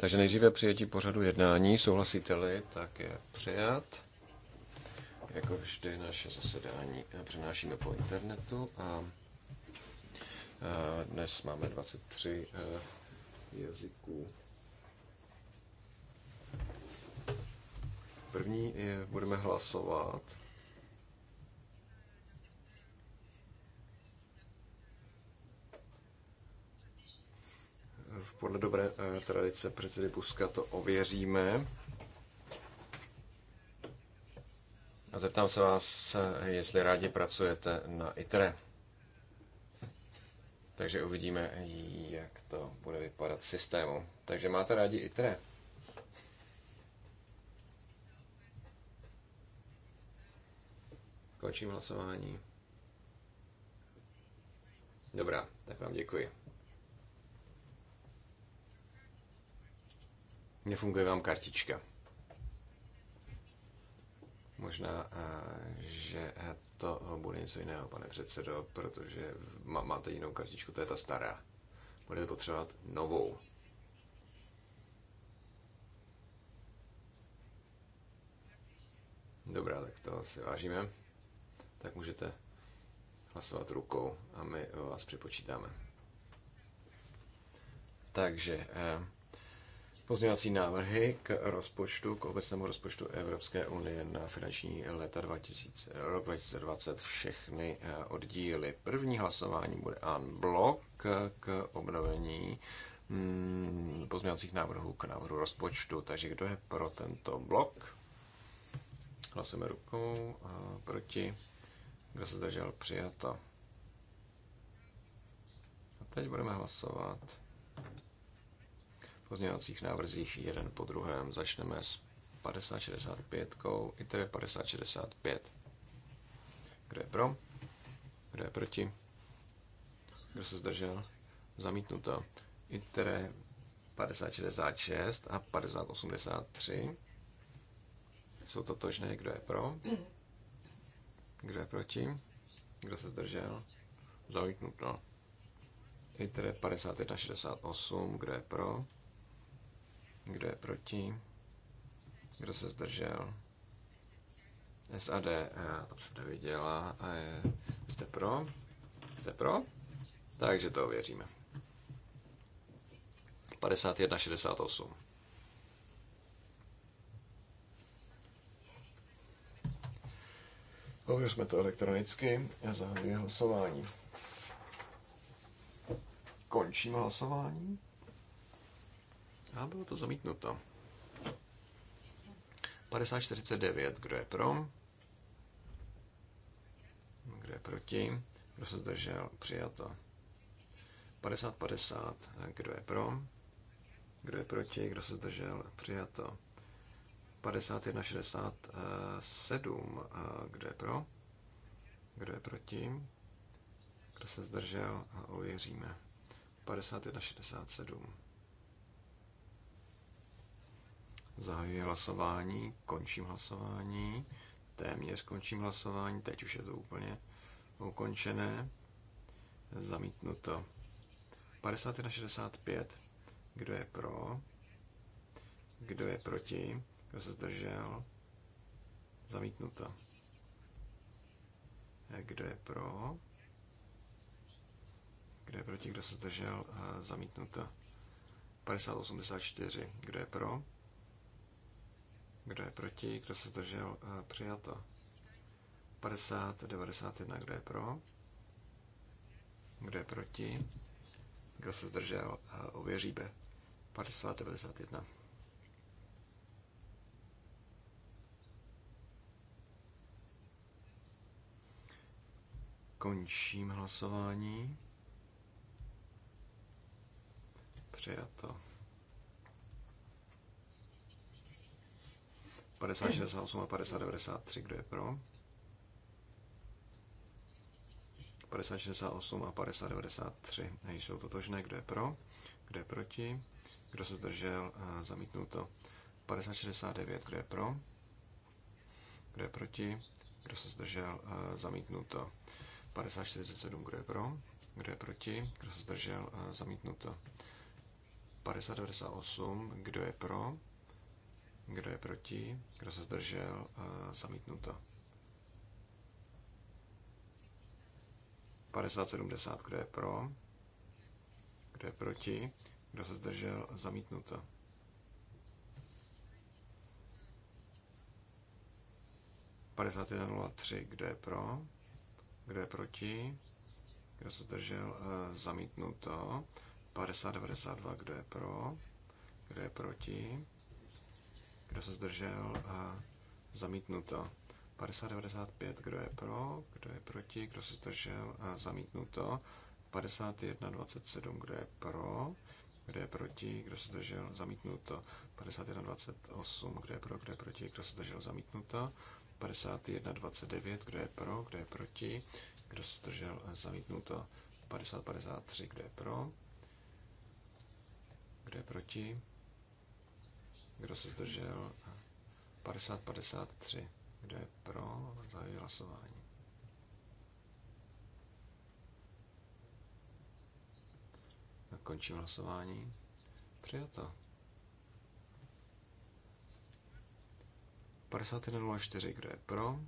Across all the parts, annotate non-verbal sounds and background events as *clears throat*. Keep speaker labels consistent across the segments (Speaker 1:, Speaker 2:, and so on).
Speaker 1: Takže nejdříve přijetí pořadu jednání. Souhlasíte-li, tak je přijat. Jako vždy naše zasedání přenášíme po internetu a dnes máme 23 eh, jazyků. První je, budeme hlasovat Podle dobré eh, tradice předsedy Buska to ověříme. A zeptám se vás, eh, jestli rádi pracujete na ITRE. Takže uvidíme, jak to bude vypadat v systému. Takže máte rádi ITRE? Končím hlasování. Dobrá, tak vám děkuji. Nefunguje vám kartička. Možná, eh, že eh, to bude něco jiného, pane předsedo, protože máte jinou kartičku, to je ta stará. Budete potřebovat novou. Dobrá, tak to si vážíme. Tak můžete hlasovat rukou a my vás přepočítáme. Takže eh, pozměňovací návrhy k rozpočtu, k obecnému rozpočtu Evropské unie na finanční léta 2000, rok 2020 všechny eh, oddíly. První hlasování bude en blok k obnovení mm, pozměňovacích návrhů k návrhu rozpočtu. Takže kdo je pro tento blok? Hlasujeme rukou. Eh, proti? Kdo se zdržel? Přijato. A teď budeme hlasovat pozměňovacích návrzích jeden po druhém. Začneme s 5065, i tedy 5065. Kdo je pro? Kdo je proti? Kdo se zdržel? Zamítnuto. I tedy 5066 a 5083 jsou tožné, Kdo je pro? Kdo je proti? Kdo se zdržel? Zamítnuto. I tedy 5168. Kdo je pro? Kdo je proti? Kdo se zdržel? SAD, já eh, tam jsem neviděla. A je, jste pro? Jste pro? Takže to věříme. 51,68. Ověřme to elektronicky a zahajuji hlasování. Končím hlasování. A bylo to zamítnuto. 5049, kdo je pro? Kdo je proti? Kdo se zdržel? Přijato. 5050, kdo je pro? Kdo je proti? Kdo se zdržel? Přijato. 5167, eh, kdo je pro? Kdo je proti? Kdo se zdržel? Ověříme. 5167. Zahajuji hlasování, končím hlasování, téměř končím hlasování, teď už je to úplně ukončené, zamítnuto. 51 65, kdo je pro, kdo je proti, kdo se zdržel, zamítnuto. Kdo je pro, kdo je proti, kdo se zdržel, zamítnuto. 5084, kdo je pro, kdo je proti? Kdo se zdržel? Eh, přijato. 50, 91. Kdo je pro? Kdo je proti? Kdo se zdržel? Eh, ověříme. 50, 91. Končím hlasování. Přijato. 5068 a 5093, kdo je pro? 5068 a 5093 nejsou totožné, kdo je pro, kdo je proti, kdo se zdržel, to. 5069, kdo je pro, kdo je proti, kdo se zdržel, to. 5047, kdo je pro, kdo je proti, kdo se zdržel, to. 5098, kdo je pro, kdo je proti? Kdo se zdržel? Zamítnuto. 50-70. Kdo je pro? Kdo je proti? Kdo se zdržel? Zamítnuto. tři, Kdo je pro? Kdo je proti? Kdo se zdržel? Zamítnuto. 50-92. Kdo je pro? Kdo je proti? Kdo se zdržel? A zamítnuto. 50-95, kdo je pro, kdo je proti, kdo se zdržel, a zamítnuto. 51-27, kdo je pro, kdo je proti, kdo se zdržel, zamítnuto. 51-28, kdo je pro, kdo je proti, kdo se zdržel, zamítnuto. 51-29, kdo je pro, kdo je proti, kdo se zdržel, zamítnuto. 50-53, kdo je pro, kdo je proti, kdo se zdržel? 50-53. Kdo je pro? Zahajuji hlasování. Končím hlasování. Přijato. 51.04. Kdo je pro?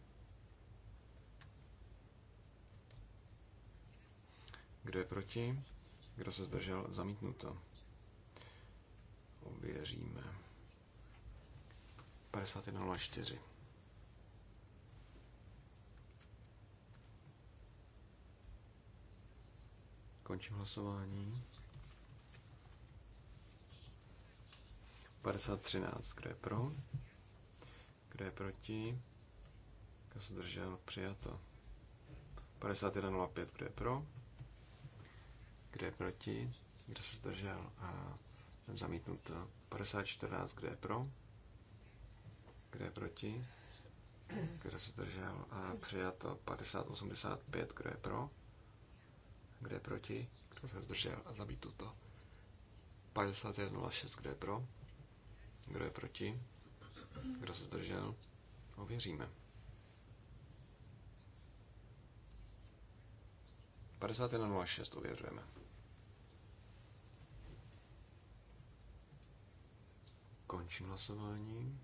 Speaker 1: Kdo je proti? Kdo se zdržel? Zamítnuto. Ověříme. 51.04. Končím hlasování. 5013, kdo je pro? Kdo je proti? Kdo se zdržel? Přijato. 5105, kdo je pro? Kdo je proti? Kdo se zdržel? A zamítnuto. 5014, kdo je pro? Kdo je proti? Kdo se zdržel? A přijato 50-85. Kdo je pro? Kdo je proti? Kdo se zdržel? A zabít tuto. 51-06, Kdo je pro? Kdo je proti? Kdo se zdržel? Ověříme. 51-06, ověřujeme. Končím hlasování.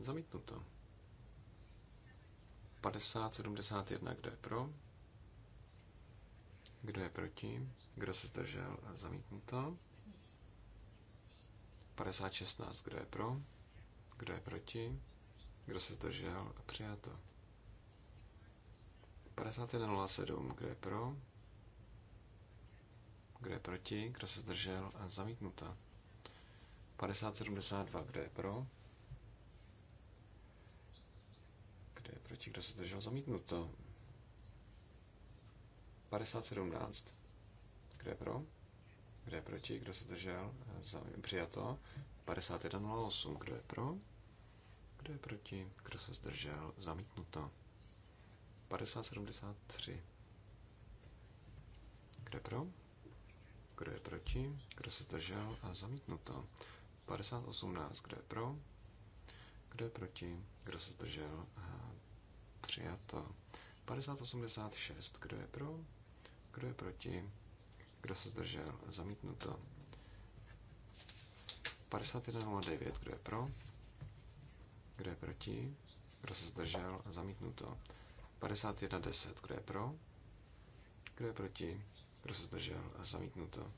Speaker 1: Zamítnuto. 50-71, kdo je pro? Kdo je proti? Kdo se zdržel? Zamítnuto. 50-16, kdo je pro? Kdo je proti? Kdo se zdržel? Přijato. 51-07, kdo je pro? Kdo je proti? Kdo se zdržel? Zamítnuto. 50-72, kdo je pro? proti, kdo se zdržel, zamítnuto. 5017. Kdo je pro? Kdo je proti? Kdo se zdržel? Přijato. 5108. Kdo je pro? Kdo je proti? Kdo se zdržel? Zamítnuto. 5073. Kdo je pro? Kdo je proti? Kdo se zdržel? A zamítnuto. 5018. Kdo je pro? Kdo je proti? Kdo se zdržel? A Přijato. 5086. Kdo je pro? Kdo je proti? Kdo se zdržel? Zamítnuto. 5109. Kdo je pro? Kdo je proti? Kdo se zdržel? Zamítnuto. 5110. Kdo je pro? Kdo je proti? Kdo se zdržel? Zamítnuto.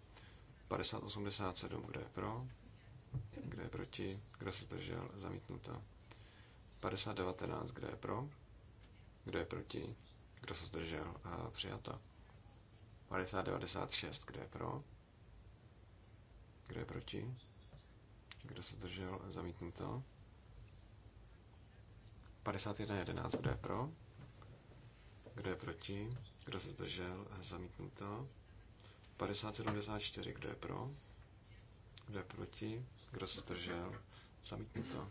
Speaker 1: 5087. Kdo je pro? Kdo je proti? Kdo se zdržel? Zamítnuto. 5019. Kdo je pro? Kdo je proti? Kdo se zdržel? A přijato. 5096. Kdo je pro? Kdo je proti? Kdo se zdržel? Zamítnuto. 5111. Kdo je pro? Kdo je proti? Kdo se zdržel? Zamítnuto. 5074. Kdo je pro? Kdo je proti? Kdo se zdržel? Zamítnuto.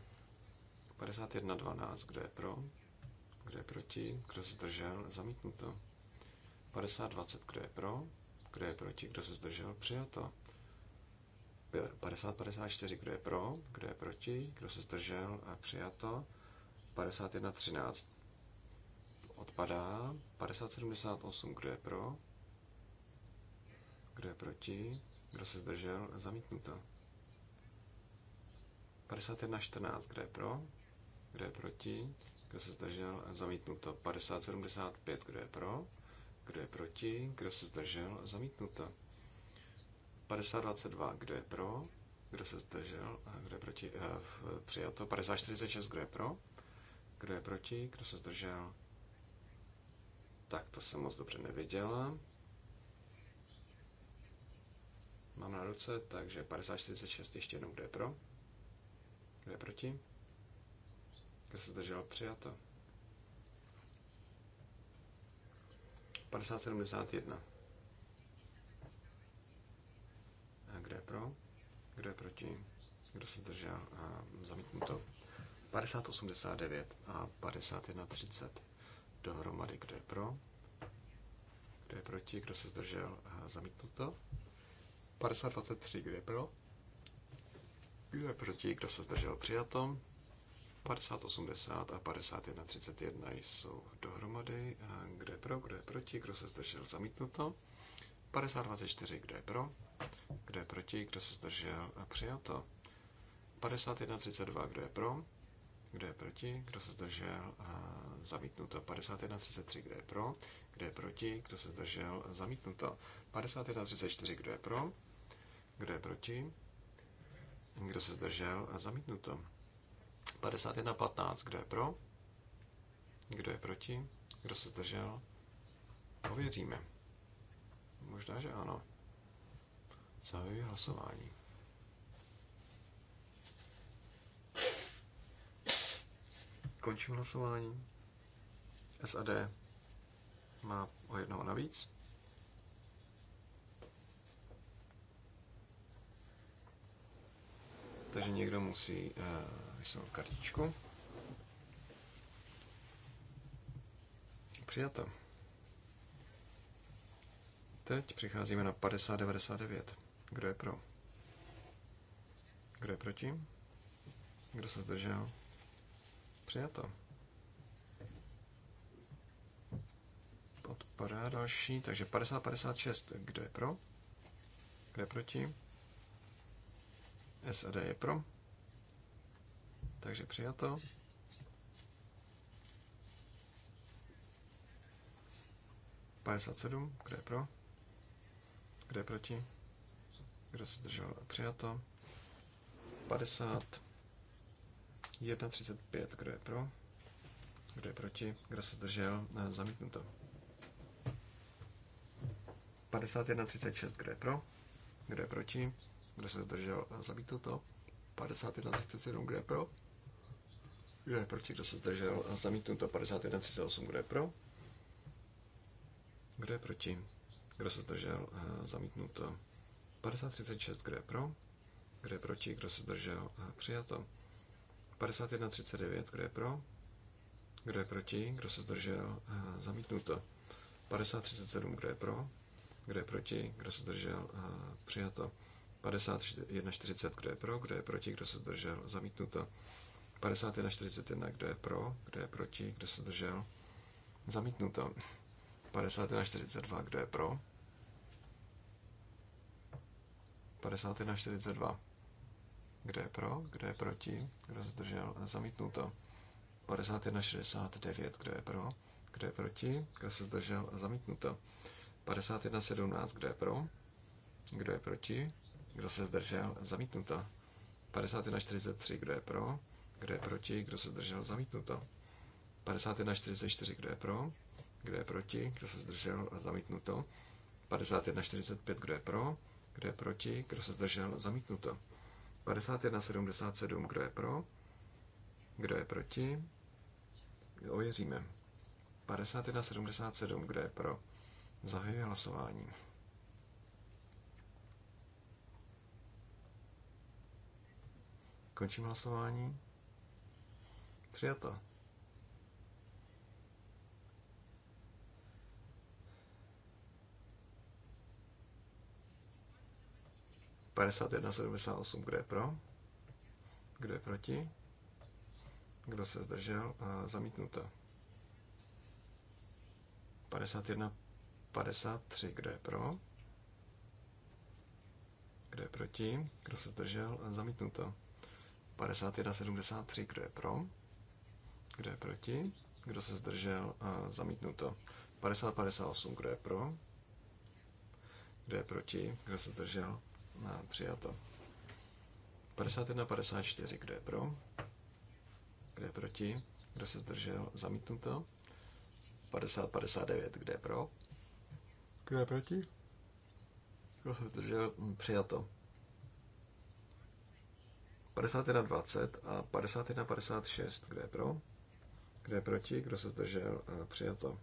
Speaker 1: 5112. Kdo je pro? Kdo je proti? Kdo se zdržel? Zamítnuto. 50-20. Kdo je pro? Kdo je proti? Kdo se zdržel? Přijato. 50-54. Kdo je pro? Kdo je proti? Kdo se zdržel? A přijato. 51-13. Odpadá. 50-78. Kdo je pro? Kdo je proti? Kdo se zdržel? Zamítnuto. 51-14. Kdo je pro? Kdo je proti? Kdo se zdržel? Zamítnuto. 50-75. Kdo je pro? Kdo je proti? Kdo se zdržel? Zamítnuto. 50-22. Kdo je pro? Kdo se zdržel? Kdo je proti? Eh, přijato. 50-46. Kdo je pro? Kdo je proti? Kdo se zdržel? Tak to jsem moc dobře neviděla. Mám na ruce, takže 50-46. ještě jednou, kdo je pro? Kdo je proti? Kdo se zdržel? Přijato. 5071. A kdo je pro? Kdo je proti? Kdo se zdržel? A zamítnuto. 5089 a 5130 dohromady. Kdo je pro? Kdo je proti? Kdo se zdržel? A zamítnuto. 5023. Kdo je pro? Kdo je proti? Kdo se zdržel? přijatom? 5080 a 5131 jsou dohromady. Kdo je pro, kdo je proti, kdo se zdržel, zamítnuto. 5024, kdo je pro, kdo je proti, kdo se zdržel, A přijato. 5132, kdo je pro, kdo je proti, kdo se zdržel, zamítnuto. 5133, kdo je pro, kdo je proti, kdo se zdržel, zamítnuto. 5134, kdo je pro, kdo je proti, kdo se zdržel, A zamítnuto. 51.15. Kdo je pro? Kdo je proti? Kdo se zdržel? Pověříme. Možná, že ano. Zahajuji hlasování. Končím hlasování. SAD má o jednoho navíc. Takže někdo musí uh, vysunul kartičku. Přijato. Teď přicházíme na 5099. Kdo je pro? Kdo je proti? Kdo se zdržel? Přijato. Podpora další, takže 5056. Kdo je pro? Kdo je proti? SAD je pro takže přijato. Padesát sedm, kde je pro? Kde je proti? Kdo se zdržel? Přijato. 50. 1,35. Kdo je pro? Kdo je proti? Kdo se zdržel? Zamítnuto. 51,36. Kdo je pro? Kdo je proti? Kdo se zdržel? Eh, zamítnuto. 51,37. Kdo je pro? Kdo je proti, kdo se zdržel? Zamítnuto 51,38. Kdo je pro? Kdo je proti? Kdo se zdržel? Zamítnuto 50,36. Kdo je pro? Kdo je proti? Kdo se zdržel? Přijato. 51,39. Kdo je pro? Kdo je proti? Kdo se zdržel? Zamítnuto. 50,37. Kdo je pro? Kdo je proti? Kdo se zdržel? Přijato. 51,40. Kdo je pro? Kdo je proti? Kdo se zdržel? Zamítnuto. 51, 41, kdo je pro, kdo je proti, kdo se zdržel. Zamítnu to. 51, 42, kdo je pro. 51, 42. Kdo je pro, kdo je proti, kdo se zdržel. Zamítnu to. 51, 69, kdo je pro, kdo je proti, kdo se zdržel. Zamítnu to. 51, 17, kdo je pro, kdo je proti, kdo se zdržel. Zamítnu to. 51, 43, kdo je pro, kdo je proti? Kdo se zdržel? Zamítnuto. 44, Kdo je pro? Kdo je proti? Kdo se zdržel? Zamítnuto. 45, Kdo je pro? Kdo je proti? Kdo se zdržel? Zamítnuto. 77, Kdo je pro? Kdo je proti? Ověříme. 77, Kdo je pro? Zahajuji hlasování. Končím hlasování. Přijato. Padesát jedna sedmdesát osm, kdo je pro? Kdo je proti? Kdo se zdržel? A zamítnuto. 51, 53, kdo je pro? Kdo je proti? Kdo se zdržel? Zamítnuto. 51, 73, kdo je pro? Kdo je proti? Kdo se zdržel? Zamítnuto. 50-58. Kdo je pro? Kdo je proti? Kdo se zdržel? Přijato. 51-54. Kdo je pro? Kdo je proti? Kdo se zdržel? Zamítnuto. 50-59. Kdo je pro? Kdo je proti? Kdo se zdržel? Přijato. 51 20 a 51 56, kde je pro? Kdo je proti? Kdo se zdržel? Přijato.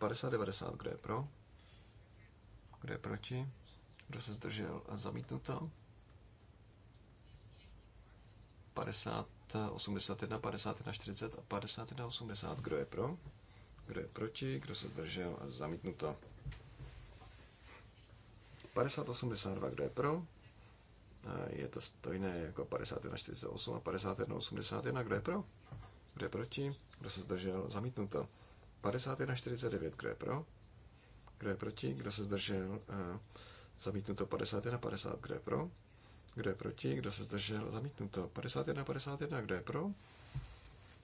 Speaker 1: 50-90. Kdo je pro? Kdo je proti? Kdo se zdržel? Zamítnuto. 50, 81, 51, 40 a 51, 80. Kdo je pro? Kdo je proti? Kdo se zdržel? Zamítnuto. 50, 82. Kdo je pro? Je to stejné jako 51, 48 a 51, 81. Kdo je pro? Kdo je proti? Kdo se zdržel? Zamítnuto. 51, 49. Kdo je pro? Kdo je proti? Kdo se zdržel? Zamítnuto. 51, 50. Kdo je pro? Kdo je proti? Kdo se zdržel? Zamítnuto. 51, 51. Kdo je pro?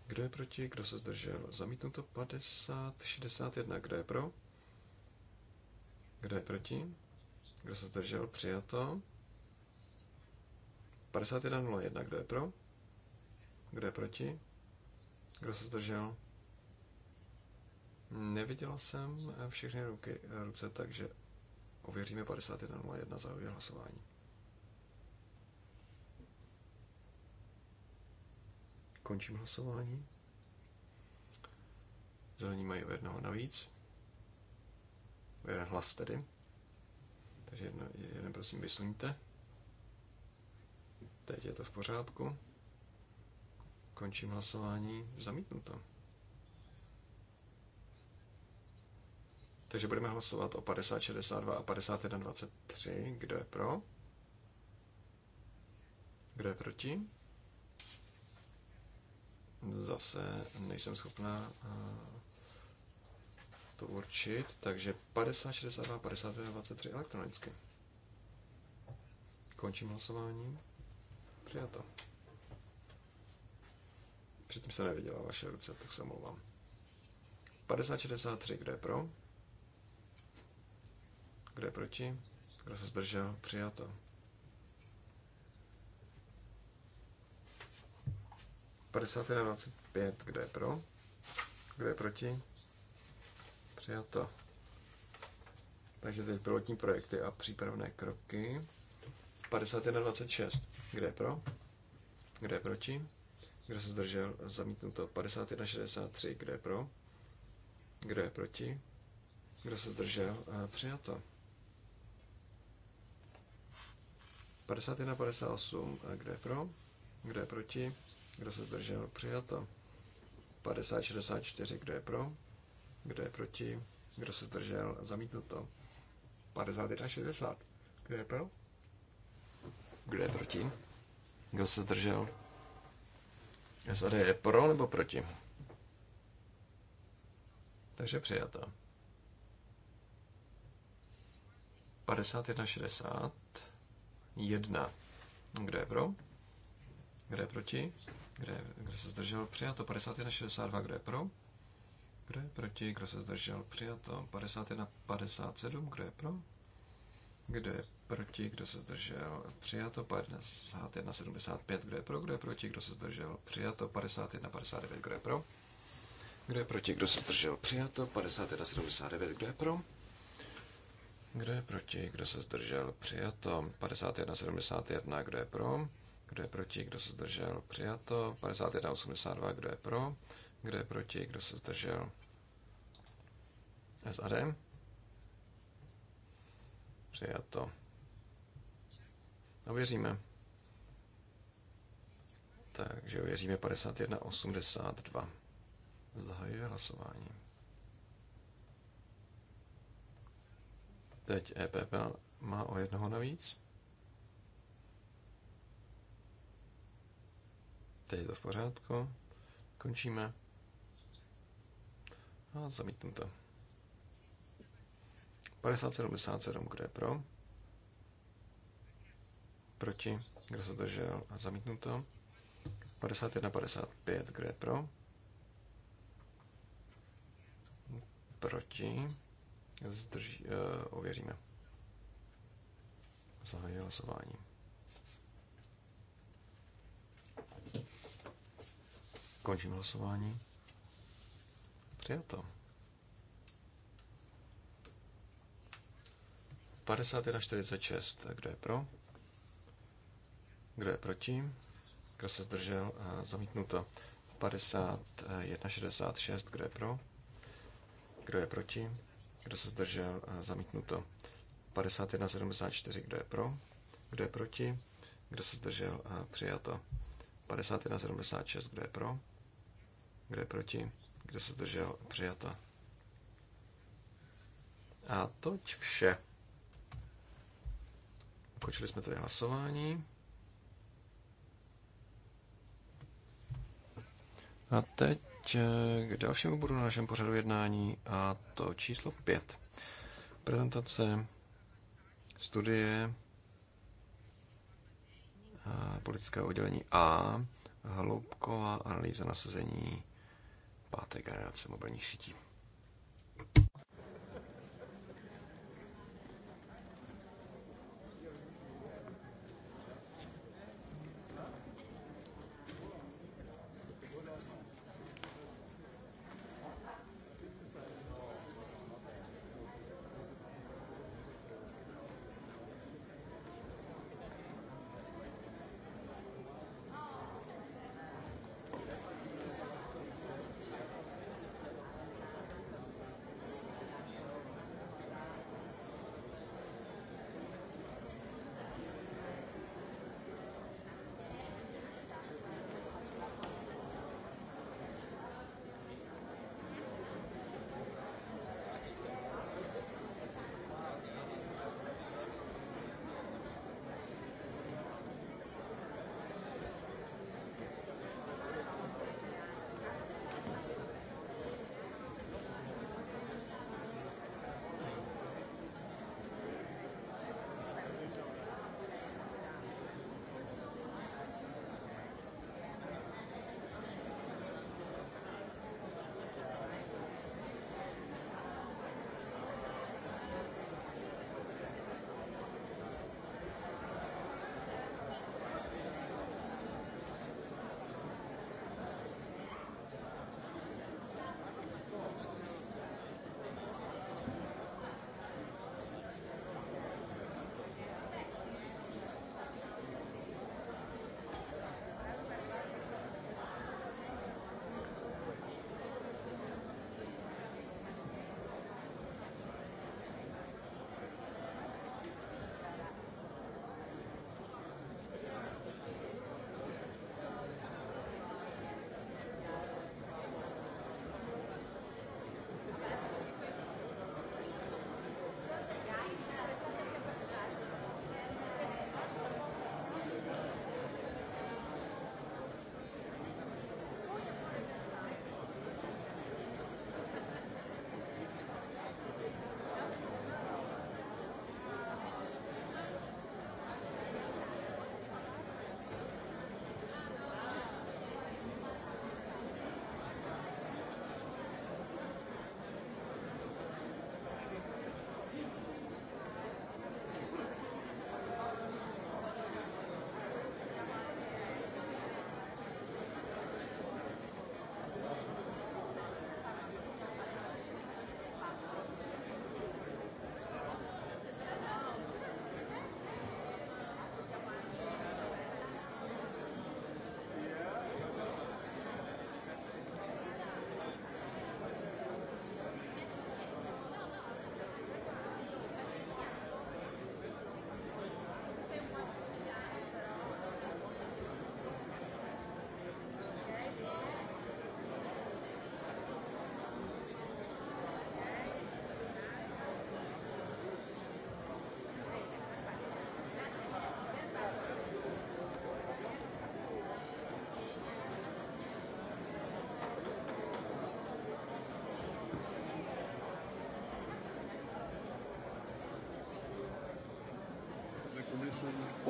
Speaker 1: Kdo je proti? Kdo se zdržel? Zamítnuto 50, 61. Kdo je pro? Kdo je proti? Kdo se zdržel? Přijato. 51.01. Kdo je pro? Kdo je proti? Kdo se zdržel? Neviděl jsem všechny ruky, ruce, takže ověříme 51.01 za hlasování. Končím hlasování. Zelení mají o jednoho navíc. O jeden hlas tedy. Takže jedno, jeden prosím vysuníte. Teď je to v pořádku. Končím hlasování. Zamítnuto. Takže budeme hlasovat o 50, 62 a 51, 23. Kdo je pro? Kdo je proti? Zase nejsem schopná eh, to určit, takže 50, 62, 51, 23 elektronicky. Končím hlasování. Přijato. Předtím se neviděla vaše ruce, tak se omlouvám. 50-63, kdo je pro? Kdo je proti? Kdo se zdržel? Přijato. 51.25, kdo je pro? Kdo je proti? Přijato. Takže teď pilotní projekty a přípravné kroky. 51.26. Kde je pro? Kde je proti? Kdo se zdržel? Zamítnuto 63. Eh, eh, kdo je pro? Kdo je proti? Kdo se zdržel? Přijato. 51,58. Kdo je pro? Kdo je proti? Kdo se zdržel? Přijato. 64. Kdo je pro? Kdo je proti? Kdo se zdržel? Zamítnuto. 60. Kdo je pro? Kdo je proti? Kdo se zdržel? SAD je pro nebo proti? Takže přijata. 51,60. 1. Kdo je pro? Kdo je proti? Kdo, je, kdo se zdržel? Přijato. 51,62. Kdo je pro? Kdo je proti? Kdo se zdržel? Přijato. 51,57. Kdo je pro? Kdo je proti, kdo se zdržel, přijato 51, 75, kdo je pro, kdo je proti, kdo se zdržel, přijato 51, 59, kdo je pro, kdo je proti, kdo se zdržel, přijato 51, 79, kdo je pro, kdo je proti, kdo se zdržel, přijato 51, 71, kdo je pro, kdo je proti, kdo se zdržel, přijato 51, 82, kdo je pro, kdo je proti, kdo se zdržel, SAD. Přijato věříme. Takže věříme 51.82. Zahajuje hlasování. Teď EPP má o jednoho navíc. Teď je to v pořádku. Končíme. A zamítnu to. 5077, kdo je pro? proti, kdo se držel a zamítnuto. 51, 55, kdo je pro, proti, zdrží, uh, eh, ověříme. Zahajuji hlasování. Končím hlasování. Přijato. 51 46. Kdo je pro? Kdo je proti? Kdo se zdržel? Zamítnuto. 51.66 Kdo je pro? Kdo je proti? Kdo se zdržel? Zamítnuto. 51.74 Kdo je pro? Kdo je proti? Kdo se zdržel? Přijato. 51.76 Kdo je pro? Kdo je proti? Kdo se zdržel? Přijato. A toť vše. Ukončili jsme tady hlasování. A teď eh, k dalšímu bodu na našem pořadu jednání a to číslo 5. Prezentace studie eh, politického oddělení A, hloubková analýza nasazení páté generace mobilních sítí.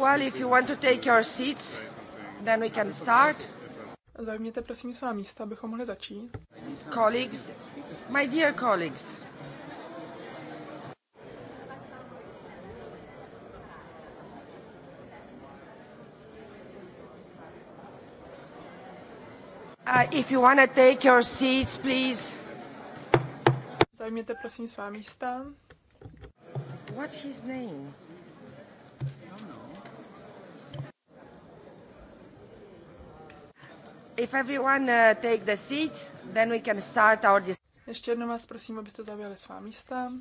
Speaker 2: Well, if you want to take your seats,
Speaker 3: then we can start. Zajměte
Speaker 2: prosím svá místa, abychom mohli začít. Colleagues, my dear colleagues.
Speaker 3: Uh, if you want to take your seats, please.
Speaker 2: Zajměte prosím svá místa. What's his name?
Speaker 3: If everyone
Speaker 2: uh, take the seat, then we can start our Ještě jednou vás prosím, abyste zavěli svá místa.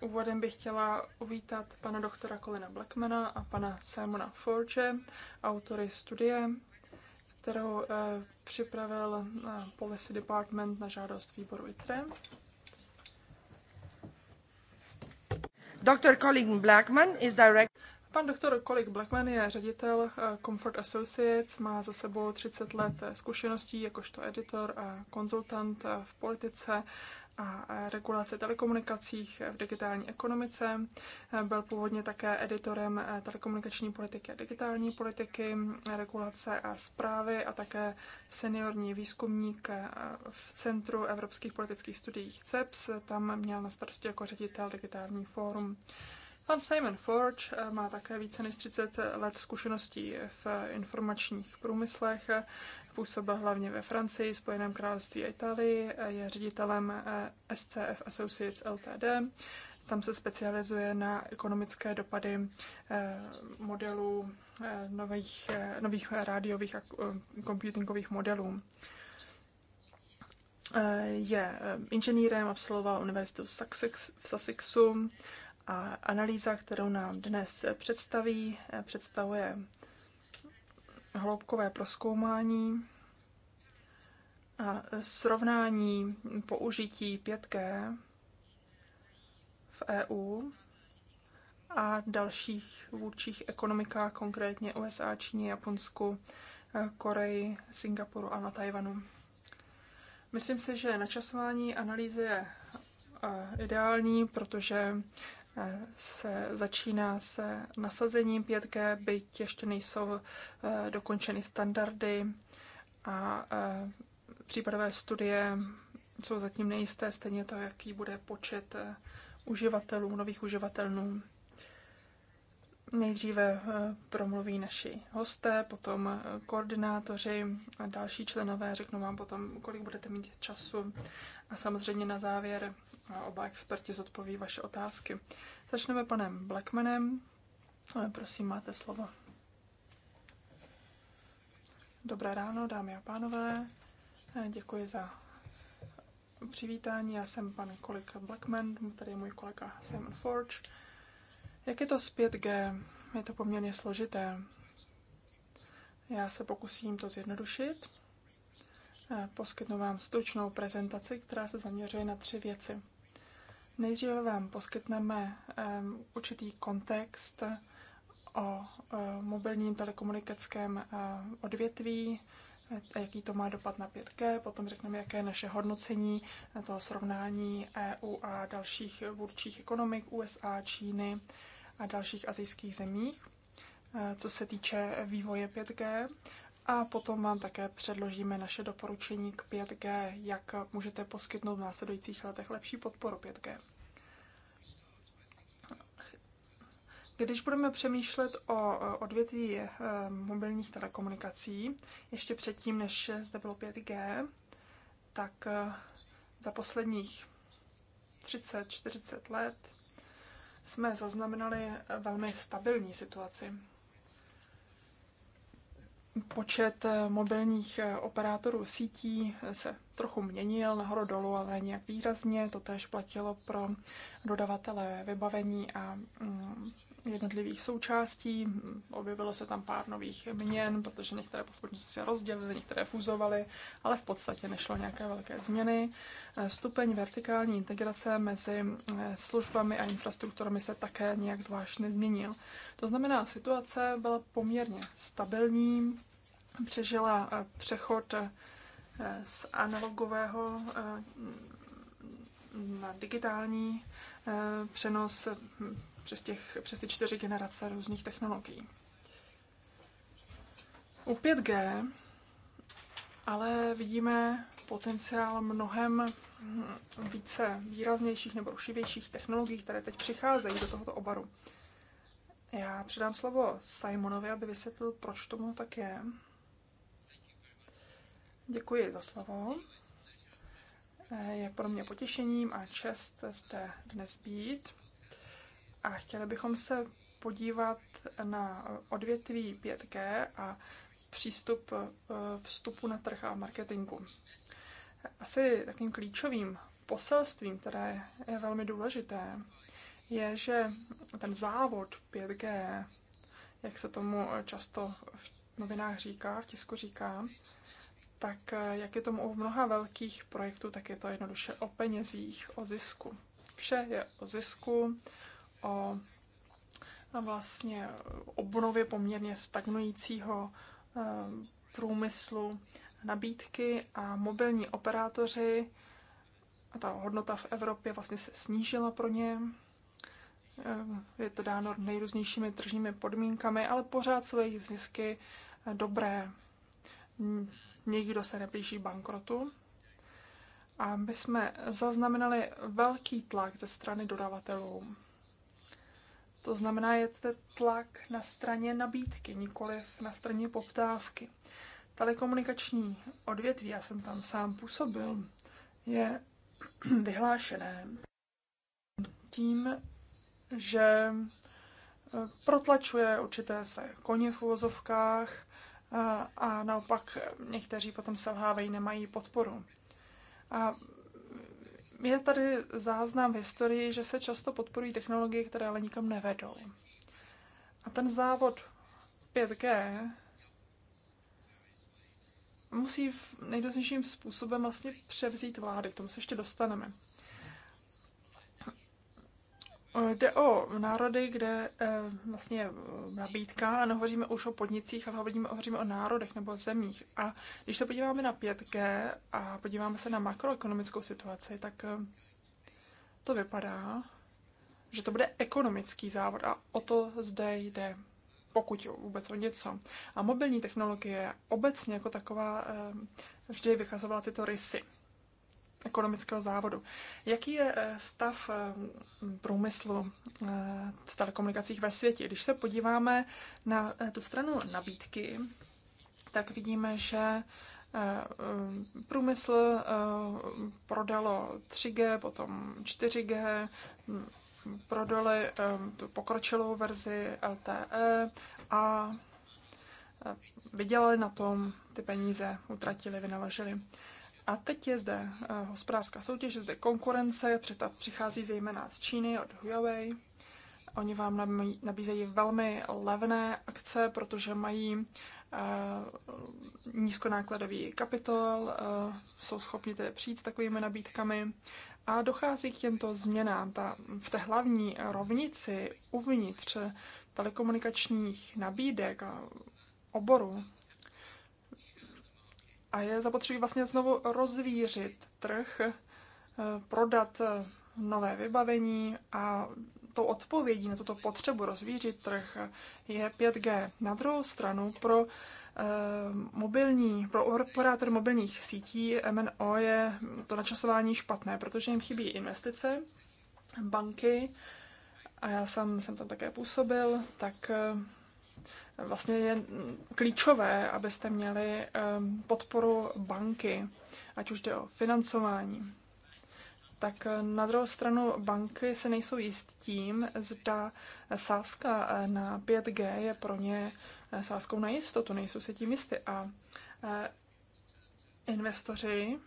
Speaker 2: Úvodem bych chtěla uvítat pana doktora Colina Blackmana a pana Simona Forge, autory studie, kterou eh, připravil eh, Policy Department na žádost výboru ITRE. Dr. Colin Blackman is direct Pan doktor Kolik Blackman je ředitel eh, Comfort Associates, má za sebou 30 let eh, zkušeností jakožto editor a konzultant eh, v politice a regulaci telekomunikacích v digitální ekonomice. Byl původně také editorem telekomunikační politiky a digitální politiky, regulace a zprávy a také seniorní výzkumník v Centru evropských politických studií CEPS. Tam měl na starosti jako ředitel digitální fórum. Pan Simon Forge eh, má také více než 30 let zkušeností v informačních průmyslech. Působil hlavně ve Francii, Spojeném království a Itálii. Eh, je ředitelem eh, SCF Associates LTD. Tam se specializuje na ekonomické dopady modelů nových, nových rádiových a computingových modelů je inženýrem, absolvoval univerzitu v Sussexu, a analýza, kterou nám dnes představí, představuje hloubkové proskoumání a srovnání použití 5G v EU a dalších vůdčích ekonomikách, konkrétně USA, Číně, Japonsku, Koreji, Singapuru a na Tajvanu. Myslím si, že načasování analýzy je eh, ideální, protože Eh, se začíná se nasazením 5G, byť ještě nejsou eh, dokončeny standardy a eh, případové studie jsou zatím nejisté, stejně to, jaký bude počet uživatelů, nových uživatelů Nejdříve eh, promluví naši hosté, potom eh, koordinátoři a další členové. Řeknu vám potom, kolik budete mít času. A samozřejmě na závěr eh, oba experti zodpoví vaše otázky. Začneme panem Blackmanem. Prosím, máte slovo. Dobré ráno, dámy a pánové. Děkuji za přivítání. Já jsem pan kolega Blackman, tady je můj kolega Simon Forge. Jak je to s 5G? Je to poměrně složité. Já se pokusím to zjednodušit. Poskytnu vám stručnou prezentaci, která se zaměřuje na tři věci. Nejdříve vám poskytneme um, určitý kontext o uh, mobilním telekomunikačním uh, odvětví, jaký to má dopad na 5G, potom řekneme, jaké je naše hodnocení toho srovnání EU a dalších vůdčích ekonomik USA, Číny a dalších azijských zemích, eh, co se týče vývoje 5G. A potom vám také předložíme naše doporučení k 5G, jak můžete poskytnout v následujících letech lepší podporu 5G. Když budeme přemýšlet o odvětví eh, mobilních telekomunikací, ještě předtím, než zde bylo 5G, tak eh, za posledních 30-40 let jsme zaznamenali eh, velmi stabilní situaci. Počet mobilních operátorů sítí se trochu měnil nahoru dolů, ale nějak výrazně. To též platilo pro dodavatele vybavení a mm, jednotlivých součástí. Objevilo se tam pár nových měn, protože některé pospočnosti se rozdělily, některé fuzovaly, ale v podstatě nešlo nějaké velké změny. Eh, stupeň vertikální integrace mezi eh, službami a infrastrukturami se také nějak zvlášť nezměnil. To znamená, situace byla poměrně stabilní, přežila eh, přechod z analogového eh, na digitální eh, přenos přes, těch, přes ty čtyři generace různých technologií. U 5G ale vidíme potenciál mnohem více výraznějších nebo rušivějších technologií, které teď přicházejí do tohoto obaru. Já předám slovo Simonovi, aby vysvětlil, proč tomu tak je. Děkuji za slovo. Je pro mě potěšením a čest zde dnes být. A chtěli bychom se podívat na odvětví 5G a přístup eh, vstupu na trh a marketingu. Asi takým klíčovým poselstvím, které je velmi důležité, je, že ten závod 5G, jak se tomu často v novinách říká, v tisku říká, tak eh, jak je tomu u mnoha velkých projektů, tak je to jednoduše o penězích, o zisku. Vše je o zisku, o vlastně obnově poměrně stagnujícího eh, průmyslu nabídky a mobilní operátoři, a ta hodnota v Evropě vlastně se snížila pro ně. Eh, je to dáno nejrůznějšími tržními podmínkami, ale pořád jsou jejich zisky dobré někdo se neblíží bankrotu. A my jsme zaznamenali velký tlak ze strany dodavatelů. To znamená, je to tlak na straně nabídky, nikoliv na straně poptávky. Telekomunikační odvětví, já jsem tam sám působil, je *clears throat* vyhlášené tím, že protlačuje určité své koně v uvozovkách a naopak někteří potom selhávají, nemají podporu. A je tady záznam v historii, že se často podporují technologie, které ale nikam nevedou. A ten závod 5G musí v nejdůležitějším způsobem vlastně převzít vlády. K tomu se ještě dostaneme. Jde o národy, kde eh, vlastně eh, nabídka, a nehovoříme už o podnicích, ale hovoříme, hovoříme o národech nebo zemích. A když se podíváme na 5G a podíváme se na makroekonomickou situaci, tak eh, to vypadá, že to bude ekonomický závod a o to zde jde, pokud vůbec o něco. A mobilní technologie obecně jako taková vždy vykazovala tyto rysy ekonomického závodu. Jaký je eh, stav eh, průmyslu eh, v telekomunikacích ve světě? Když se podíváme na tu stranu nabídky, tak vidíme, že průmysl prodalo 3G, potom 4G, hm, prodali tu pokročilou verzi LTE a vydělali na tom, ty peníze utratili, vynaložili. A teď je zde eh, hospodářská soutěž, je zde konkurence, přichází zejména z Číny od Huawei. Oni vám nabízejí velmi levné akce, protože mají eh, nízkonákladový kapitol, eh, jsou schopni tedy přijít s takovými nabídkami a dochází k těmto změnám. Ta, v té hlavní rovnici uvnitř telekomunikačních nabídek a oboru a je zapotřebí vlastně znovu rozvířit trh, eh, prodat eh, nové vybavení a tou odpovědí na tuto potřebu rozvířit trh je 5G. Na druhou stranu pro eh, mobilní, pro operátor mobilních sítí MNO je to načasování špatné, protože jim chybí investice, banky, a já sám jsem tam také působil, tak vlastně je klíčové, abyste měli ehm, podporu banky, ať už jde o financování. Tak eh, na druhou stranu banky se nejsou jist tím, zda sázka eh, na 5G je pro ně eh, sázkou na jistotu, nejsou se tím jisty. A investoři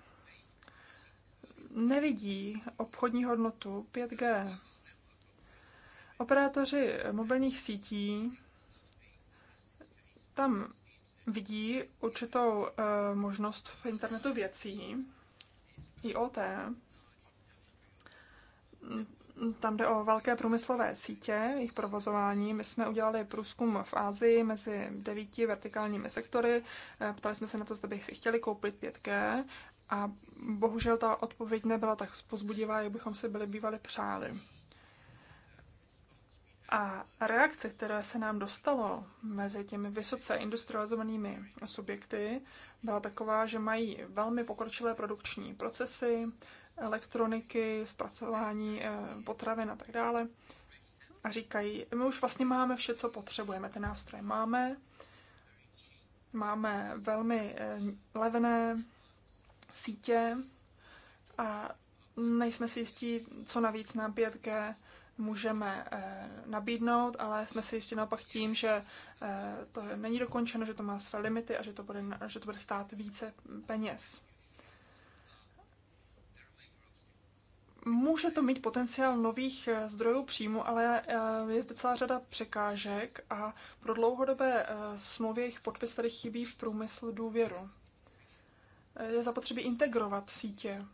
Speaker 2: nevidí obchodní hodnotu 5G. Operátoři mobilních sítí tam vidí určitou uh, možnost v internetu věcí, IoT. Mm, tam jde o velké průmyslové sítě, jejich provozování. My jsme udělali průzkum v Ázii mezi devíti vertikálními sektory. Eh, ptali jsme se na to, zda bych si chtěli koupit 5G a bohužel ta odpověď nebyla tak pozbudivá, jak bychom si byli bývali přáli. A reakce, které se nám dostalo mezi těmi vysoce industrializovanými subjekty, byla taková, že mají velmi pokročilé produkční procesy, elektroniky, zpracování eh, potravin a tak dále. A říkají, my už vlastně máme vše, co potřebujeme, ty nástroje máme, máme velmi eh, levné sítě a nejsme si jistí, co navíc na 5G můžeme eh, nabídnout, ale jsme si jistě naopak tím, že eh, to není dokončeno, že to má své limity a že to bude, že to bude stát více peněz. Může to mít potenciál nových eh, zdrojů příjmu, ale je zde celá řada překážek a pro dlouhodobé smlouvy jejich podpis tady chybí v průmyslu důvěru. Je zapotřebí integrovat sítě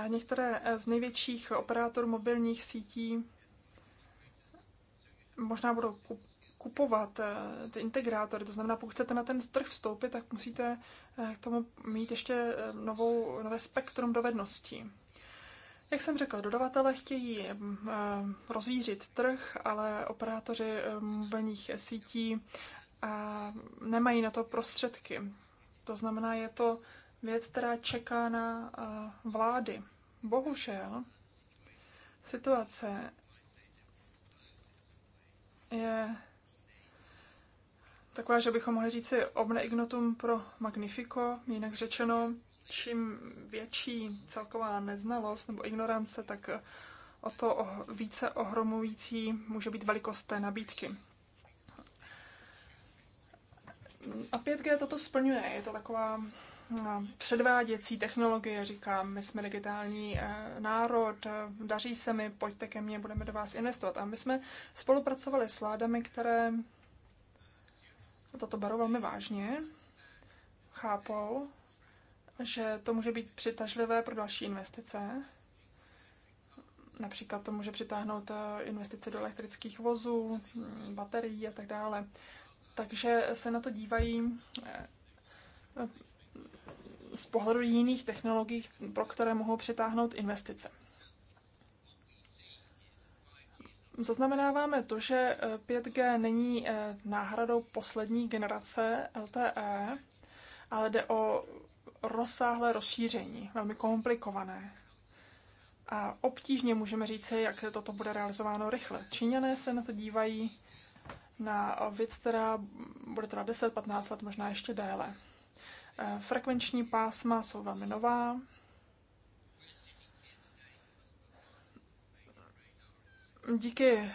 Speaker 2: a některé eh, z největších operátorů mobilních sítí možná budou kupovat eh, ty integrátory. To znamená, pokud chcete na ten trh vstoupit, tak musíte eh, k tomu mít ještě novou, nové spektrum dovedností. Jak jsem řekla, dodavatele chtějí rozvířit trh, ale operátoři mobilních sítí nemají na to prostředky. To znamená, je to věc, která čeká na eh, vlády. Bohužel situace je taková, že bychom mohli říct si obne ignotum pro magnifico, jinak řečeno, čím větší celková neznalost nebo ignorance, tak o to více ohromující může být velikost té nabídky. A 5G toto splňuje. Je to taková No, předváděcí technologie, říkám, my jsme digitální eh, národ, eh, daří se mi, pojďte ke mně, budeme do vás investovat. A my jsme spolupracovali s vládami, které toto berou velmi vážně, chápou, že to může být přitažlivé pro další investice. Například to může přitáhnout eh, investice do elektrických vozů, mm, baterií a tak dále. Takže se na to dívají z pohledu jiných technologií, pro které mohou přitáhnout investice. Zaznamenáváme to, že 5G eh, není eh, náhradou poslední generace LTE, ale jde o rozsáhlé rozšíření, velmi komplikované. A obtížně můžeme říci, jak se toto bude realizováno rychle. Číňané se na to dívají na věc, která bude trvat 10-15 let, možná ještě déle. Eh, frekvenční pásma jsou velmi nová. Díky, eh,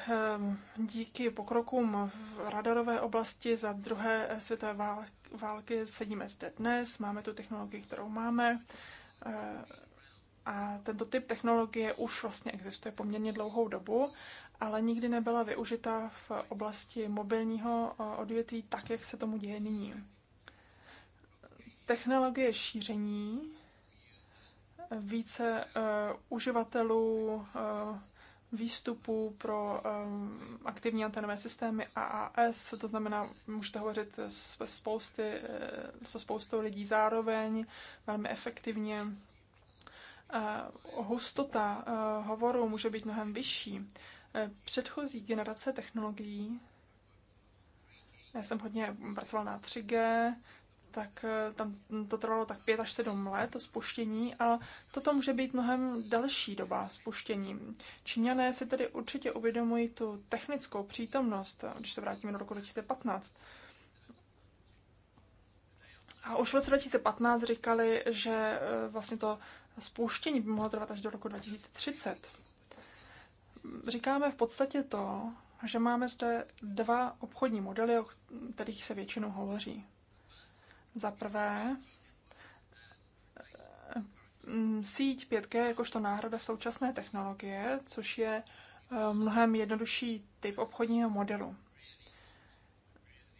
Speaker 2: díky pokrokům v radarové oblasti za druhé eh, světové války sedíme zde dnes, máme tu technologii, kterou máme. A tento typ technologie už vlastně existuje poměrně dlouhou dobu, ale nikdy nebyla využita v oblasti mobilního odvětví tak, jak se tomu děje nyní technologie šíření, více uh, uživatelů uh, výstupů pro um, aktivní antenové systémy AAS, to znamená, můžete hovořit s, spousty, se spoustou lidí zároveň, velmi efektivně. Uh, hustota uh, hovoru může být mnohem vyšší. Uh, předchozí generace technologií, já jsem hodně pracoval na 3G, tak eh, tam to trvalo tak 5 až 7 let, to spuštění, a toto může být mnohem delší doba spuštění. Číňané si tedy určitě uvědomují tu technickou přítomnost, když se vrátíme do roku 2015. A už v roce 2015 říkali, že eh, vlastně to spuštění by mohlo trvat až do roku 2030. Říkáme v podstatě to, že máme zde dva obchodní modely, o kterých se většinou hovoří. Za prvé, mm, síť 5G jakožto náhrada současné technologie, což je eh, mnohem jednodušší typ obchodního modelu.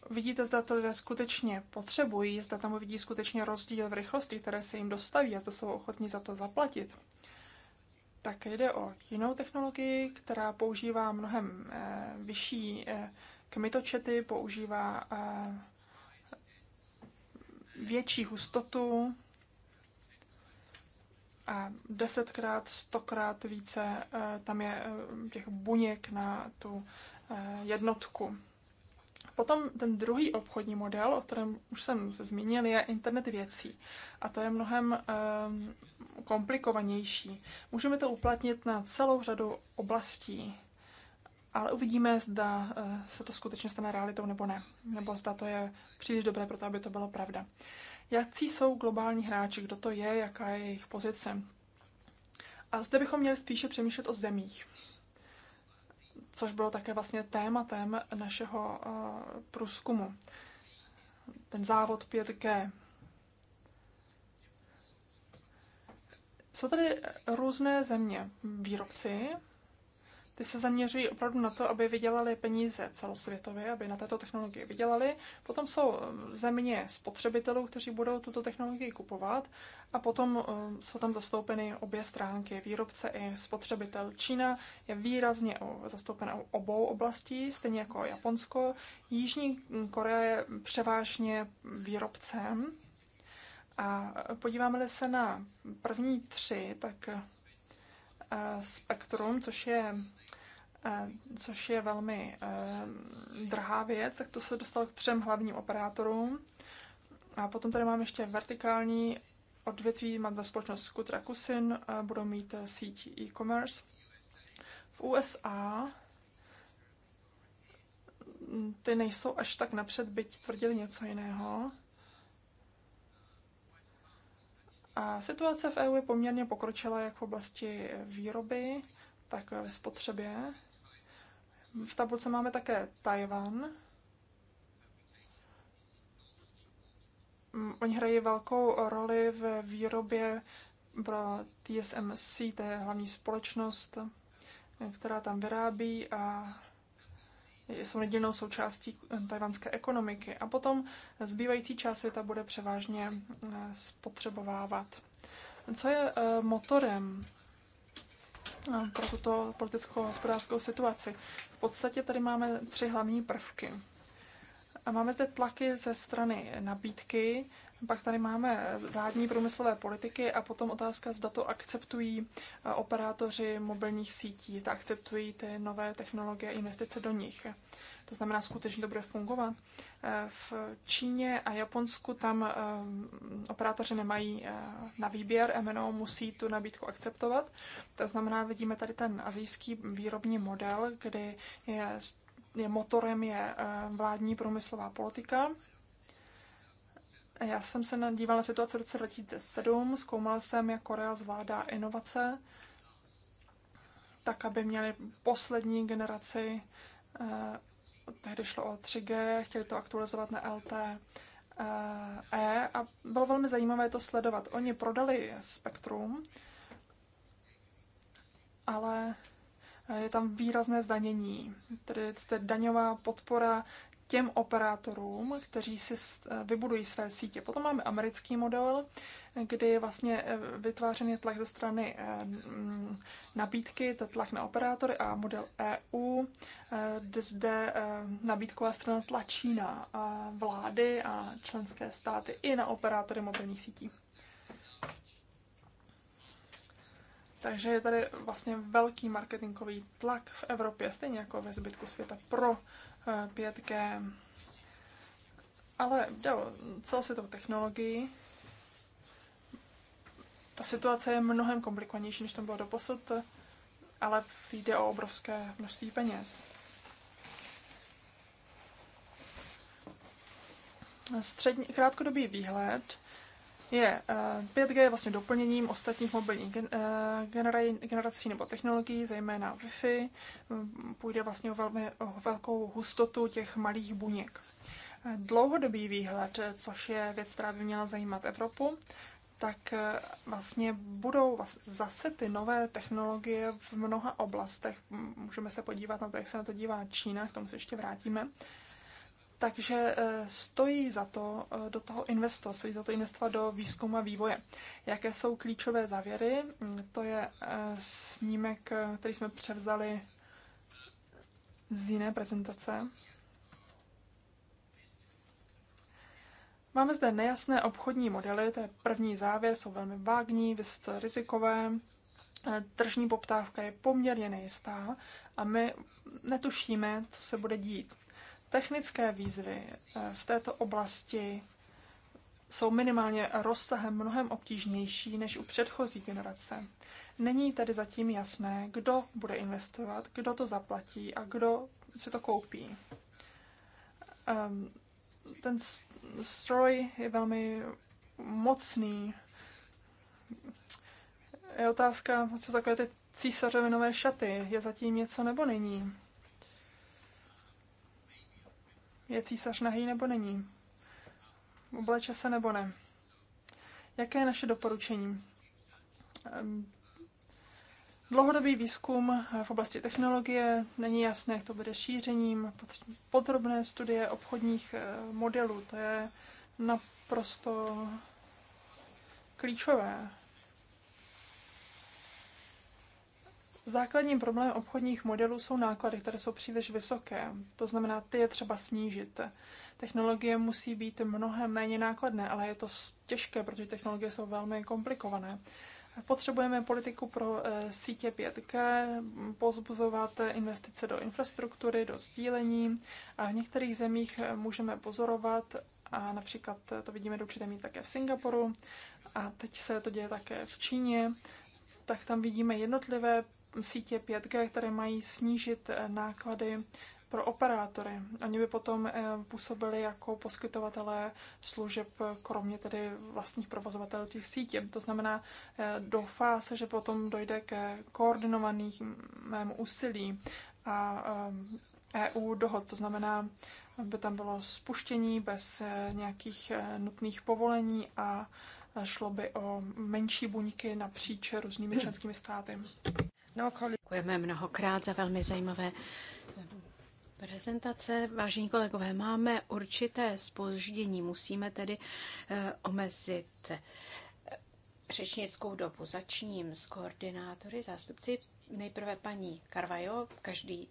Speaker 2: Vidíte, zda to lidé skutečně potřebují, zda tam vidí skutečně rozdíl v rychlosti, které se jim dostaví a zda jsou ochotní za to zaplatit. Tak jde o jinou technologii, která používá mnohem eh, vyšší eh, kmitočety, používá eh, větší hustotu a desetkrát, stokrát více eh, tam je eh, těch buněk na tu eh, jednotku. Potom ten druhý obchodní model, o kterém už jsem se zmínil, je internet věcí. A to je mnohem komplikovanější. Můžeme to uplatnit na celou řadu oblastí ale uvidíme, zda eh, se to skutečně stane realitou nebo ne, nebo zda to je příliš dobré pro to, aby to bylo pravda. Jaký jsou globální hráči, kdo to je, jaká je jejich pozice? A zde bychom měli spíše přemýšlet o zemích, což bylo také vlastně tématem našeho uh, průzkumu. Ten závod 5G. Jsou tady různé země výrobci, ty se zaměřují opravdu na to, aby vydělali peníze celosvětově, aby na této technologii vydělali. Potom jsou eh, země spotřebitelů, kteří budou tuto technologii kupovat. A potom eh, jsou tam zastoupeny obě stránky, výrobce i spotřebitel. Čína je výrazně zastoupena obou oblastí, stejně jako Japonsko. Jižní Korea je převážně výrobcem. A podíváme-li se na první tři, tak eh, Spektrum, což je Eh, což je velmi eh, drahá věc, tak to se dostalo k třem hlavním operátorům. A potom tady mám ještě vertikální odvětví, mám společnost Skutra Kusin, eh, budou mít síť e-commerce. V USA mm, ty nejsou až tak napřed, byť tvrdili něco jiného. A situace v EU je poměrně pokročila jak v oblasti výroby, tak ve spotřebě. V tabulce máme také Tajvan. Mm, oni hrají velkou roli v výrobě pro TSMC, to je hlavní společnost, která tam vyrábí a jsou nedílnou součástí tajvanské ekonomiky. A potom zbývající část světa bude převážně eh, spotřebovávat. Co je eh, motorem pro tuto politickou hospodářskou situaci. V podstatě tady máme tři hlavní prvky. A máme zde tlaky ze strany nabídky pak tady máme vládní průmyslové politiky a potom otázka, zda to akceptují eh, operátoři mobilních sítí, zda akceptují ty nové technologie, investice do nich. To znamená, skutečně to bude fungovat. Eh, v Číně a Japonsku tam eh, operátoři nemají na výběr, MNO musí tu nabídku akceptovat. To znamená, vidíme tady ten azijský výrobní model, kdy je, je motorem je vládní průmyslová politika, já jsem se nadívala na situaci v roce 2007, zkoumala jsem, jak Korea zvládá inovace, tak aby měli poslední generaci, eh, tehdy šlo o 3G, chtěli to aktualizovat na LTE eh, e. a bylo velmi zajímavé to sledovat. Oni prodali spektrum, ale eh, je tam výrazné zdanění, tedy daňová podpora těm operátorům, kteří si eh, vybudují své sítě. Potom máme americký model, kdy je vlastně eh, vytvářen je tlak ze strany eh, mm, nabídky, to tlak na operátory a model EU, kde zde nabídková strana tlačí na vlády a členské státy i na operátory mobilních sítí. Takže je tady vlastně velký marketingový tlak v Evropě, stejně jako ve zbytku světa, pro 5G. Ale jde o to technologii. Ta situace je mnohem komplikovanější, než to bylo doposud, ale jde o obrovské množství peněz. Střední, krátkodobý výhled je 5G eh, je vlastně doplněním ostatních mobilních eh, generací nebo technologií, zejména Wi-Fi. Mm, půjde vlastně o, velmi, o velkou hustotu těch malých buněk. Eh, dlouhodobý výhled, což je věc, která by měla zajímat Evropu, tak vlastně budou zase ty nové technologie v mnoha oblastech. Můžeme se podívat na to, jak se na to dívá Čína, k tomu se ještě vrátíme. Takže eh, stojí za to eh, do toho investovat, stojí za to investovat do výzkumu a vývoje. Jaké jsou klíčové závěry? Mm, to je eh, snímek, který jsme převzali z jiné prezentace. Máme zde nejasné obchodní modely, to je první závěr, jsou velmi vágní, vysoce rizikové, tržní poptávka je poměrně nejistá a my netušíme, co se bude dít. Technické výzvy eh, v této oblasti jsou minimálně rozsahem mnohem obtížnější než u předchozí generace. Není tedy zatím jasné, kdo bude investovat, kdo to zaplatí a kdo si to koupí. Ehm, ten stroj je velmi mocný. Je otázka, co takové ty císařovinové šaty, je zatím něco nebo není. Je císař nahý nebo není? Obleče se nebo ne? Jaké je naše doporučení? Ehm, dlouhodobý výzkum v oblasti technologie není jasné, jak to bude šířením, podrobné studie obchodních eh, modelů, to je naprosto klíčové. Základním problémem obchodních modelů jsou náklady, které jsou příliš vysoké. To znamená, ty je třeba snížit. Technologie musí být mnohem méně nákladné, ale je to těžké, protože technologie jsou velmi komplikované. Potřebujeme politiku pro eh, sítě 5G, pozbuzovat investice do infrastruktury, do sdílení. A v některých zemích eh, můžeme pozorovat, a například eh, to vidíme do určité míry také v Singapuru, a teď se to děje také v Číně, tak tam vidíme jednotlivé sítě 5G, které mají snížit eh, náklady pro operátory. Oni by potom eh, působili jako poskytovatelé služeb, eh, kromě tedy vlastních provozovatelů těch sítě. To znamená, doufá se, že potom dojde ke koordinovanému úsilí a EU e dohod. To znamená, aby tam bylo spuštění bez nějakých nutných povolení a šlo by o menší buňky napříč různými členskými státy.
Speaker 4: Děkujeme mnohokrát za velmi zajímavé prezentace. Vážení kolegové, máme určité spoždění, musíme tedy eh, omezit eh, řečnickou dobu. Začním s koordinátory, zástupci. Nejprve paní Karvajo, každý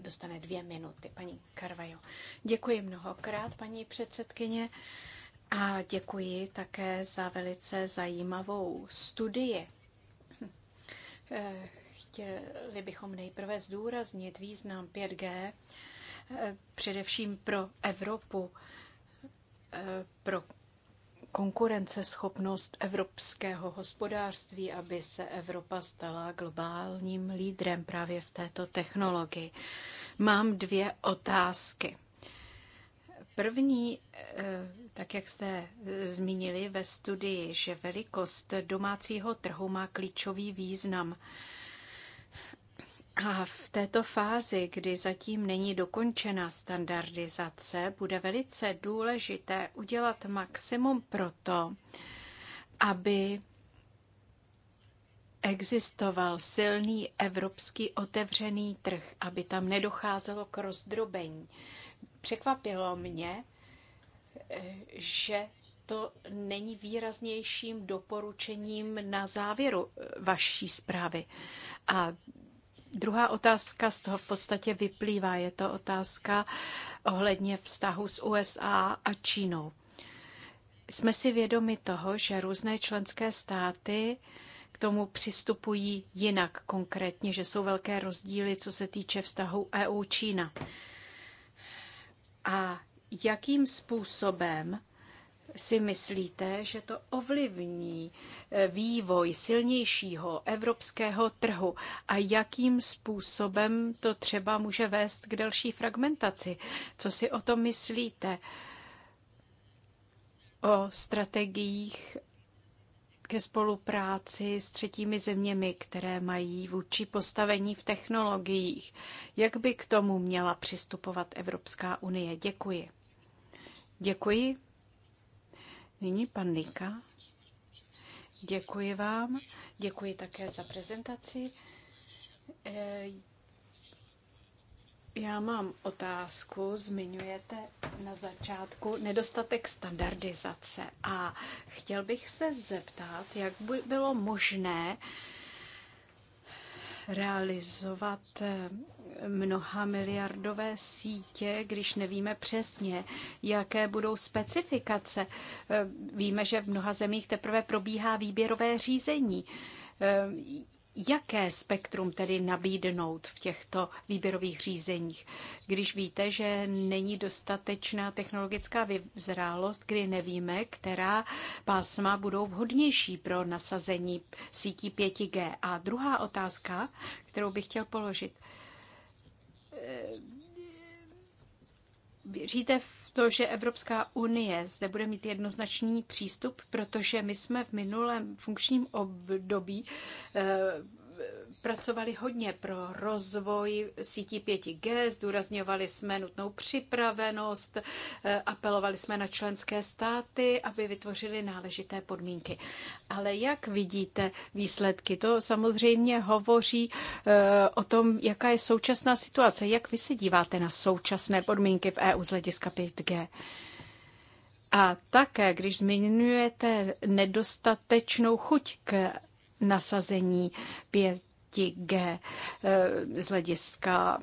Speaker 4: dostane dvě minuty. Paní Karvajo, děkuji mnohokrát, paní předsedkyně. A děkuji také za velice zajímavou studii eh, Chtěli bychom nejprve zdůraznit význam 5G, eh, především pro Evropu, eh, pro konkurenceschopnost evropského hospodářství, aby se Evropa stala globálním lídrem právě v této technologii. Mám dvě otázky. První, eh, tak jak jste zmínili ve studii, že velikost domácího trhu má klíčový význam. A v této fázi, kdy zatím není dokončena standardizace, bude velice důležité udělat maximum proto, aby existoval silný evropský otevřený trh, aby tam nedocházelo k rozdrobení. Překvapilo mě, že to není výraznějším doporučením na závěru vaší zprávy. A Druhá otázka z toho v podstatě vyplývá. Je to otázka ohledně vztahu s USA a Čínou. Jsme si vědomi toho, že různé členské státy k tomu přistupují jinak konkrétně, že jsou velké rozdíly, co se týče vztahu EU-Čína. A jakým způsobem si myslíte, že to ovlivní eh, vývoj silnějšího evropského trhu a jakým způsobem to třeba může vést k další fragmentaci? Co si o tom myslíte? O strategiích ke spolupráci s třetími zeměmi, které mají vůči postavení v technologiích. Jak by k tomu měla přistupovat Evropská unie? Děkuji. Děkuji. Nyní pan Nika. Děkuji vám, děkuji také za prezentaci. Eh, já mám otázku, zmiňujete na začátku nedostatek standardizace a chtěl bych se zeptat, jak by bylo možné realizovat eh, mnoha miliardové sítě, když nevíme přesně, jaké budou specifikace. Eh, víme, že v mnoha zemích teprve probíhá výběrové řízení. Eh, jaké spektrum tedy nabídnout v těchto výběrových řízeních, když víte, že není dostatečná technologická vyzrálost, kdy nevíme, která pásma budou vhodnější pro nasazení sítí 5G? A druhá otázka, kterou bych chtěl položit – Eh, věříte v to, že Evropská unie zde bude mít jednoznačný přístup, protože my jsme v minulém funkčním období eh, pracovali hodně pro rozvoj sítí 5G, zdůrazňovali jsme nutnou připravenost, eh, apelovali jsme na členské státy, aby vytvořili náležité podmínky. Ale jak vidíte výsledky? To samozřejmě hovoří eh, o tom, jaká je současná situace. Jak vy se díváte na současné podmínky v EU z hlediska 5G? A také, když zmiňujete nedostatečnou chuť k nasazení 5 5G eh, z hlediska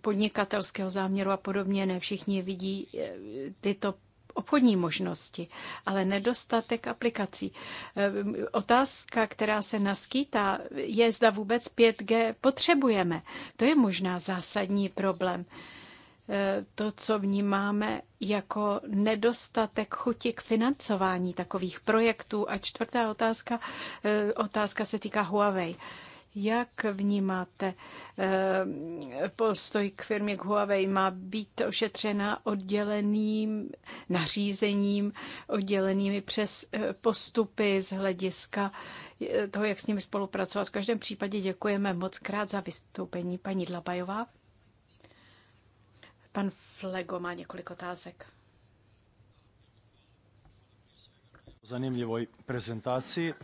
Speaker 4: podnikatelského záměru a podobně. Ne všichni vidí eh, tyto obchodní možnosti, ale nedostatek aplikací. Eh, otázka, která se naskýtá, je, zda vůbec 5G potřebujeme. To je možná zásadní problém. To, co vnímáme jako nedostatek chuti k financování takových projektů. A čtvrtá otázka, otázka se týká Huawei. Jak vnímáte eh, postoj k firmě k Huawei? Má být ošetřena odděleným nařízením, oddělenými přes eh, postupy z hlediska eh, toho, jak s nimi spolupracovat. V každém případě děkujeme moc krát za vystoupení paní Dlabajová. Pan Flego má několik otázek.
Speaker 5: Zanimljivoj prezentaciji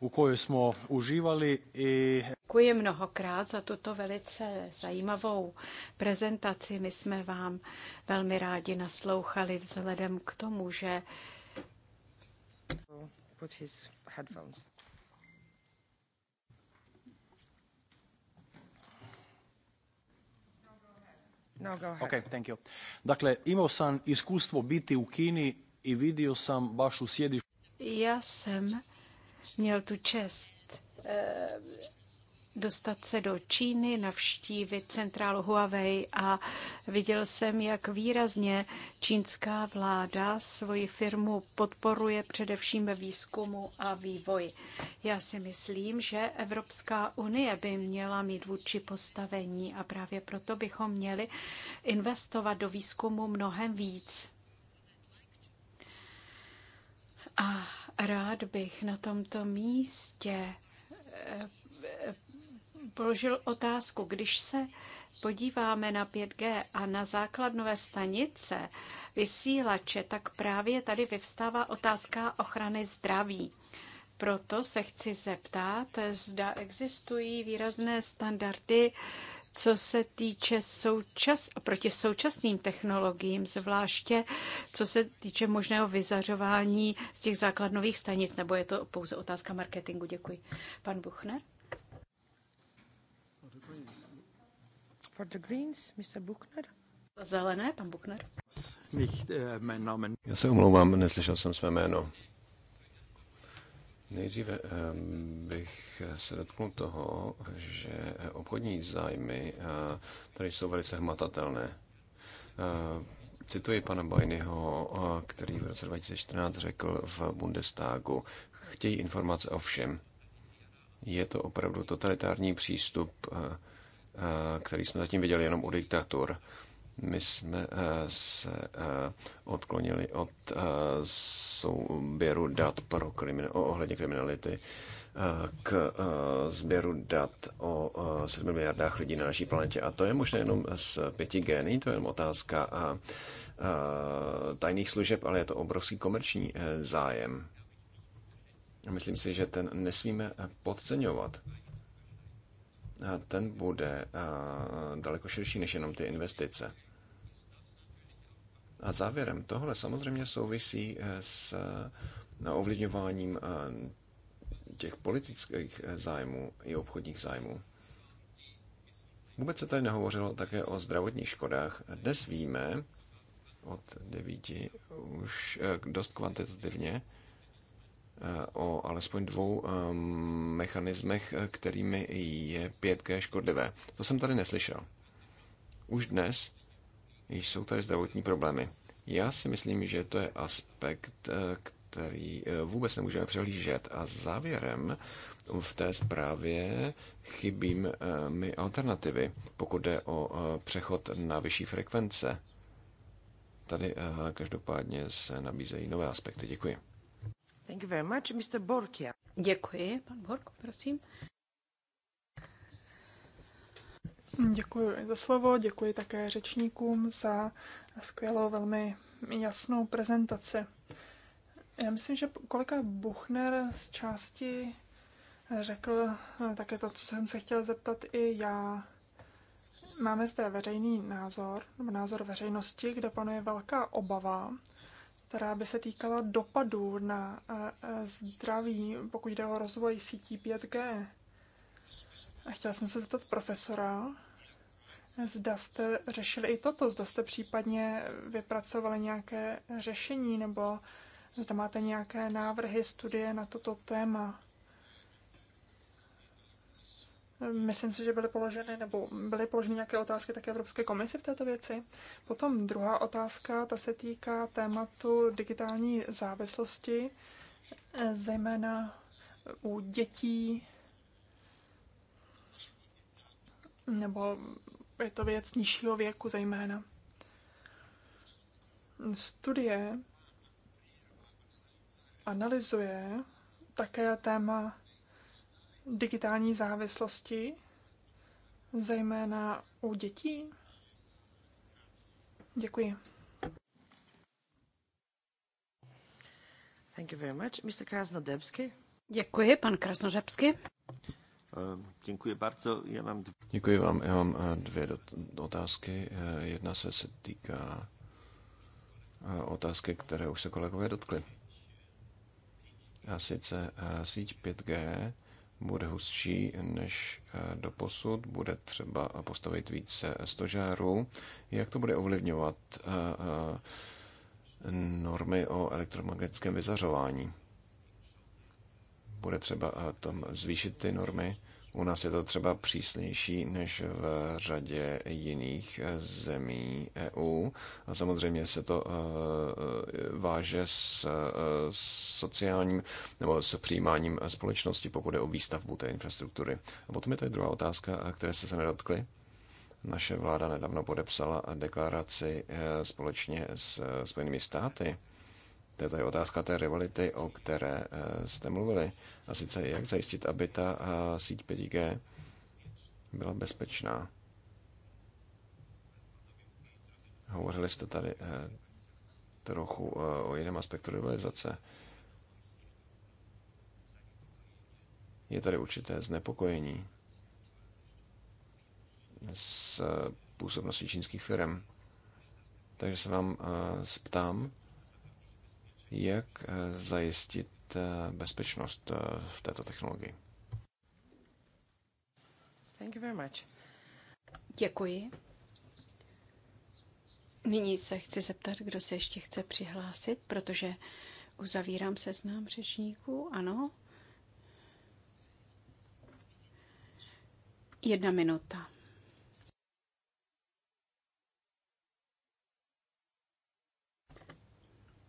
Speaker 5: u kojoj smo uživali. I...
Speaker 4: Děkuji mnohokrát za tuto velice zajímavou prezentaci. My jsme vám velmi rádi naslouchali vzhledem k tomu, že
Speaker 3: put his headphones.
Speaker 6: No, go ahead. Okay, thank you. Dakle, imao sam iskustvo biti u Kini i vidio sam baš u
Speaker 5: sjedištu.
Speaker 4: Ja sam měl tu čest eh, dostat se do Číny, navštívit centrálu Huawei a viděl jsem, jak výrazně čínská vláda svoji firmu podporuje především ve výzkumu a vývoji. Já si myslím, že Evropská unie by měla mít vůči postavení a právě proto bychom měli investovat do výzkumu mnohem víc. A Rád bych na tomto místě eh, položil otázku, když se podíváme na 5G a na základnové stanice vysílače, tak právě tady vyvstává otázka ochrany zdraví. Proto se chci zeptat, zda existují výrazné standardy co se týče součas, proti současným technologiím, zvláště co se týče možného vyzařování z těch základnových stanic, nebo je to pouze otázka marketingu? Děkuji. Pan Buchner? For the Greens, Mr. Buchner. Zelené, pan Buchner.
Speaker 1: Eh, Já se omlouvám, neslyšel jsem své jméno. Nejdříve ehm, bych se dotknul toho, že obchodní zájmy eh, tady jsou velice hmatatelné. Eh, cituji pana Bajnyho, eh, který v roce 2014 řekl v Bundestagu, chtějí informace o všem. Je to opravdu totalitární přístup, který jsme zatím viděli jenom u diktatur. My jsme eh, se eh, odklonili od eh, souběru dat pro krimin- ohledně kriminality k sběru dat o 7 miliardách lidí na naší planetě. A to je možné jenom z pěti gény, to to jenom otázka a tajných služeb, ale je to obrovský komerční zájem. Myslím si, že ten nesmíme podceňovat. Ten bude daleko širší než jenom ty investice. A závěrem, tohle samozřejmě souvisí eh, s eh, no, ovlivňováním eh, těch politických zájmů i obchodních zájmů. Vůbec se tady nehovořilo také o zdravotních škodách. Dnes víme od devíti už dost kvantitativně o alespoň dvou mechanismech, kterými je 5G škodlivé. To jsem tady neslyšel. Už dnes jsou tady zdravotní problémy. Já si myslím, že to je aspekt, eh, který eh, vůbec nemůžeme přehlížet. A závěrem v té zprávě chybí eh, mi alternativy, pokud jde o přechod na vyšší frekvence. Tady každopádně se nabízejí nové aspekty. Děkuji.
Speaker 3: Thank you very much, Mr. Borkia.
Speaker 2: Děkuji, pan Bork, prosím. Děkuji za slovo, děkuji také řečníkům za skvělou, velmi jasnou prezentaci. Já myslím, že kolega Buchner z části řekl také to, co jsem se chtěl zeptat i já. Máme zde veřejný názor, nebo názor veřejnosti, kde panuje velká obava, která by se týkala dopadů na eh, eh, zdraví, pokud jde o rozvoj sítí 5G. A chtěla jsem se zeptat profesora, zda jste řešili i toto, zda jste případně vypracovali nějaké řešení nebo zda máte nějaké návrhy, studie na toto téma. Myslím si, že byly položeny, nebo byly položeny nějaké otázky také Evropské komisi v této věci. Potom druhá otázka, ta se týká tématu digitální závislosti, zejména u dětí, nebo je to věc nižšího věku zejména. Studie analyzuje také téma digitální závislosti, zejména u dětí.
Speaker 4: Děkuji. Thank you very much. Mr. Krasnodebsky. Děkuji, pan Krasnožebsky.
Speaker 1: Eh, děkuji bardzo. Já mám... Děkuji vám. Já mám eh, dvě otázky. Eh, jedna se, se týká otázky, které už se kolegové dotkli. A sice síť 5G bude hustší než do posud, bude třeba postavit více stožárů. Jak to bude ovlivňovat normy o elektromagnetickém vyzařování? bude třeba eh, tam zvýšit ty normy. U nás je to třeba přísnější než v řadě jiných eh, zemí EU. A samozřejmě se to eh, váže s sociálním nebo s přijímáním společnosti, pokud je o výstavbu té infrastruktury. A potom je tady druhá otázka, které jste se nedotkli. Naše vláda nedávno podepsala deklaraci společně s Spojenými státy to je tady otázka té rivality, o které eh, jste mluvili. A sice jak zajistit, aby ta eh, síť 5G byla bezpečná. Hovořili jste tady eh, trochu o jiném aspektu rivalizace. Je tady určité znepokojení s působností čínských firm. Takže se vám ptám, jak eh, zajistit eh, bezpečnost eh, v této technologii.
Speaker 4: Thank you very much. Děkuji. Nyní se chci zeptat, kdo se ještě chce přihlásit, protože uzavírám seznám řečníků. Ano. Jedna minuta.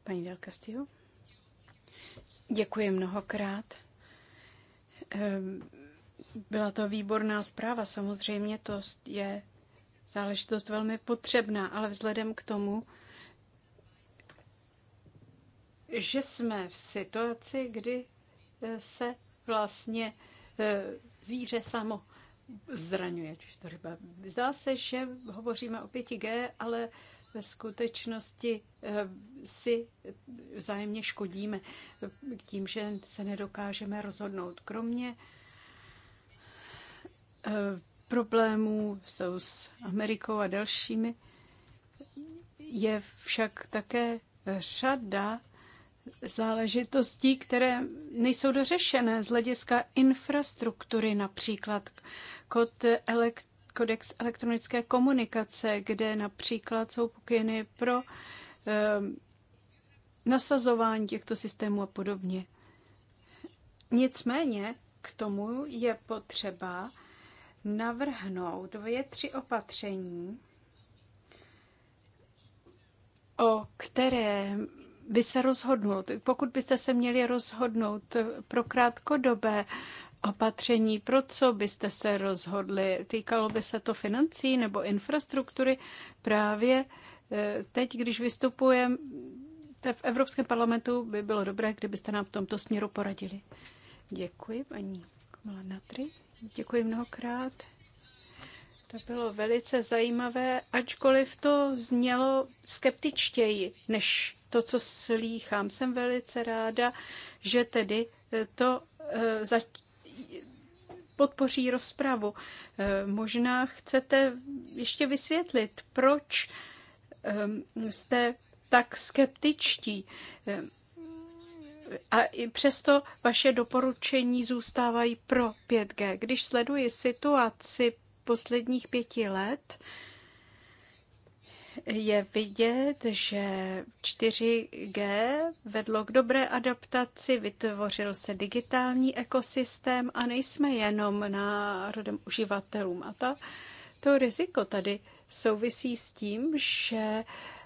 Speaker 4: Paní Del Castillo. Děkuji mnohokrát. Ehm, byla to výborná zpráva. Samozřejmě to je záležitost velmi potřebná, ale vzhledem k tomu, že jsme v situaci, kdy eh, se vlastně eh, zvíře samo zraňuje. Zdá se, že hovoříme o 5G, ale ve skutečnosti eh, si vzájemně škodíme tím, že se nedokážeme rozhodnout. Kromě eh, problémů jsou s Amerikou a dalšími, je však také řada záležitostí, které nejsou dořešené z hlediska infrastruktury, například kot elekt kodex elektronické komunikace, kde například jsou pokyny pro ehm, nasazování těchto systémů a podobně. Nicméně k tomu je potřeba navrhnout dvě, tři opatření, o které by se rozhodnul. Pokud byste se měli rozhodnout pro krátkodobé opatření, pro co byste se rozhodli? Týkalo by se to financí nebo infrastruktury? Právě eh, teď, když vystupujeme v Evropském parlamentu, by bylo dobré, kdybyste nám v tomto směru poradili. Děkuji, paní Komala Natry. Děkuji mnohokrát. To bylo velice zajímavé, ačkoliv to znělo skeptičtěji než to, co slýchám. Jsem velice ráda, že tedy to eh, zač- podpoří rozpravu. Eh, možná chcete ještě vysvětlit, proč ehm, jste tak skeptičtí. Eh, a i přesto vaše doporučení zůstávají pro 5G. Když sleduji situaci posledních pěti let, je vidět, že 4G vedlo k dobré adaptaci, vytvořil se digitální ekosystém a nejsme jenom národem uživatelům. A to, to riziko tady souvisí s tím, že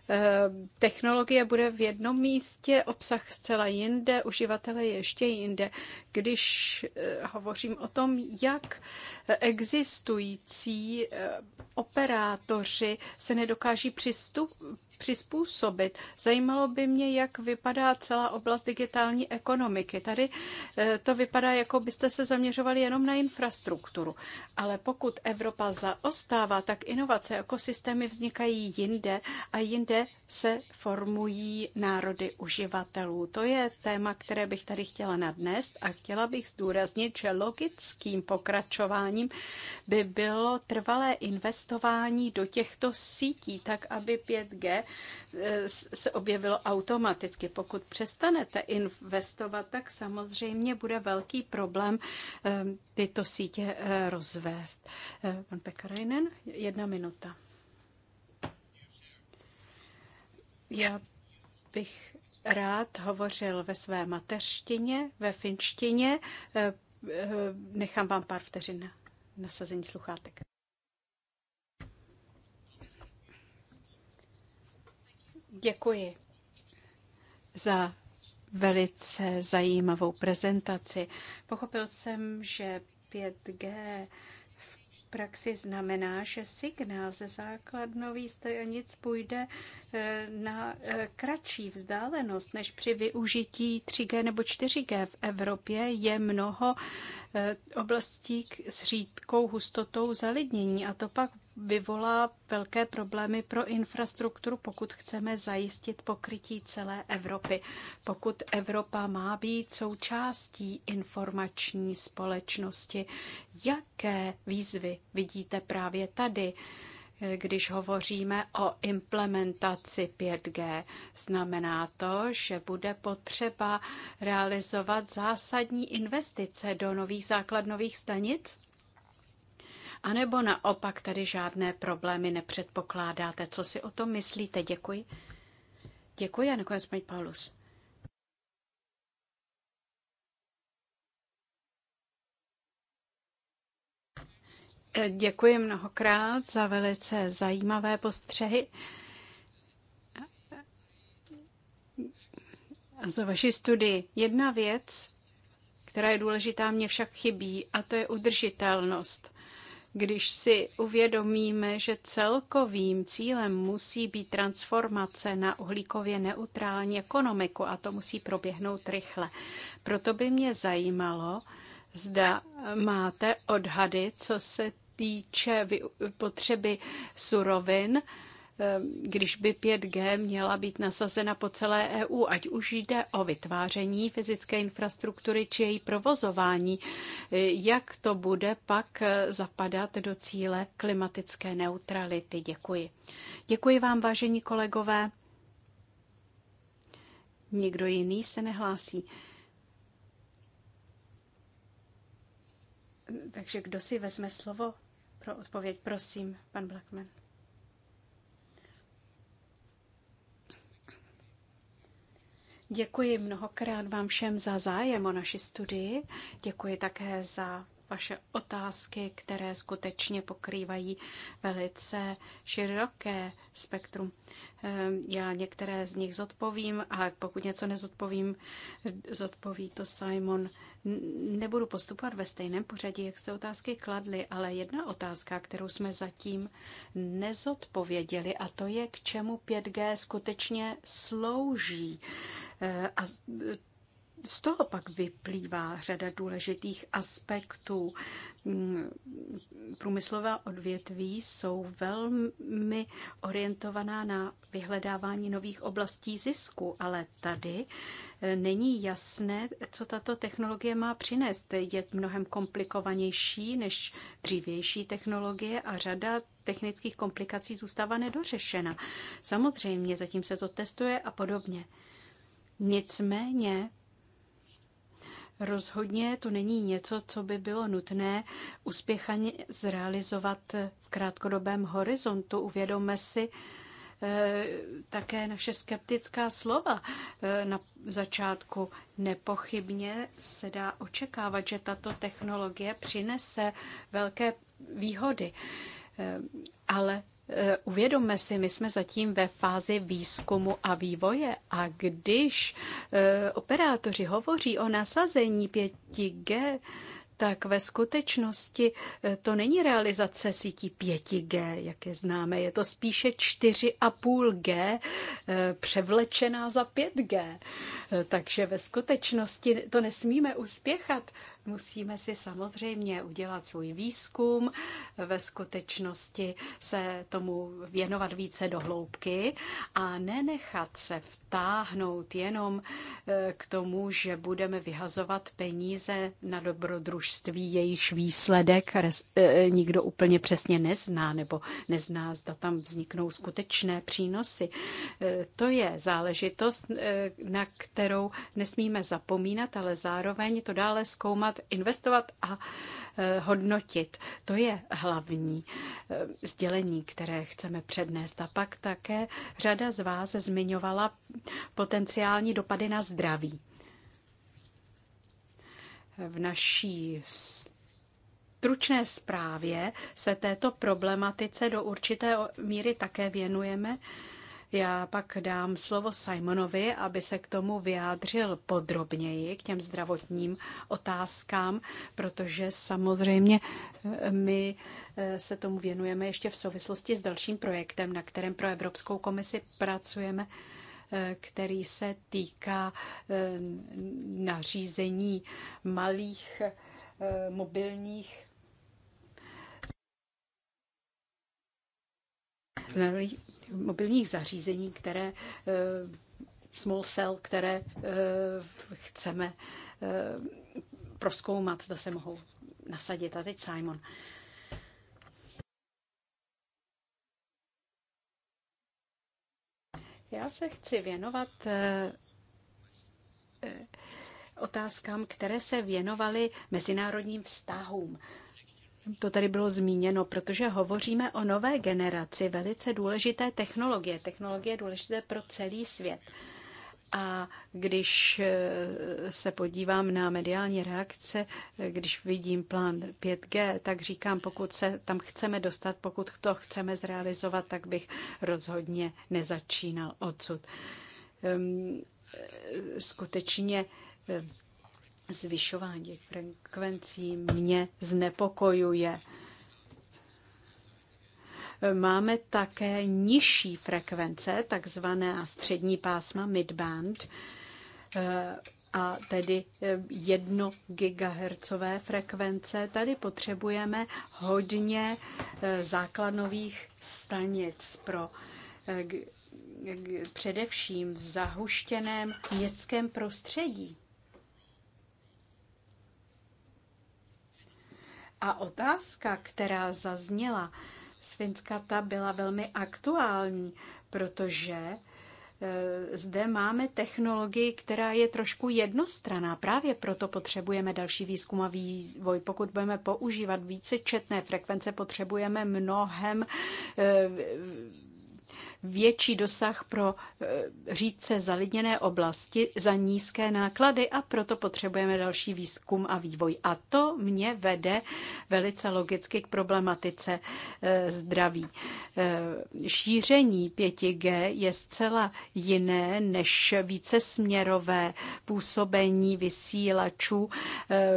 Speaker 4: Eh, technologie bude v jednom místě, obsah zcela jinde, uživatele ještě jinde. Když eh, hovořím o tom, jak existující eh, operátoři se nedokáží přistup, přizpůsobit. Zajímalo by mě, jak vypadá celá oblast digitální ekonomiky. Tady eh, to vypadá, jako byste se zaměřovali jenom na infrastrukturu. Ale pokud Evropa zaostává, tak inovace ekosystémy vznikají jinde a jinde se formují národy uživatelů. To je téma, které bych tady chtěla nadnést a chtěla bych zdůraznit, že logickým pokračováním by bylo trvalé investování do těchto sítí, tak aby 5G se objevilo automaticky. Pokud přestanete investovat, tak samozřejmě bude velký problém eh, tyto sítě eh, rozvést. Eh, pan Pekarajnen, jedna minuta. Já bych rád hovořil ve své mateřštině, ve finštině. Nechám vám pár vteřin na nasazení sluchátek. Děkuji za velice zajímavou prezentaci. Pochopil jsem, že 5G v praxi znamená, že signál ze základnový stojanic půjde eh, na eh, kratší vzdálenost než při využití 3G nebo 4G. V Evropě je mnoho eh, oblastí s řídkou hustotou zalidnění a to pak vyvolá velké problémy pro infrastrukturu, pokud chceme zajistit pokrytí celé Evropy. Pokud Evropa má být součástí informační společnosti, jaké výzvy vidíte právě tady? Když hovoříme o implementaci 5G, znamená to, že bude potřeba realizovat zásadní investice do nových základnových stanic? anebo naopak tady žádné problémy nepředpokládáte. Co si o tom myslíte? Děkuji. Děkuji a nakonec paní Paulus. Děkuji mnohokrát za velice zajímavé postřehy. Za vaši studii. Jedna věc, která je důležitá, mě však chybí, a to je udržitelnost když si uvědomíme, že celkovým cílem musí být transformace na uhlíkově neutrální ekonomiku a to musí proběhnout rychle. Proto by mě zajímalo, zda máte odhady, co se týče potřeby surovin Eh, když by 5G měla být nasazena po celé EU, ať už jde o vytváření fyzické infrastruktury či její provozování, eh, jak to bude pak eh, zapadat do cíle klimatické neutrality. Děkuji. Děkuji vám, vážení kolegové. Nikdo jiný se nehlásí. Takže kdo si vezme slovo pro odpověď? Prosím, pan Blackman. Děkuji mnohokrát vám všem za zájem o naši studii. Děkuji také za vaše otázky, které skutečně pokrývají velice široké spektrum. Ehm, já některé z nich zodpovím a pokud něco nezodpovím, zodpoví to Simon. Nebudu postupovat ve stejném pořadí, jak jste otázky kladli, ale jedna otázka, kterou jsme zatím nezodpověděli, a to je, k čemu 5G skutečně slouží. Eh, a eh, z toho pak vyplývá řada důležitých aspektů. Mm, Průmyslová odvětví jsou velmi orientovaná na vyhledávání nových oblastí zisku, ale tady eh, není jasné, co tato technologie má přinést. Je mnohem komplikovanější než dřívější technologie a řada technických komplikací zůstává nedořešena. Samozřejmě zatím se to testuje a podobně. Nicméně rozhodně to není něco, co by bylo nutné uspěchaně zrealizovat v krátkodobém horizontu. Uvědomme si eh, také naše skeptická slova eh, na začátku. Nepochybně se dá očekávat, že tato technologie přinese velké výhody, eh, ale Eh, uvědomme si, my jsme zatím ve fázi výzkumu a vývoje a když eh, operátoři hovoří o nasazení 5G, tak ve skutečnosti eh, to není realizace sítí 5G, jak je známe, je to spíše 4,5G převlečená za 5G. Takže ve skutečnosti to nesmíme uspěchat. Musíme si samozřejmě udělat svůj výzkum, ve skutečnosti se tomu věnovat více do hloubky a nenechat se vtáhnout jenom e, k tomu, že budeme vyhazovat peníze na dobrodružství, jejichž výsledek e, e, nikdo úplně přesně nezná nebo nezná, zda tam vzniknou skutečné přínosy. To je záležitost, na kterou nesmíme zapomínat, ale zároveň to dále zkoumat plánovat, investovat a e, hodnotit. To je hlavní e, sdělení, které chceme přednést. A pak také řada z vás zmiňovala potenciální dopady na zdraví. V naší stručné zprávě se této problematice do určité míry také věnujeme. Já pak dám slovo Simonovi, aby se k tomu vyjádřil podrobněji, k těm zdravotním otázkám, protože samozřejmě eh, my eh, se tomu věnujeme ještě v souvislosti s dalším projektem, na kterém pro Evropskou komisi pracujeme eh, který se týká nařízení malých mobilních mobilních zařízení, které eh, small cell, které eh, chceme eh, proskoumat, zda se mohou nasadit. A teď Simon. Já se chci věnovat otázkám, které se věnovaly mezinárodním vztahům to tady bylo zmíněno, protože hovoříme o nové generaci velice důležité technologie. Technologie je důležité pro celý svět. A když eh, se podívám na mediální reakce, eh, když vidím plán 5G, tak říkám, pokud se tam chceme dostat, pokud to chceme zrealizovat, tak bych rozhodně nezačínal odsud. Ehm, eh, skutečně zvyšování těch frekvencí mě znepokojuje. Máme také nižší frekvence, takzvané střední pásma midband, eh, a tedy 1 eh, GHz frekvence. Tady potřebujeme hodně eh, základnových stanic pro především v zahuštěném městském prostředí. A otázka, která zazněla z Finska, ta byla velmi aktuální, protože e, zde máme technologii, která je trošku jednostraná. Právě proto potřebujeme další výzkum a vývoj. Pokud budeme používat více četné frekvence, potřebujeme mnohem e, větší dosah pro eh, řídce zalidněné oblasti za nízké náklady a proto potřebujeme další výzkum a vývoj. A to mě vede velice logicky k problematice eh, zdraví. Eh, šíření 5G je zcela jiné než vícesměrové působení vysílačů,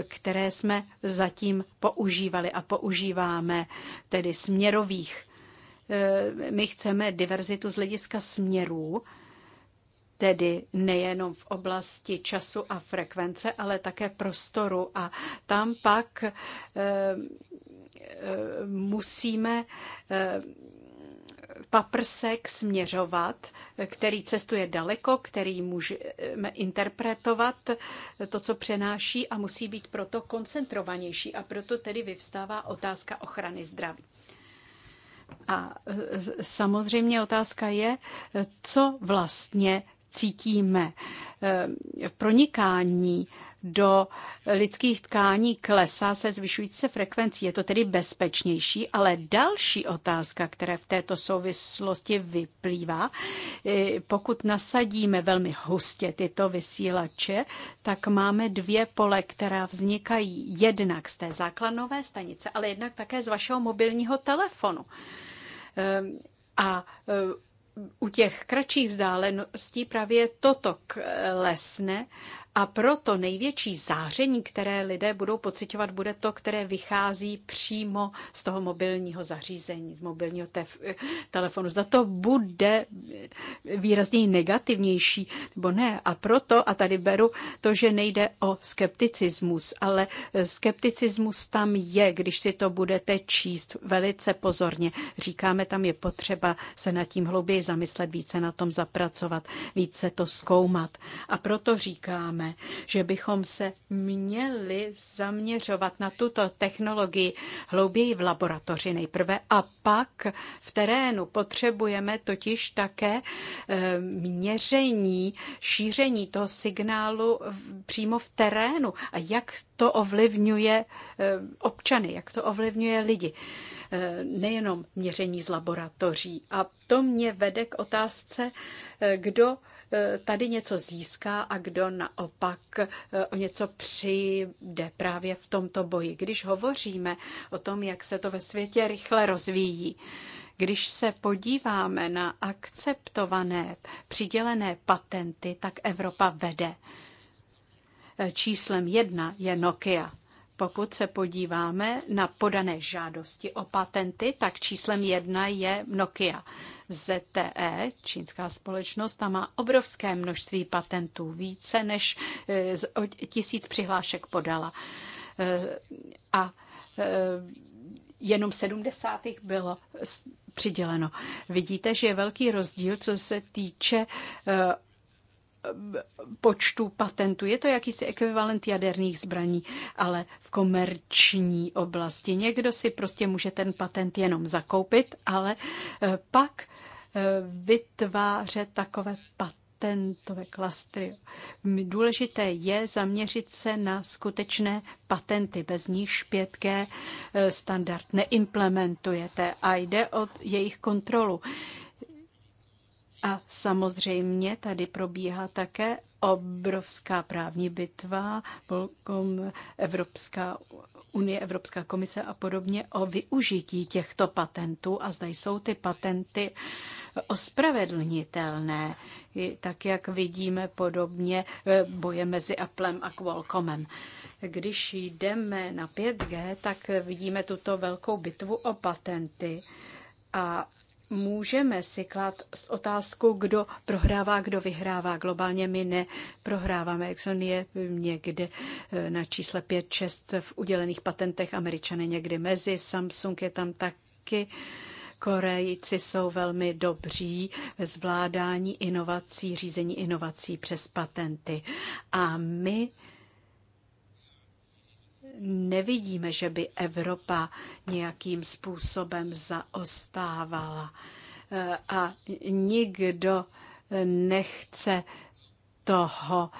Speaker 4: které jsme zatím používali a používáme, tedy směrových Eh, my chceme diverzitu z hlediska směrů, tedy nejenom v oblasti času a frekvence, ale také prostoru. A tam pak eh, eh, musíme paprsek směřovat, který cestuje daleko, který můžeme interpretovat to, co přenáší a musí být proto koncentrovanější. A proto tedy vyvstává otázka ochrany zdraví. A e, samozřejmě otázka je, co vlastně cítíme. E, pronikání do lidských tkání klesá se zvyšující se frekvencí. Je to tedy bezpečnější, ale další otázka, která v této souvislosti vyplývá, pokud nasadíme velmi hustě tyto vysílače, tak máme dvě pole, která vznikají jednak z té základnové stanice, ale jednak také z vašeho mobilního telefonu. Ehm, a ehm, u těch kratších vzdáleností právě toto klesne a proto největší záření, které lidé budou pocitovat, bude to, které vychází přímo z toho mobilního zařízení, z mobilního tef- telefonu. Zda to bude výrazněji negativnější nebo ne. A proto, a tady beru to, že nejde o skepticismus, ale skepticismus tam je, když si to budete číst velice pozorně. Říkáme, tam je potřeba se nad tím hlouběji zamyslet, více na tom zapracovat, více to zkoumat. A proto říkáme, uvědomme, že bychom se měli zaměřovat na tuto technologii hlouběji v laboratoři nejprve a pak v terénu. Potřebujeme totiž také eh, měření, šíření toho signálu přímo v terénu a jak to ovlivňuje eh, občany, jak to ovlivňuje lidi eh, nejenom měření z laboratoří. A to mě vede k otázce, kdo E, tady něco získá a kdo naopak e, o něco přijde právě v tomto boji. Když hovoříme o tom, jak se to ve světě rychle rozvíjí, když se podíváme na akceptované přidělené patenty, tak Evropa vede. E, číslem jedna je Nokia. Pokud se podíváme na podané žádosti o patenty, tak číslem jedna je Nokia. ZTE, čínská společnost, ta má obrovské množství patentů, více než eh, tisíc přihlášek podala. Eh, a eh, jenom 70. bylo přiděleno. Vidíte, že je velký rozdíl, co se týče počtu patentů. Je to jakýsi ekvivalent jaderných zbraní, ale v komerční oblasti. Někdo si prostě může ten patent jenom zakoupit, ale eh, pak eh, vytvářet takové patentové klastry. Důležité je zaměřit se na skutečné patenty, bez nich 5G eh, standard neimplementujete a jde o jejich kontrolu. A samozřejmě tady probíhá také obrovská právní bitva, volkom, Evropská Unie, Evropská komise a podobně o využití těchto patentů a zda jsou ty patenty ospravedlnitelné, tak jak vidíme podobně eh, boje mezi Applem a Qualcommem. Když jdeme na 5G, tak vidíme tuto velkou bitvu o patenty a můžeme si klát s otázkou, kdo prohrává, kdo vyhrává. Globálně my neprohráváme. Exxon je někde eh, na čísle 5-6 v udělených patentech, američané někdy mezi, Samsung je tam taky. Korejci jsou velmi dobří ve zvládání inovací, řízení inovací přes patenty. A my nevidíme, že by Evropa nějakým způsobem zaostávala. Eh, a nikdo nechce toho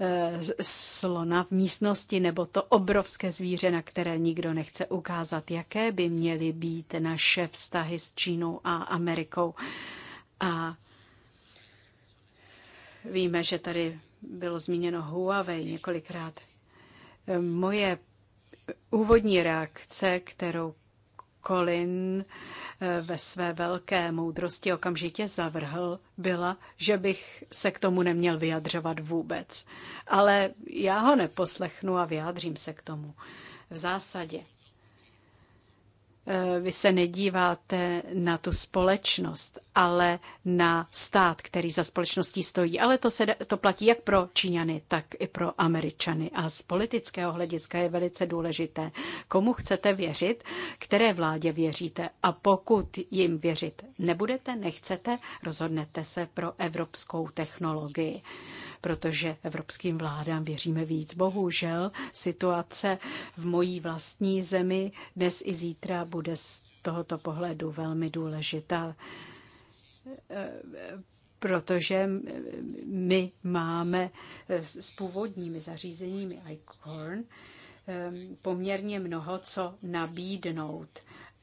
Speaker 4: eh, slona v místnosti nebo to obrovské zvíře, na které nikdo nechce ukázat, jaké by měly být naše vztahy s Čínou a Amerikou. A víme, že tady bylo zmíněno Huawei několikrát. Eh, moje úvodní reakce, kterou Colin eh, ve své velké moudrosti okamžitě zavrhl, byla, že bych se k tomu neměl vyjadřovat vůbec. Ale já ho neposlechnu a vyjádřím se k tomu. V zásadě Eh, vy se nedíváte na tu společnost, ale na stát, který za společností stojí. Ale to, se, to platí jak pro Číňany, tak i pro Američany. A z politického hlediska je velice důležité, komu chcete věřit, které vládě věříte. A pokud jim věřit nebudete, nechcete, rozhodnete se pro evropskou technologii protože evropským vládám věříme víc. Bohužel situace v mojí vlastní zemi dnes i zítra bude z tohoto pohledu velmi důležitá eh, protože my máme eh, s původními zařízeními ICORN eh, poměrně mnoho co nabídnout,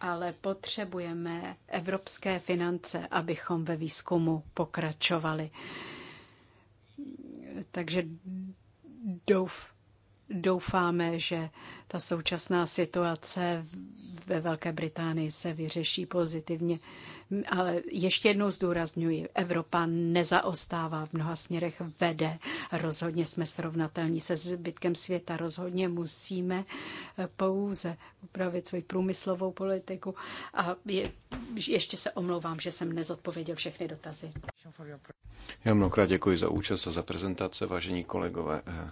Speaker 4: ale potřebujeme evropské finance, abychom ve výzkumu pokračovali. Takže douf, doufáme, že ta současná situace ve Velké Británii se vyřeší pozitivně. Ale ještě jednou zdůrazňuji, Evropa nezaostává v mnoha směrech, vede. Rozhodně jsme srovnatelní se zbytkem světa. Rozhodně musíme pouze upravit svoji průmyslovou politiku. A je, ještě se omlouvám, že jsem nezodpověděl všechny dotazy.
Speaker 1: Já mnohokrát děkuji za účast a za prezentace, vážení kolegové. Eh,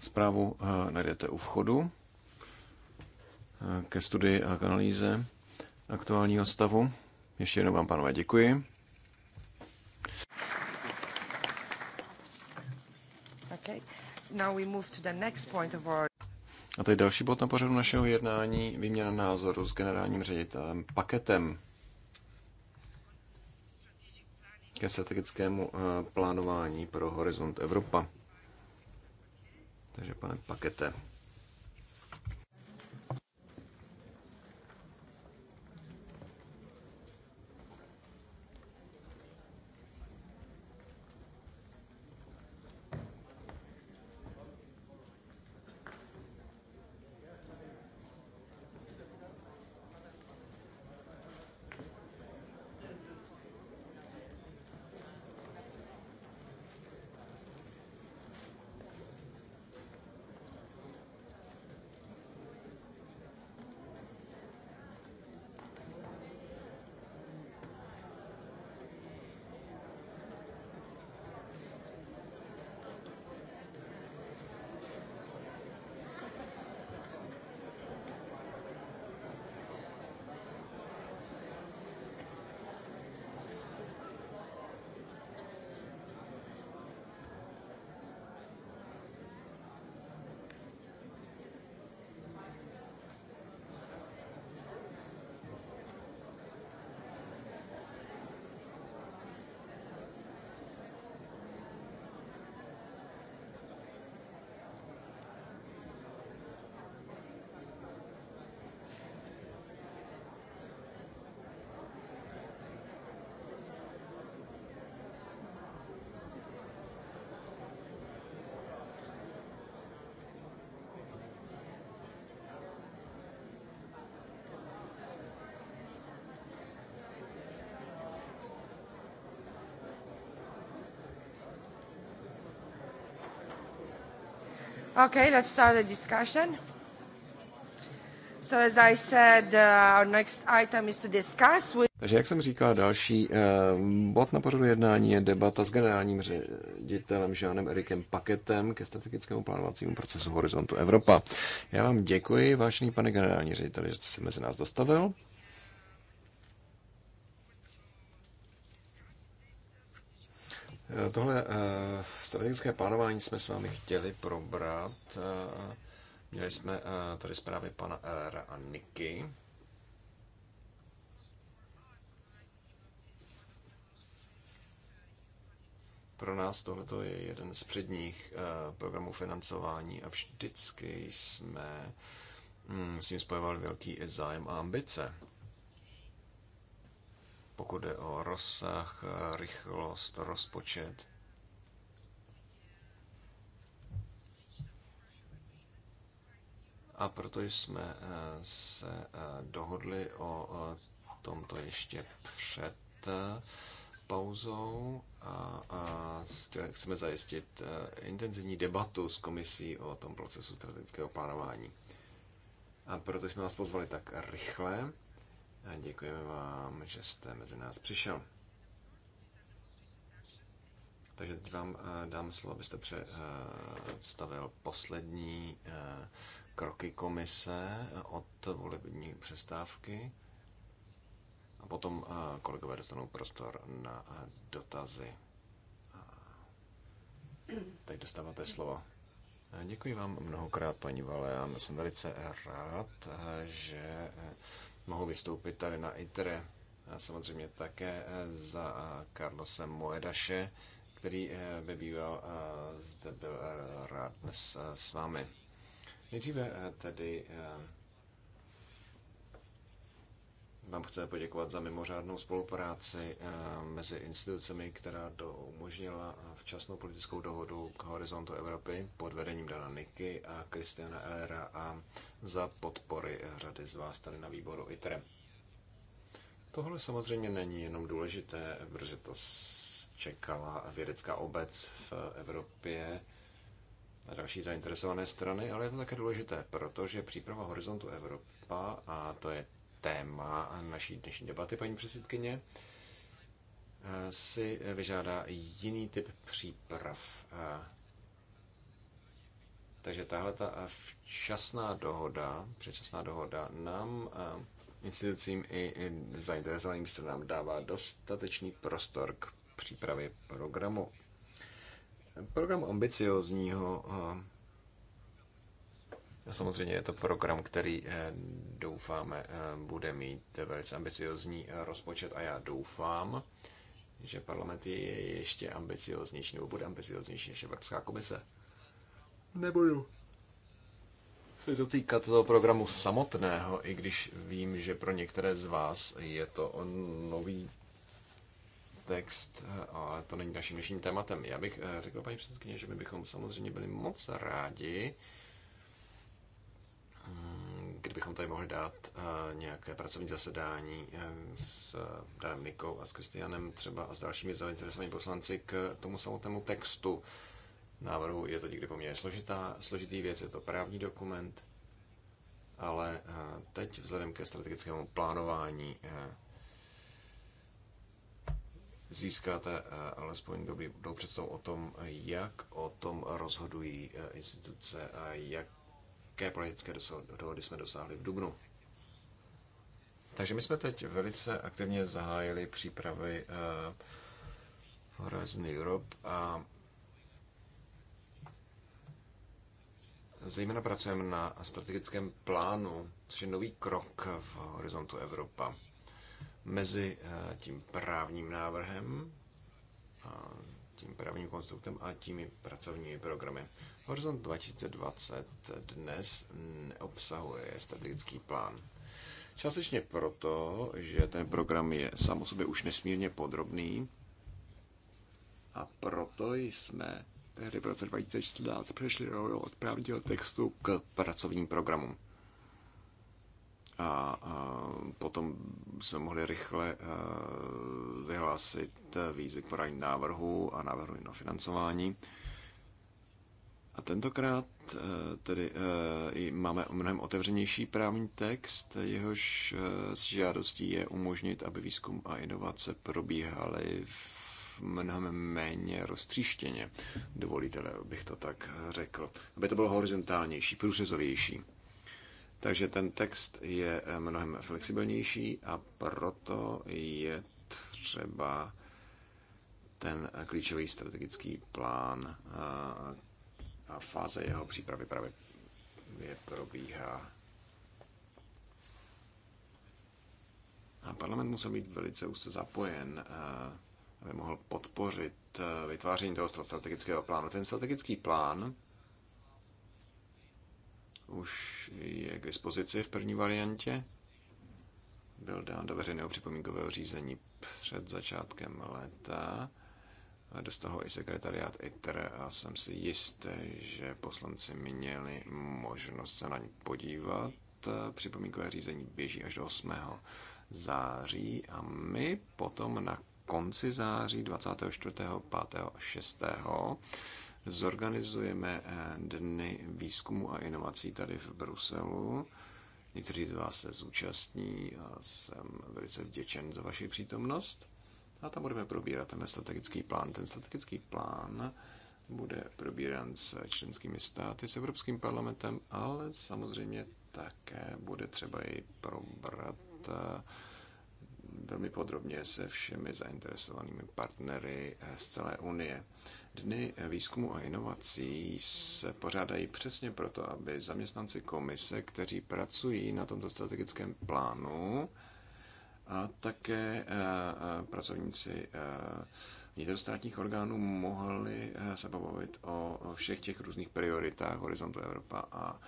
Speaker 1: zprávu eh, najdete u vchodu eh, ke studii a k analýze aktuálního stavu. Ještě jednou vám, pánové, děkuji.
Speaker 3: Okay. Now we move to the next point of our...
Speaker 1: A teď další bod na pořadu našeho jednání, výměna názoru s generálním ředitelem Paketem ke strategickému eh, plánování pro Horizont Evropa. Takže pane Pakete.
Speaker 3: Okay, let's start the discussion. So as I said, uh, our next item is to discuss with...
Speaker 1: Takže jak jsem říkal, další uh, bod na pořadu jednání je debata s generálním ředitelem Žánem Erikem Paketem ke strategickému plánovacímu procesu Horizontu Evropa. Já vám děkuji, vážený pane generální řediteli, že jste se mezi nás dostavil. Strategické plánování jsme s vámi chtěli probrat. Eh, měli jsme eh, tady zprávy pana Elera a Niky. Pro nás tohleto je jeden z předních eh, programů financování a vždycky jsme hm, s ním spojovali velký zájem a ambice pokud jde o rozsah, rychlost, rozpočet. a proto jsme eh, se eh, dohodli o eh, tomto ještě před pauzou a, chceme zajistit intenzivní debatu s komisí o tom procesu strategického plánování. A proto jsme vás pozvali tak rychle a děkujeme vám, že jste mezi nás přišel. Takže teď vám dám slovo, abyste představil poslední kroky komise od volební přestávky a potom eh, kolegové dostanou prostor na eh, dotazy. Teď dostáváte slovo. Eh, děkuji vám mnohokrát, paní Já Jsem velice rád, že mohu vystoupit tady na ITRE. A samozřejmě také za Carlosem Moedaše, který by býval zde byl rád dnes s vámi. Nejdříve eh, tedy eh, vám chceme poděkovat za mimořádnou spolupráci eh, mezi institucemi, která do umožnila včasnou politickou dohodu k horizontu Evropy pod vedením Dana Niky a Kristiana Elera a za podpory řady z vás tady na výboru ITRE. Tohle samozřejmě není jenom důležité, protože to čekala vědecká obec v Evropě a další zainteresované strany, ale je to také důležité, protože příprava Horizontu Evropa, a to je téma naší dnešní debaty, paní předsedkyně, si vyžádá jiný typ příprav. Takže tahle ta včasná dohoda, předčasná dohoda nám eh, institucím i zainteresovaným stranám dává dostatečný prostor k přípravě programu Program ambiciozního Samozřejmě je to program, který eh, doufáme eh, bude mít velice ambiciozní eh, rozpočet a já doufám, že parlament je ještě ambicioznější nebo bude ambicioznější než Evropská komise. Nebudu se dotýkat toho programu samotného, i když vím, že pro některé z vás je to nový text, eh, ale to není naším dnešním tématem. Já bych eh, řekl, paní předsedkyně, že my bychom samozřejmě byli moc rádi, mm, kdybychom tady mohli dát eh, nějaké pracovní zasedání s Danem Nikou a s Kristianem třeba a s dalšími zainteresovanými poslanci k tomu samotnému textu návrhu. Je to někdy poměrně složitá, složitý věc, je to právní dokument, ale teď vzhledem ke strategickému plánování získáte eh, alespoň dobrý, dobrou představu o tom, jak o tom rozhodují eh, instituce a jaké politické dohody jsme dosáhli v Dubnu. Takže my jsme teď velice aktivně zahájili přípravy eh, Horizon Europe a zejména pracujeme na strategickém plánu, což je nový krok v horizontu Evropa mezi eh, tím právním návrhem, a tím právním konstruktem a těmi pracovními programy. Horizont 2020 dnes neobsahuje strategický plán. Částečně proto, že ten program je sám o sobě už nesmírně podrobný a proto jsme tehdy v roce 2014 přešli od právního textu k pracovním programům a, potom se mohli rychle eh, vyhlásit eh, výzvy k podání návrhu a návrhu na financování. A tentokrát eh, tedy máme mnohem otevřenější právní text, jehož s žádostí je umožnit, aby výzkum a inovace probíhaly v mnohem méně roztříštěně, dovolíte bych to tak řekl, aby to bylo horizontálnější, průřezovější. Takže ten text je eh, mnohem flexibilnější a proto je třeba ten klíčový strategický plán eh, a fáze jeho přípravy právě je probíhá. A parlament musel být velice už zapojen, eh, aby mohl podpořit vytváření toho strategického plánu. Ten strategický plán už je k dispozici v první variantě. Byl dán do veřejného připomínkového řízení před začátkem léta. Dostal ho i sekretariát ITER a jsem si jistý, že poslanci měli možnost se na ně podívat. Připomínkové řízení běží až do 8. září a my potom na konci září 24., 5. a 6 zorganizujeme eh, dny výzkumu a inovací tady v Bruselu. Někteří z vás se zúčastní a jsem velice vděčen za vaši přítomnost. A tam budeme probírat ten strategický plán. Ten strategický plán bude probíran s členskými státy, s Evropským parlamentem, ale samozřejmě také bude třeba jej probrat eh, velmi podrobně se všemi zainteresovanými partnery eh, z celé Unie. Dny eh, výzkumu a inovací se pořádají přesně proto, aby zaměstnanci komise, kteří pracují na tomto strategickém plánu, a také eh, pracovníci vnitrostátních orgánů mohli se pobavit o všech těch různých prioritách Horizontu Evropa a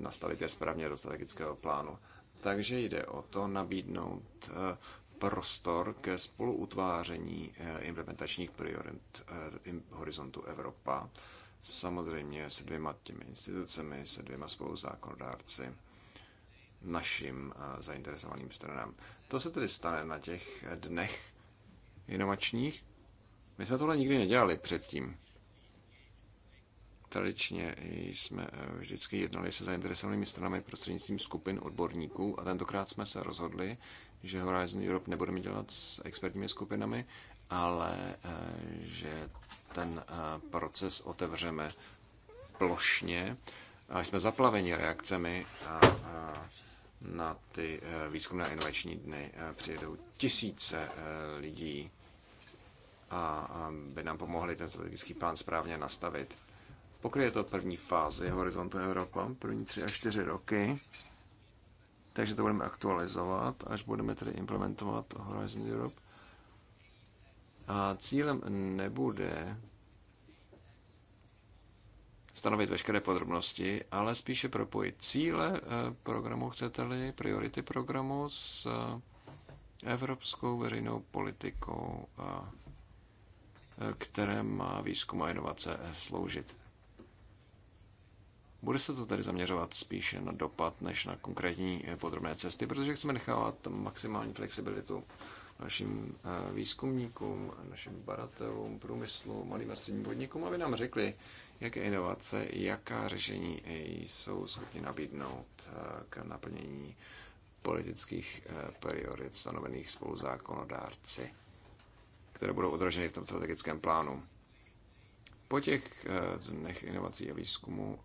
Speaker 1: nastavit je správně do strategického plánu. Takže jde o to nabídnout eh, prostor ke spoluutváření eh, implementačních priorit eh, Horizontu Evropa, samozřejmě se dvěma těmi institucemi, se dvěma spoluzákonodárci, našim zainteresovaným stranám. To se tedy stane na těch dnech inovačních. My jsme tohle nikdy nedělali předtím tradičně jsme eh, vždycky jednali se zainteresovanými stranami prostřednictvím skupin odborníků a tentokrát jsme se rozhodli, že Horizon Europe nebudeme dělat s expertními skupinami, ale eh, že ten eh, proces otevřeme plošně. A jsme zaplaveni reakcemi a, na ty výzkumné inovační dny přijedou tisíce lidí a by nám pomohli ten strategický plán správně nastavit. Pokryje to první fázi Horizontu Evropa, první tři až čtyři roky. Takže to budeme aktualizovat, až budeme tedy implementovat Horizon Europe. A cílem nebude stanovit veškeré podrobnosti, ale spíše propojit cíle eh, programu, chcete-li, priority programu s eh, evropskou veřejnou politikou, eh, které má výzkum a inovace sloužit. Bude se to tedy zaměřovat spíše na dopad než na konkrétní eh, podrobné cesty, protože chceme nechávat maximální flexibilitu našim eh, výzkumníkům, našim badatelům, průmyslu, malým a středním podnikům, aby nám řekli, jaké inovace, jaká řešení eh, jsou schopni nabídnout k naplnění politických priorit stanovených spoluzákonodárci, které budou odraženy v tom strategickém plánu. Po těch eh, dnech inovací a výzkumu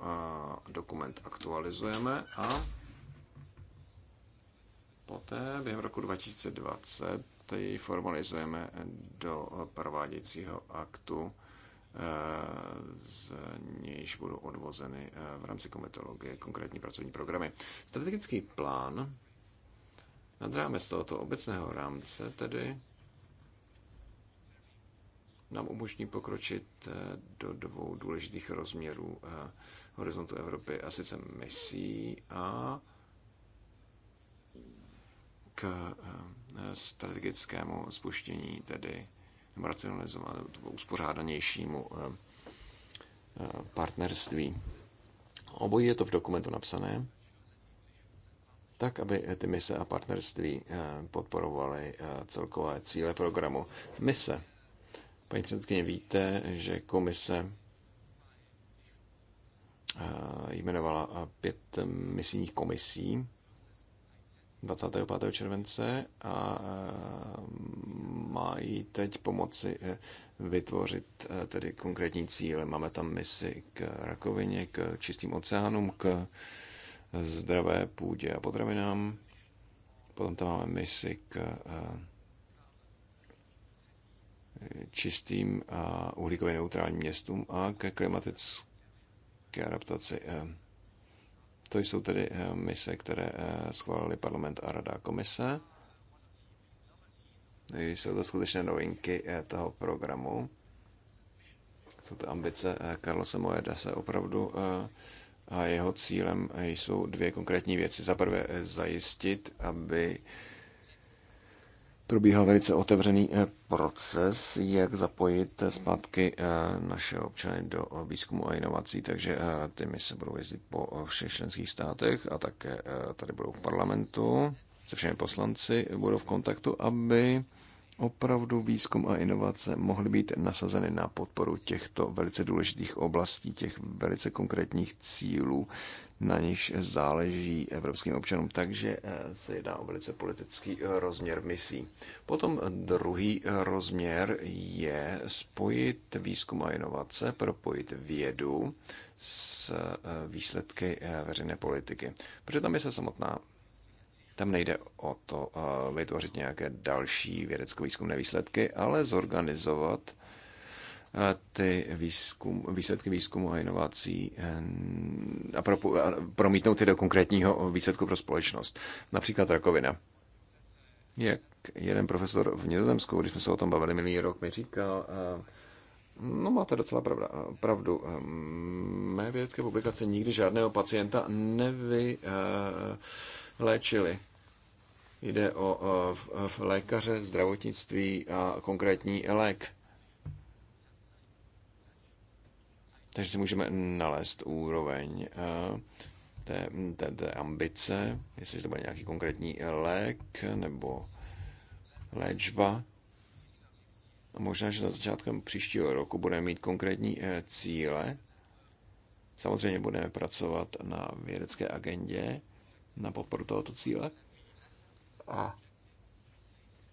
Speaker 1: dokument aktualizujeme a poté během roku 2020 ji formalizujeme do prováděcího aktu, eh, z nějž budou odvozeny eh, v rámci komitologie konkrétní pracovní programy. Strategický plán nad rámec tohoto obecného rámce tedy nám umožní pokročit eh, do dvou důležitých rozměrů eh, horizontu Evropy, a sice misí a k eh, strategickému spuštění, tedy nebo racionalizovanému, uspořádanějšímu partnerství. Obojí je to v dokumentu napsané, tak, aby ty mise a partnerství podporovaly celkové cíle programu. Mise Paní předsedkyně, víte, že komise eh, jmenovala eh, pět misijních komisí 25. července a eh, mají teď pomoci vytvořit tedy konkrétní cíle. Máme tam misi k rakovině, k čistým oceánům, k zdravé půdě a potravinám. Potom tam máme misi k čistým a uhlíkově neutrálním městům a ke klimatické adaptaci. Eh, to jsou tedy eh, mise, které eh, schválili parlament a rada komise. Jsou to skutečné novinky toho programu. Jsou to ambice Karlose Moeda se opravdu a jeho cílem jsou dvě konkrétní věci. Za prvé zajistit, aby probíhal velice otevřený eh, proces, jak zapojit eh, zpátky eh, naše občany do výzkumu a inovací, takže ty se budou jezdit po všech členských státech a také tady budou v parlamentu, se všemi poslanci budou v kontaktu, aby opravdu výzkum a inovace mohly být nasazeny na podporu těchto velice důležitých oblastí, těch velice konkrétních cílů, na nich záleží evropským občanům, takže eh, se jedná o velice politický eh, rozměr misí. Potom druhý rozměr je spojit výzkum a inovace, propojit vědu s eh, výsledky veřejné politiky. Protože tam je se samotná tam nejde o to vytvořit nějaké další vědecko-výzkumné výsledky, ale zorganizovat ty výzkum, výsledky výzkumu a inovací eh, a, pro, a promítnout je do konkrétního výsledku pro společnost. Například rakovina. Jak jeden profesor v Nizozemsku, když jsme se o tom bavili minulý rok, mi říkal, eh, no máte docela pravda, pravdu, eh, mé vědecké publikace nikdy žádného pacienta nevyléčili. Jde o v, v lékaře, zdravotnictví a konkrétní lék. Takže si můžeme nalézt úroveň eh, té, té, té ambice, jestli to bude nějaký konkrétní lék nebo léčba. A možná, že na začátkem příštího roku budeme mít konkrétní eh, cíle. Samozřejmě budeme pracovat na vědecké agendě na podporu tohoto cíle. A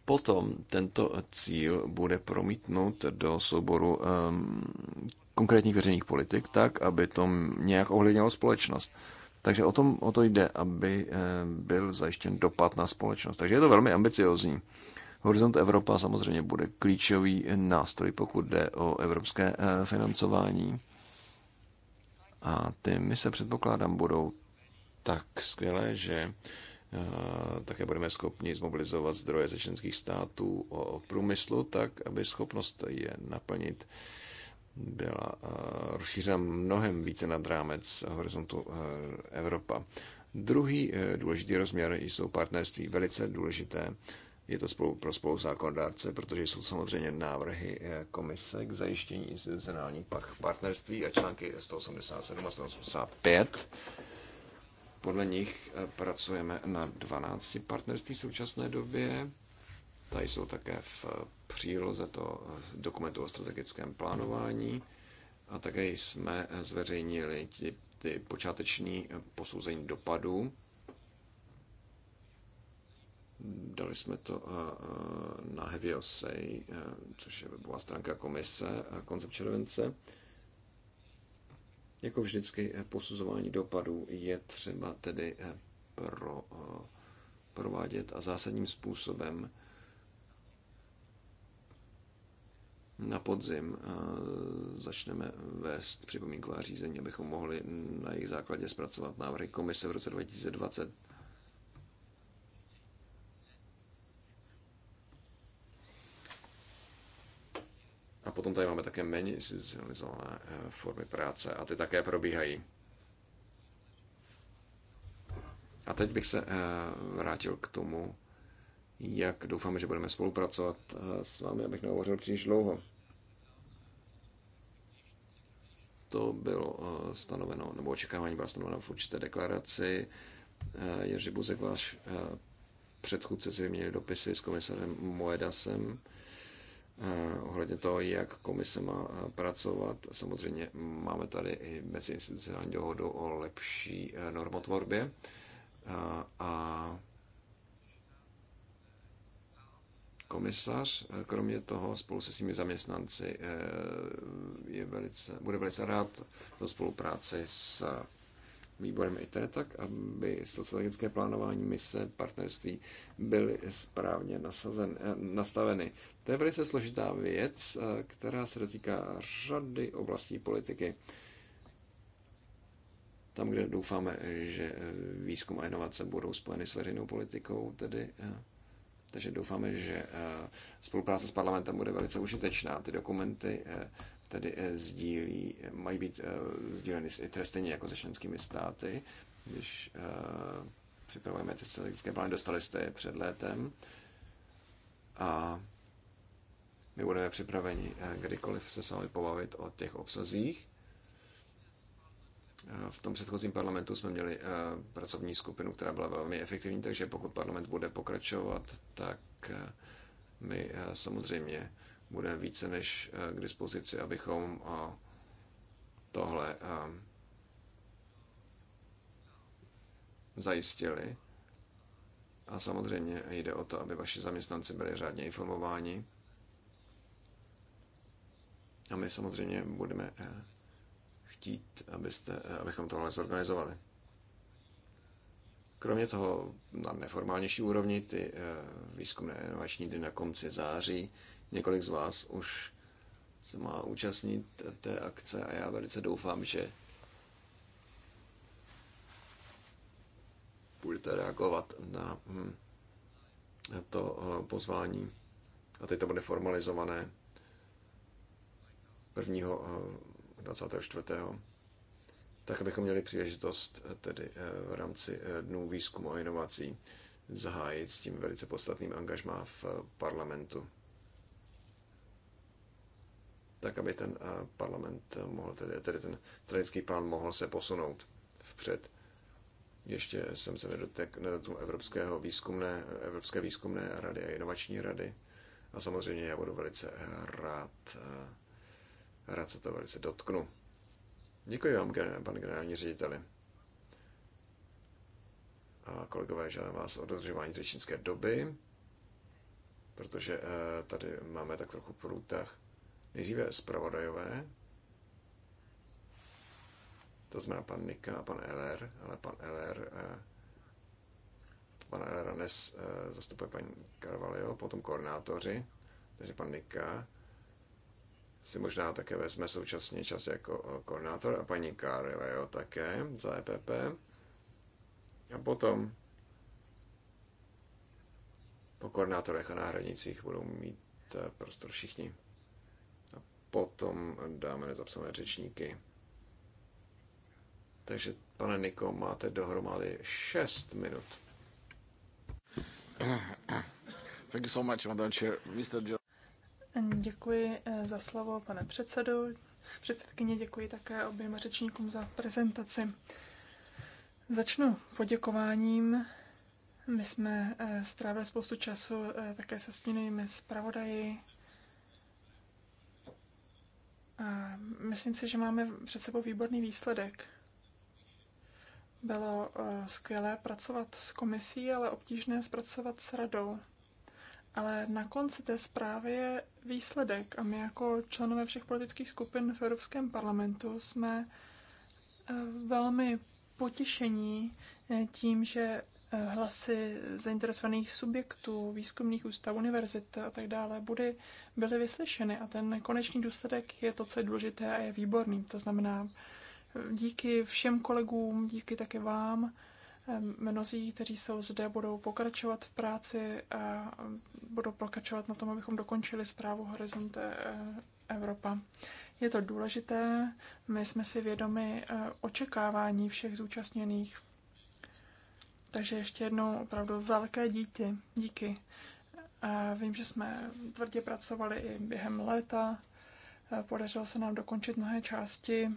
Speaker 1: potom tento cíl bude promítnout do souboru um, konkrétních veřejných politik tak, aby to nějak ohlednilo společnost. Takže o, tom, o to jde, aby eh, byl zajištěn dopad na společnost. Takže je to velmi ambiciozní. Horizont Evropa samozřejmě bude klíčový nástroj, pokud jde o evropské eh, financování. A ty my se předpokládám budou tak skvělé, že eh, také budeme schopni zmobilizovat zdroje ze členských států o průmyslu, tak aby schopnost je naplnit byla eh, rozšířena mnohem více nad rámec horizontu eh, Evropa. Druhý eh, důležitý rozměr jsou partnerství, velice důležité. Je to spolu, pro spoluzákonodárce, protože jsou samozřejmě návrhy komise k zajištění pak partnerství a články 187 a 185. Podle nich pracujeme na 12 partnerství v současné době ta jsou také v eh, příloze to eh, dokumentu o strategickém plánování a také jsme eh, zveřejnili ty, ty počáteční posouzení dopadů. Dali jsme to na Heviosej, což je webová stránka komise, koncept července. Jako vždycky posuzování dopadů je třeba tedy pro, provádět a zásadním způsobem na podzim začneme vést připomínková řízení, abychom mohli na jejich základě zpracovat návrhy komise v roce 2020. A potom tady máme také méně institucionalizované eh, formy práce a ty také probíhají. A teď bych se eh, vrátil k tomu, jak doufáme, že budeme spolupracovat eh, s vámi, abych nehovořil příliš dlouho. To bylo eh, stanoveno, nebo očekávání byla stanoveno v určité deklaraci. Eh, Jerzy Buzek, váš předchůdce, si vyměnili dopisy s komisarem Moedasem ohledně toho, jak komise má pracovat. Samozřejmě máme tady i meziinstitucionální dohodu o lepší normotvorbě a komisař. Eh, kromě toho spolu se svými zaměstnanci eh, je velice, bude velice rád za spolupráci s výborem ITRE, tak aby strategické plánování mise partnerství byly správně nasazen, eh, nastaveny. To je velice složitá věc, která se dotýká řady oblastí politiky. Tam, kde doufáme, že výzkum a inovace budou spojeny s veřejnou politikou, tedy takže doufáme, že eh, spolupráce s parlamentem bude velice užitečná. Ty dokumenty eh, tedy eh, sdílí, mají být sdíleny stejně jako se členskými státy, když připravujeme ty strategické plány, dostali jste je před létem a my budeme připraveni kdykoliv se s vámi pobavit o těch obsazích Eh, v tom předchozím parlamentu jsme měli eh, pracovní skupinu, která byla velmi efektivní, takže pokud parlament bude pokračovat, tak eh, my samozřejmě budeme více než k dispozici, abychom tohle zajistili. A samozřejmě jde o to, aby vaši zaměstnanci byli řádně informováni. A my samozřejmě budeme chtít, abyste, abychom tohle zorganizovali. Kromě toho na neformálnější úrovni ty eh, výzkumné inovační dny na konci září. Několik z vás už se má účastnit té akce a já velice doufám, že budete reagovat na hm, to eh, pozvání. A teď to bude formalizované 1. 24. tak abychom měli příležitost eh, tedy eh, v rámci eh, Dnů výzkumu a inovací zahájit s tím velice podstatným angažmá v parlamentu. Tak, aby ten parlament mohl, tedy, tedy ten tradický plán mohl se posunout vpřed. Ještě jsem se na tom Evropského výzkumné, Evropské výzkumné rady a inovační rady. A samozřejmě já budu velice rád Rád se to velice dotknu. Děkuji vám, pane generální řediteli. A kolegové, žádám vás o dodržování řečnické doby, protože eh, tady máme tak trochu průtah. Nejdříve zpravodajové, to znamená pan Nika a pan LR, ale pan LR eh, pan LR dnes eh, zastupuje paní Carvalho, potom koordinátoři, takže pan Nika, si možná také vezme současně čas jako eh, koordinátor a paní jo, také za EPP. A potom po koordinátorech a náhradnicích budou mít eh, prostor všichni. A potom dáme nezapsané řečníky. Takže, pane Niko, máte dohromady 6 minut. Thank you so much, Madam Chair. Mr.
Speaker 2: Děkuji eh, za slovo, pane předsedo. Předsedkyně, děkuji také oběma řečníkům za prezentaci. Začnu poděkováním. My jsme eh, strávili spoustu času eh, také se stínovými zpravodaji. A myslím si, že máme před sebou výborný výsledek. Bylo skvělé pracovat s komisí, ale obtížné zpracovat s radou. Ale na konci té zprávy je výsledek a my jako členové všech politických skupin v Evropském parlamentu jsme eh, velmi potěšení eh, tím, že eh, hlasy zainteresovaných subjektů, výzkumných ústav, univerzit a tak dále bude, byly vyslyšeny a ten konečný důsledek je to, co je důležité a je výborný. To znamená, díky všem kolegům, díky také vám, Mnozí, kteří jsou zde, budou pokračovat v práci a budou pokračovat na tom, abychom dokončili zprávu Horizonte eh, Evropa. Je to důležité, my jsme si vědomi eh, očekávání všech zúčastněných. Takže ještě jednou opravdu velké díky. díky. vím, že jsme tvrdě pracovali i během léta. Eh, podařilo se nám dokončit mnohé části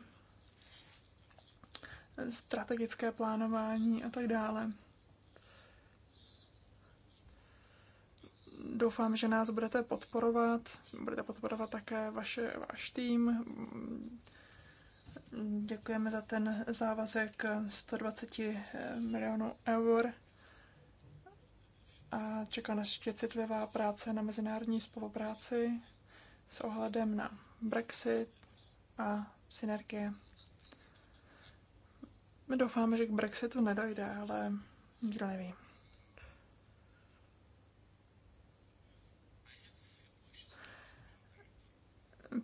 Speaker 2: strategické plánování a tak dále. Doufám, že nás budete podporovat, budete podporovat také vaše, váš tým. Děkujeme za ten závazek 120 milionů eur a čeká nás ještě citlivá práce na mezinárodní spolupráci s ohledem na Brexit a synergie. My doufáme, že k Brexitu nedojde, ale nikdo neví.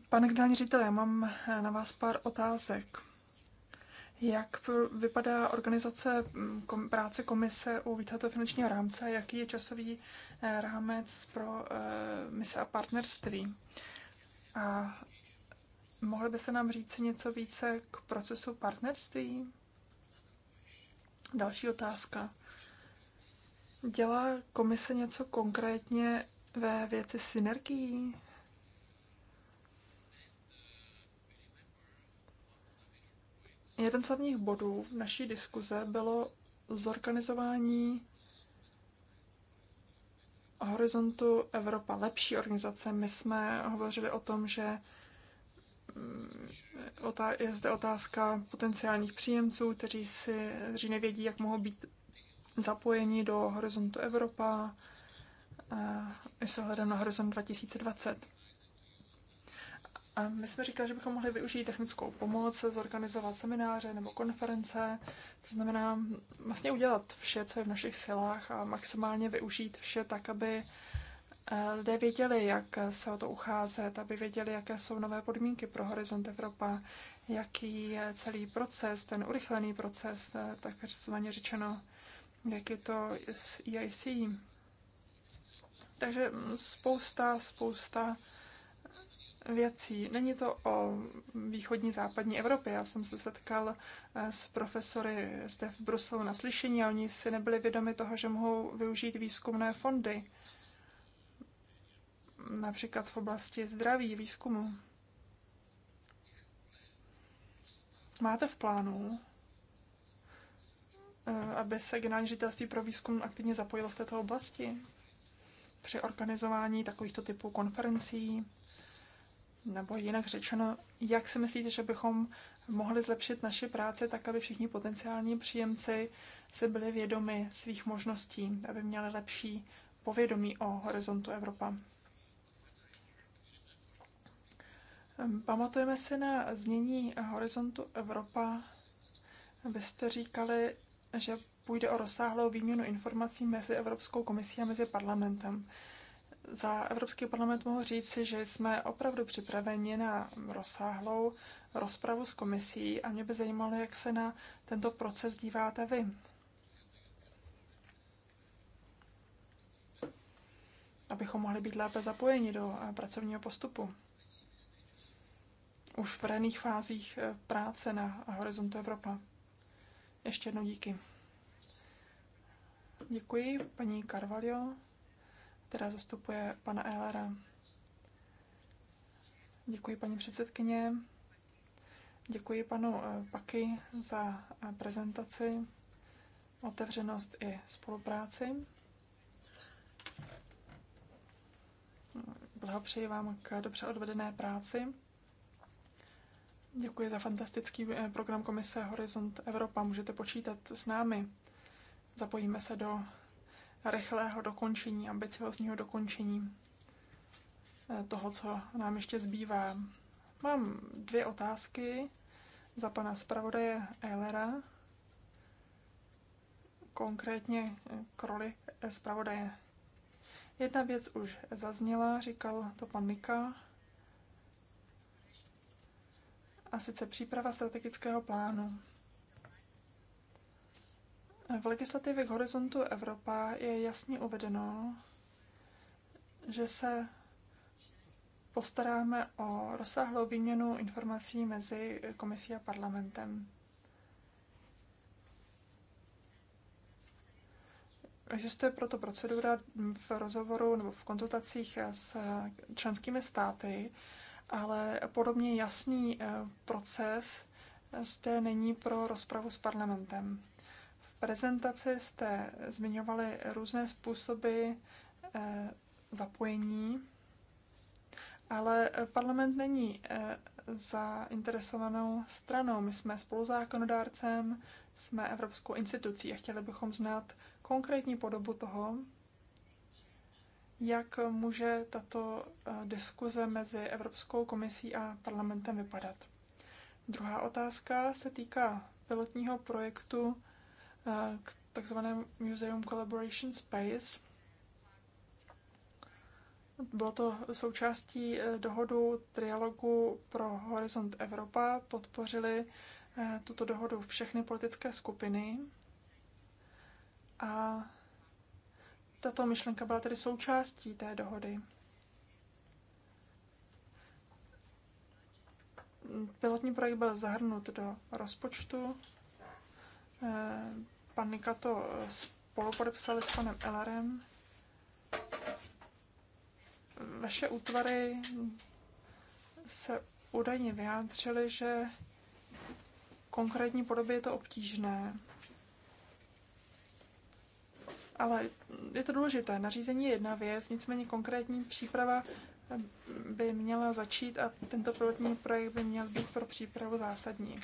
Speaker 2: Pane generální ředitel, já mám na vás pár otázek. Jak vypadá organizace kom, práce komise u výhledu finančního rámce? Jaký je časový eh, rámec pro eh, mise a partnerství? A mohli byste nám říct něco více k procesu partnerství? Další otázka. Dělá komise něco konkrétně ve věci synergií? Jeden z hlavních bodů v naší diskuze bylo zorganizování horizontu Evropa lepší organizace. My jsme hovořili o tom, že je zde otázka potenciálních příjemců, kteří, si, kteří nevědí, jak mohou být zapojeni do horizontu Evropa eh, i s ohledem na horizont 2020. A my jsme říkali, že bychom mohli využít technickou pomoc, zorganizovat semináře nebo konference, to znamená vlastně udělat vše, co je v našich silách a maximálně využít vše tak, aby lidé věděli, jak se o to ucházet, aby věděli, jaké jsou nové podmínky pro Horizont Evropa, jaký je celý proces, ten urychlený proces, zvaně řečeno, jak je to s EIC. Takže spousta, spousta věcí. Není to o východní západní Evropě. Já jsem se setkal eh, s profesory zde v Bruselu na slyšení a oni si nebyli vědomi toho, že mohou využít výzkumné fondy například v oblasti zdraví, výzkumu. Máte v plánu, eh, aby se generální ředitelství pro výzkum aktivně zapojilo v této oblasti při organizování takovýchto typů konferencí? Nebo jinak řečeno, jak si myslíte, že bychom mohli zlepšit naše práce tak, aby všichni potenciální příjemci se byli vědomi svých možností, aby měli lepší povědomí o horizontu Evropa? Ehm, pamatujeme si na znění Horizontu Evropa. Vy jste říkali, že půjde o rozsáhlou výměnu informací mezi Evropskou komisí a mezi parlamentem. Za Evropský parlament mohu říci, že jsme opravdu připraveni na rozsáhlou rozpravu s komisí a mě by zajímalo, jak se na tento proces díváte vy. Abychom mohli být lépe zapojeni do eh, pracovního postupu už v raných fázích eh, práce na Horizontu Evropa. Ještě jednou díky. Děkuji paní Carvalho, která zastupuje pana Ehlera. Děkuji paní předsedkyně. Děkuji panu eh, Paky za eh, prezentaci, otevřenost i spolupráci. Blahopřeji vám k dobře odvedené práci. Děkuji za fantastický eh, program Komise Horizont Evropa. Můžete počítat s námi. Zapojíme se do rychlého dokončení, ambiciozního dokončení eh, toho, co nám ještě zbývá. Mám dvě otázky za pana zpravodaje Eilera, konkrétně eh, k roli zpravodaje. Jedna věc už zazněla, říkal to pan Nika, a sice příprava strategického plánu. V legislativě k horizontu Evropa je jasně uvedeno, že se postaráme o rozsáhlou výměnu informací mezi komisí a parlamentem. Existuje proto procedura v rozhovoru nebo v konzultacích s členskými státy, ale podobně jasný eh, proces zde není pro rozpravu s parlamentem. V prezentaci jste zmiňovali různé způsoby eh, zapojení, ale parlament není eh, zainteresovanou stranou. My jsme spoluzákonodárcem, jsme evropskou institucí a chtěli bychom znát konkrétní podobu toho, jak může tato eh, diskuze mezi Evropskou komisí a parlamentem vypadat. Druhá otázka se týká pilotního projektu eh, k takzvanému Museum Collaboration Space. Bylo to součástí eh, dohodu trialogu pro Horizont Evropa. Podpořili tuto dohodu všechny politické skupiny a tato myšlenka byla tedy součástí té dohody. Pilotní projekt byl zahrnut do rozpočtu. Eh, pan Nika to spolupodepsali s panem Ellerem. Vaše útvary se údajně vyjádřili, že konkrétní podobě je to obtížné ale je to důležité. Nařízení je jedna věc, nicméně konkrétní příprava eh, by měla začít a tento pilotní projekt by měl být pro přípravu zásadní.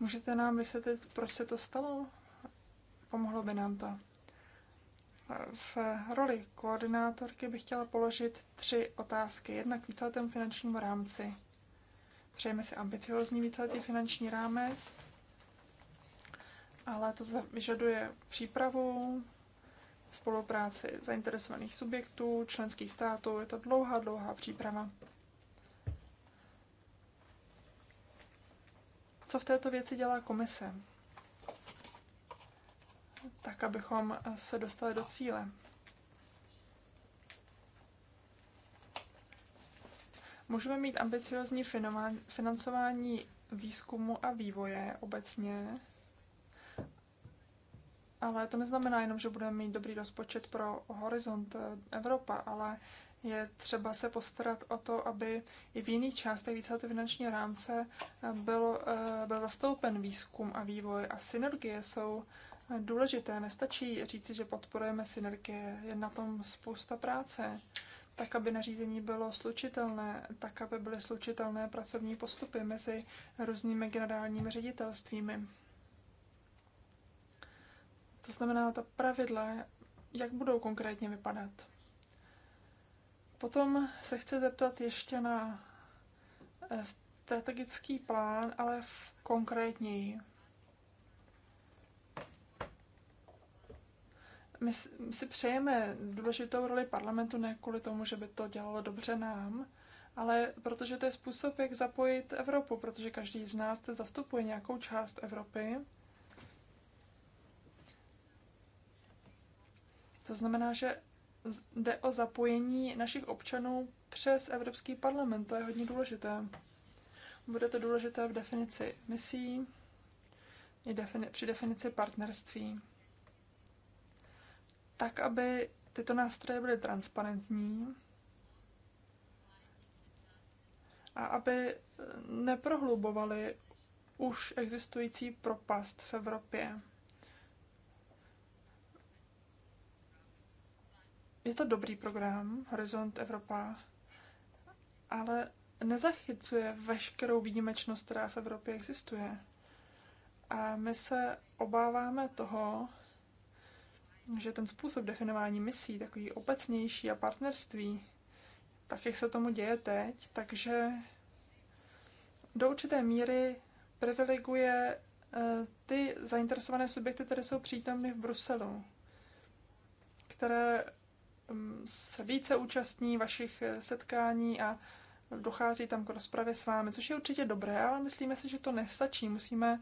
Speaker 2: Můžete nám vysvětlit, proč se to stalo? Pomohlo by nám to. Eh, v roli koordinátorky bych chtěla položit tři otázky. Jednak k víceletému finančnímu rámci. Přejeme si ambiciozní víceletý finanční rámec, ale to vyžaduje přípravu, spolupráci zainteresovaných subjektů, členských států. Je to dlouhá, dlouhá příprava. Co v této věci dělá komise? Tak, abychom se dostali do cíle. Můžeme mít ambiciozní financování výzkumu a vývoje obecně, ale to neznamená jenom, že budeme mít dobrý rozpočet pro horizont eh, Evropa, ale je třeba se postarat o to, aby i v jiných částech víceletého finančního rámce eh, byl, eh, byl zastoupen výzkum a vývoj. A synergie jsou důležité. Nestačí říci, že podporujeme synergie. Je na tom spousta práce. Tak, aby nařízení bylo slučitelné, tak, aby byly slučitelné pracovní postupy mezi různými generálními ředitelstvími. To znamená, ta pravidla, jak budou konkrétně vypadat. Potom se chci zeptat ještě na eh, strategický plán, ale v konkrétněji. My si přejeme důležitou roli parlamentu ne kvůli tomu, že by to dělalo dobře nám, ale protože to je způsob, jak zapojit Evropu, protože každý z nás zastupuje nějakou část Evropy To znamená, že jde o zapojení našich občanů přes Evropský parlament. To je hodně důležité. Bude to důležité v definici misí i defini- při definici partnerství. Tak, aby tyto nástroje byly transparentní a aby eh, neprohlubovaly už existující propast v Evropě. je to dobrý program, Horizont Evropa, ale nezachycuje veškerou výjimečnost, která v Evropě existuje. A my se obáváme toho, že ten způsob definování misí, takový obecnější a partnerství, tak jak se tomu děje teď, takže do určité míry privileguje eh, ty zainteresované subjekty, které jsou přítomny v Bruselu, které Mm, se více účastní vašich eh, setkání a dochází tam k rozpravě s vámi, což je určitě dobré, ale myslíme si, že to nestačí. Musíme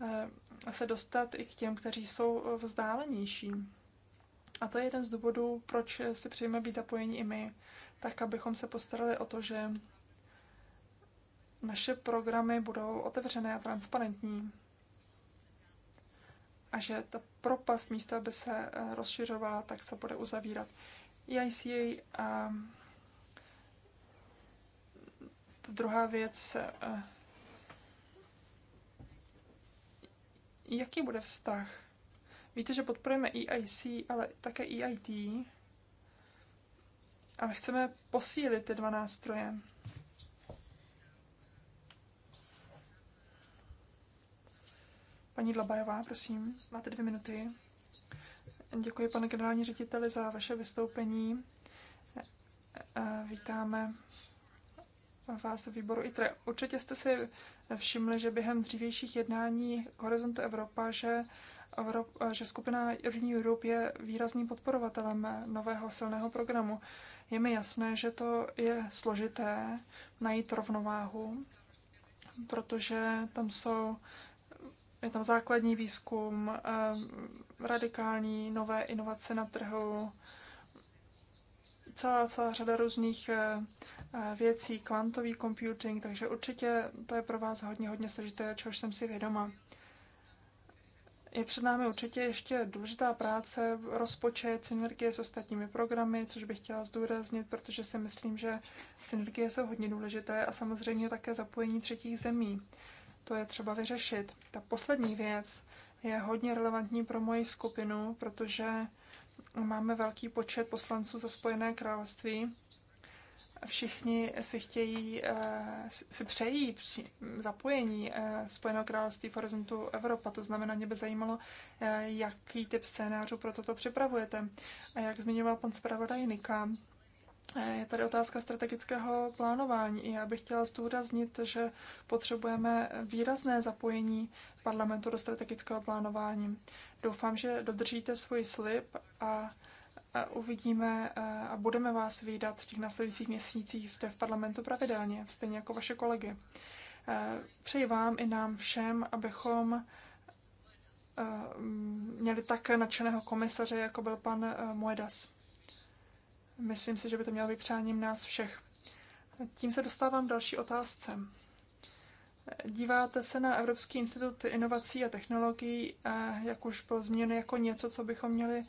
Speaker 2: eh, se dostat i k těm, kteří jsou eh, vzdálenější. A to je jeden z důvodů, proč si přejeme být zapojeni i my, tak abychom se postarali o to, že naše programy budou otevřené a transparentní a že ta propast místo, aby se eh, rozšiřovala, tak se bude uzavírat. EICA a ehm, ta druhá věc, eh, jaký bude vztah? Víte, že podporujeme EIC, ale také EIT. A my chceme posílit ty dva nástroje. Paní Dlabajová, prosím, máte dvě minuty. Děkuji, pane generální řediteli, za vaše vystoupení. Eh, eh, vítáme vás v výboru ITRE. Určitě jste si všimli, že během dřívějších jednání Horizontu Evropa, že, Evropa, eh, že skupina Renew Europe je výrazným podporovatelem nového silného programu. Je mi jasné, že to je složité najít rovnováhu, protože tam jsou je tam základní výzkum, eh, radikální nové inovace na trhu, celá, celá řada různých eh, eh, věcí, kvantový computing, takže určitě to je pro vás hodně, hodně složité, čehož jsem si vědoma. Je před námi určitě ještě důležitá práce, rozpočet, synergie s ostatními programy, což bych chtěla zdůraznit, protože si myslím, že synergie jsou hodně důležité a samozřejmě také zapojení třetích zemí. To je třeba vyřešit. Ta poslední věc je hodně relevantní pro moji skupinu, protože máme velký počet poslanců za Spojené království. Všichni si chtějí, eh, si přejí zapojení eh, Spojeného království v horizontu Evropa. To znamená, mě by zajímalo, eh, jaký typ scénářů pro toto připravujete. A jak zmiňoval pan zpravodaj Nika, je tady otázka strategického plánování. Já bych chtěla zdůraznit, že potřebujeme výrazné zapojení parlamentu do strategického plánování. Doufám, že dodržíte svůj slib a uvidíme a budeme vás výdat v těch následujících měsících zde v parlamentu pravidelně, stejně jako vaše kolegy. Přeji vám i nám všem, abychom měli tak nadšeného komisaře, jako byl pan Moedas. Myslím si, že by to mělo být přáním nás všech. Tím se dostávám k další otázce. Díváte se na Evropský institut inovací a technologií, eh, jak už bylo změny, jako něco, co bychom měli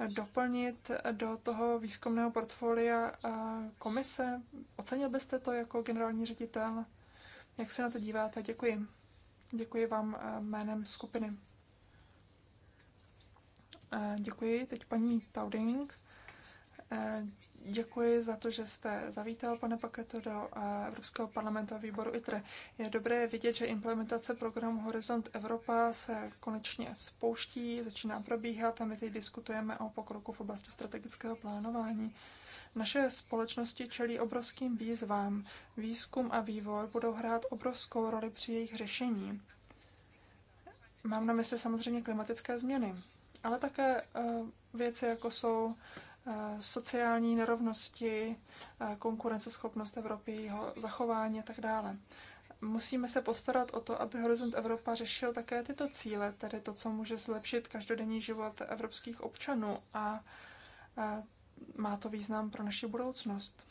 Speaker 2: eh, doplnit do toho výzkumného portfolia eh, komise? Ocenil byste to jako generální ředitel? Jak se na to díváte? Děkuji. Děkuji vám jménem skupiny. Děkuji. Teď paní Tauding. Eh, děkuji za to, že jste zavítal, pane Paketo, do eh, Evropského parlamentu a výboru ITRE. Je dobré vidět, že implementace programu Horizont Evropa se konečně spouští, začíná probíhat a my teď diskutujeme o pokroku v oblasti strategického plánování. Naše společnosti čelí obrovským výzvám. Výzkum a vývoj budou hrát obrovskou roli při jejich řešení. Mám na mysli samozřejmě klimatické změny, ale také eh, věci, jako jsou Eh, sociální nerovnosti, eh, konkurenceschopnost Evropy, jeho zachování a tak dále. Musíme se postarat o to, aby Horizont Evropa řešil také tyto cíle, tedy to, co může zlepšit každodenní život evropských občanů a eh, má to význam pro naši budoucnost.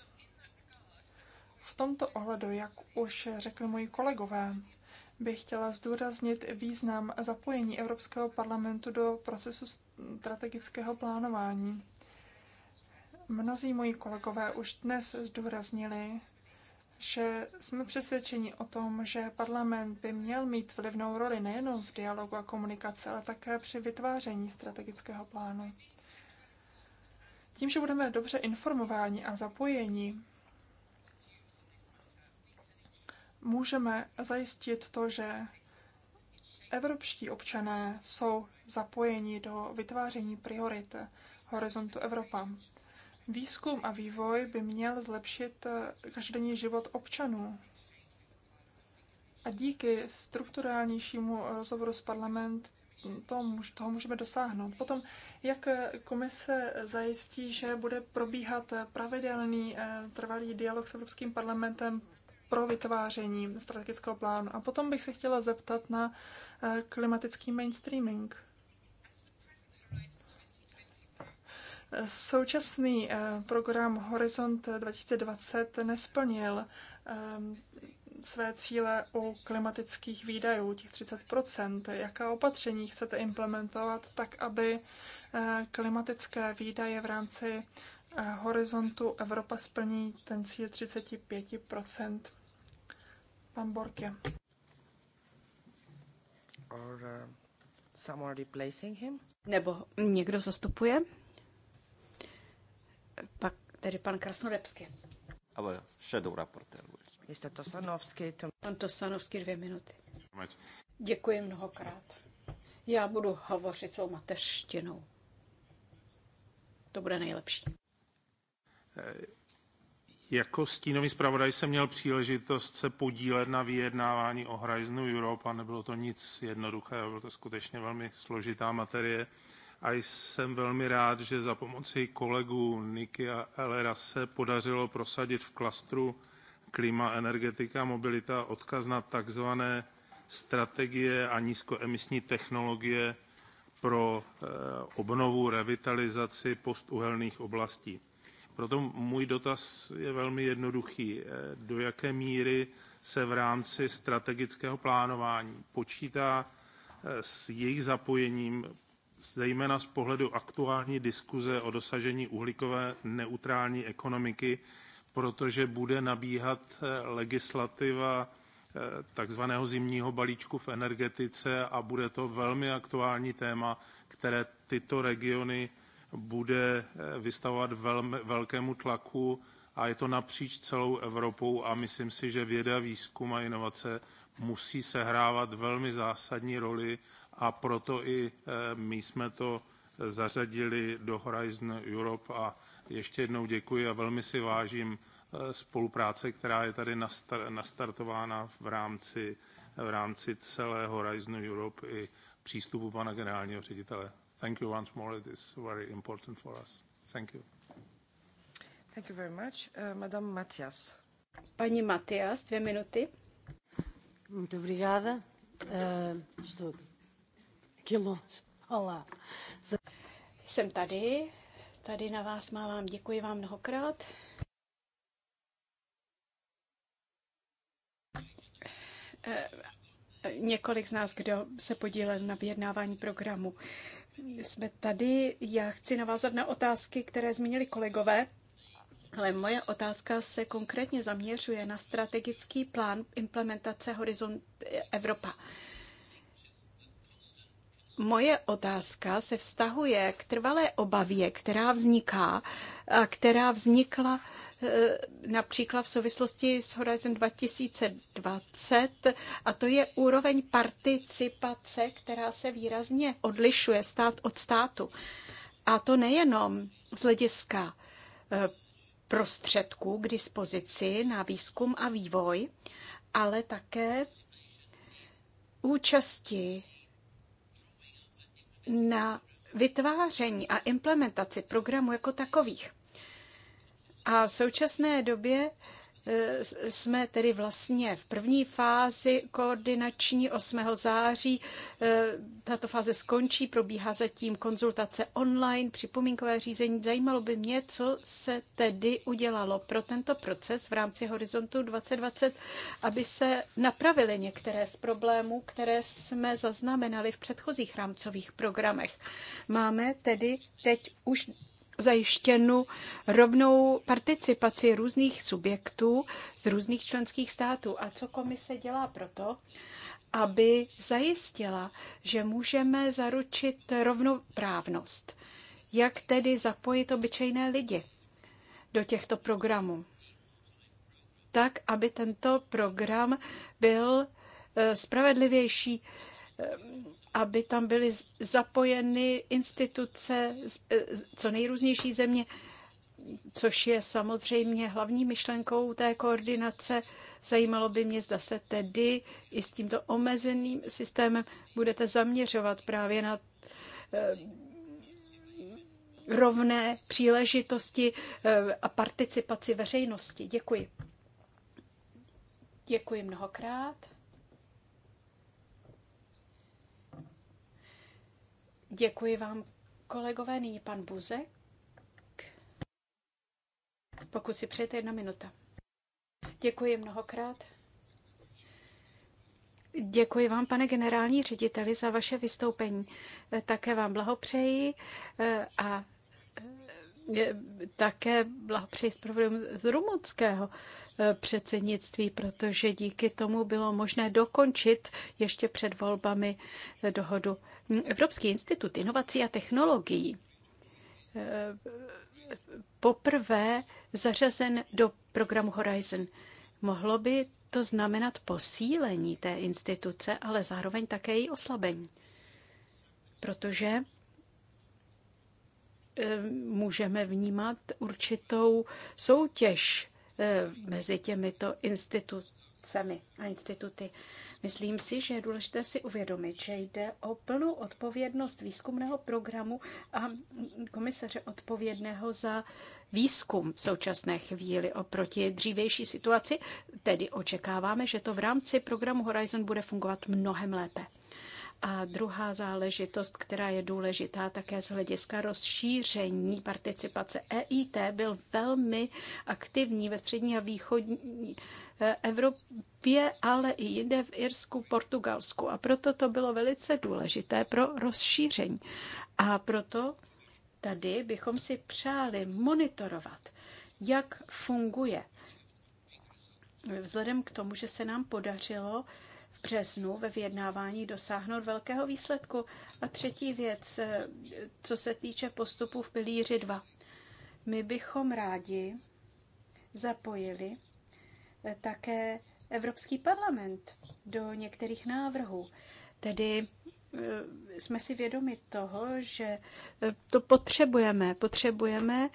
Speaker 2: V tomto ohledu, jak už řekli moji kolegové, bych chtěla zdůraznit význam zapojení Evropského parlamentu do procesu strategického plánování Mnozí moji kolegové už dnes zdůraznili, že jsme přesvědčeni o tom, že parlament by měl mít vlivnou roli nejenom v dialogu a komunikaci, ale také při vytváření strategického plánu. Tím, že budeme dobře informováni a zapojeni, můžeme zajistit to, že evropští občané jsou zapojeni do vytváření priorit horizontu Evropa. Výzkum a vývoj by měl zlepšit eh, každodenní život občanů. A díky strukturálnějšímu eh, rozhovoru s parlament toho můžeme dosáhnout. Potom, jak eh, komise zajistí, že bude probíhat pravidelný trvalý dialog s Evropským parlamentem pro vytváření strategického plánu. A potom bych se chtěla zeptat na klimatický mainstreaming. Současný eh, program Horizont 2020 nesplnil eh, své cíle u klimatických výdajů, těch 30 Jaká opatření chcete implementovat tak, aby eh, klimatické výdaje v rámci horizontu Evropa splní ten cíl 35 Pan Borke.
Speaker 3: Or, uh, someone replacing him?
Speaker 4: Nebo někdo zastupuje? pak tedy pan Krasnodebsky.
Speaker 1: Ale šedou raportér.
Speaker 4: Mr. Tosanovský. To... Pan Tosanovský dvě minuty. Děkuji mnohokrát. Já budu hovořit svou mateřštinou. To bude nejlepší.
Speaker 5: Eh, jako stínový zpravodaj jsem měl příležitost se podílet na vyjednávání o Horizonu Europe a nebylo to nic jednoduchého, bylo to skutečně velmi složitá materie a jsem velmi rád, že za pomoci kolegů Niky a Elera se podařilo prosadit v klastru klima, energetika, mobilita odkaz na takzvané strategie a nízkoemisní technologie pro eh, obnovu, revitalizaci postuhelných oblastí. Proto můj dotaz je velmi jednoduchý. Eh, do jaké míry se v rámci strategického plánování počítá eh, s jejich zapojením zejména z pohledu aktuální diskuze o dosažení uhlíkové neutrální ekonomiky, protože bude nabíhat eh, legislativa eh, takzvaného zimního balíčku v energetice a bude to velmi aktuální téma, které tyto regiony bude eh, vystavovat velmi, velkému tlaku a je to napříč celou Evropou a myslím si, že věda, výzkum a inovace musí sehrávat velmi zásadní roli a proto i eh, my jsme to zařadili do Horizon Europe a ještě jednou děkuji a velmi si vážím eh, spolupráce, která je tady nastartována v rámci, v rámci celého Horizon Europe i přístupu pana generálního ředitele. Thank you once more. It is very important for us. Thank you.
Speaker 4: Thank you very much. Uh, Madame Matias. Paní Matias, dvě minuty. Muito obrigada. Uh, estou jsem tady, tady na vás mávám. Děkuji vám mnohokrát. Eh, několik z nás, kdo se podílel na vyjednávání programu. Jsme tady. Já chci navázat na otázky, které zmínili kolegové. Ale moje otázka se konkrétně zaměřuje na strategický plán implementace Horizont Evropa. Moje otázka se vztahuje k trvalé obavě, která vzniká, a která vznikla e, například v souvislosti s Horizon 2020 a to je úroveň participace, která se výrazně odlišuje stát od státu. A to nejenom z hlediska e, prostředků k dispozici na výzkum a vývoj, ale také účasti na vytváření a implementaci programů jako takových. A v současné době Eh, jsme tedy vlastně v první fázi koordinační 8. září. Eh, tato fáze skončí, probíhá zatím konzultace online, připomínkové řízení. Zajímalo by mě, co se tedy udělalo pro tento proces v rámci Horizontu 2020, aby se napravily některé z problémů, které jsme zaznamenali v předchozích rámcových programech. Máme tedy teď už zajištěnu rovnou participaci různých subjektů z různých členských států. A co komise dělá proto, aby zajistila, že můžeme zaručit rovnoprávnost? Jak tedy zapojit obyčejné lidi do těchto programů? Tak, aby tento program byl eh, spravedlivější, Eh, aby tam byly zapojeny instituce eh, co nejrůznější země, což je samozřejmě hlavní myšlenkou té koordinace. Zajímalo by mě, zda se tedy i s tímto omezeným systémem budete zaměřovat právě na eh, rovné příležitosti a participaci veřejnosti. Děkuji. Děkuji mnohokrát. Děkuji vám, kolegové. Nyní pan Buzek. Pokud si přejete jedna minuta. Děkuji mnohokrát. Děkuji vám, pane generální řediteli, za vaše vystoupení. Také vám blahopřeji eh, a eh, také blahopřeji zpravodajům z rumunského eh, předsednictví, protože díky tomu bylo možné dokončit ještě před volbami dohodu Evropský institut inovací a technologií eh, poprvé zařazen do programu Horizon. Mohlo by to znamenat posílení té instituce, ale zároveň také její oslabení. Protože eh, můžeme vnímat určitou soutěž eh, mezi těmito instituty institucemi a instituty. Myslím si, že je důležité si uvědomit, že jde o plnou odpovědnost výzkumného programu a komisaře odpovědného za výzkum v současné chvíli oproti dřívější situaci, tedy očekáváme, že to v rámci programu Horizon bude fungovat mnohem lépe. A druhá záležitost, která je důležitá také z hlediska rozšíření participace EIT, byl velmi aktivní ve střední a východní eh, Evropě, ale i jinde v Irsku, Portugalsku. A proto to bylo velice důležité pro rozšíření. A proto tady bychom si přáli monitorovat, jak funguje. Vzhledem k tomu, že se nám podařilo březnu ve vyjednávání dosáhnout velkého výsledku. A třetí věc, eh, co se týče postupu v pilíři 2. My bychom rádi zapojili eh, také Evropský parlament do některých návrhů. Tedy eh, jsme si vědomi toho, že to potřebujeme. Potřebujeme,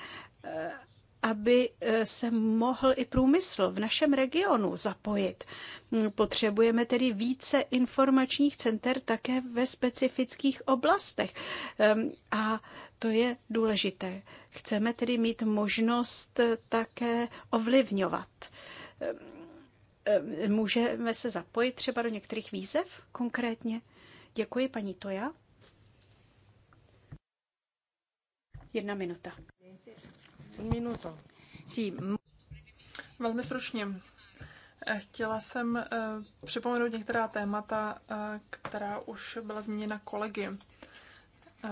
Speaker 4: aby eh, se mohl i průmysl v našem regionu zapojit. Hm, potřebujeme tedy více informačních center také ve specifických oblastech. Ehm, a to je důležité. Chceme tedy mít možnost eh, také ovlivňovat. Ehm, ehm, můžeme se zapojit třeba do některých výzev konkrétně? Děkuji, paní Toja. Jedna minuta. Minuto.
Speaker 2: Velmi stručně. Eh, chtěla jsem eh, připomenout některá témata, eh, která už byla zmíněna kolegy.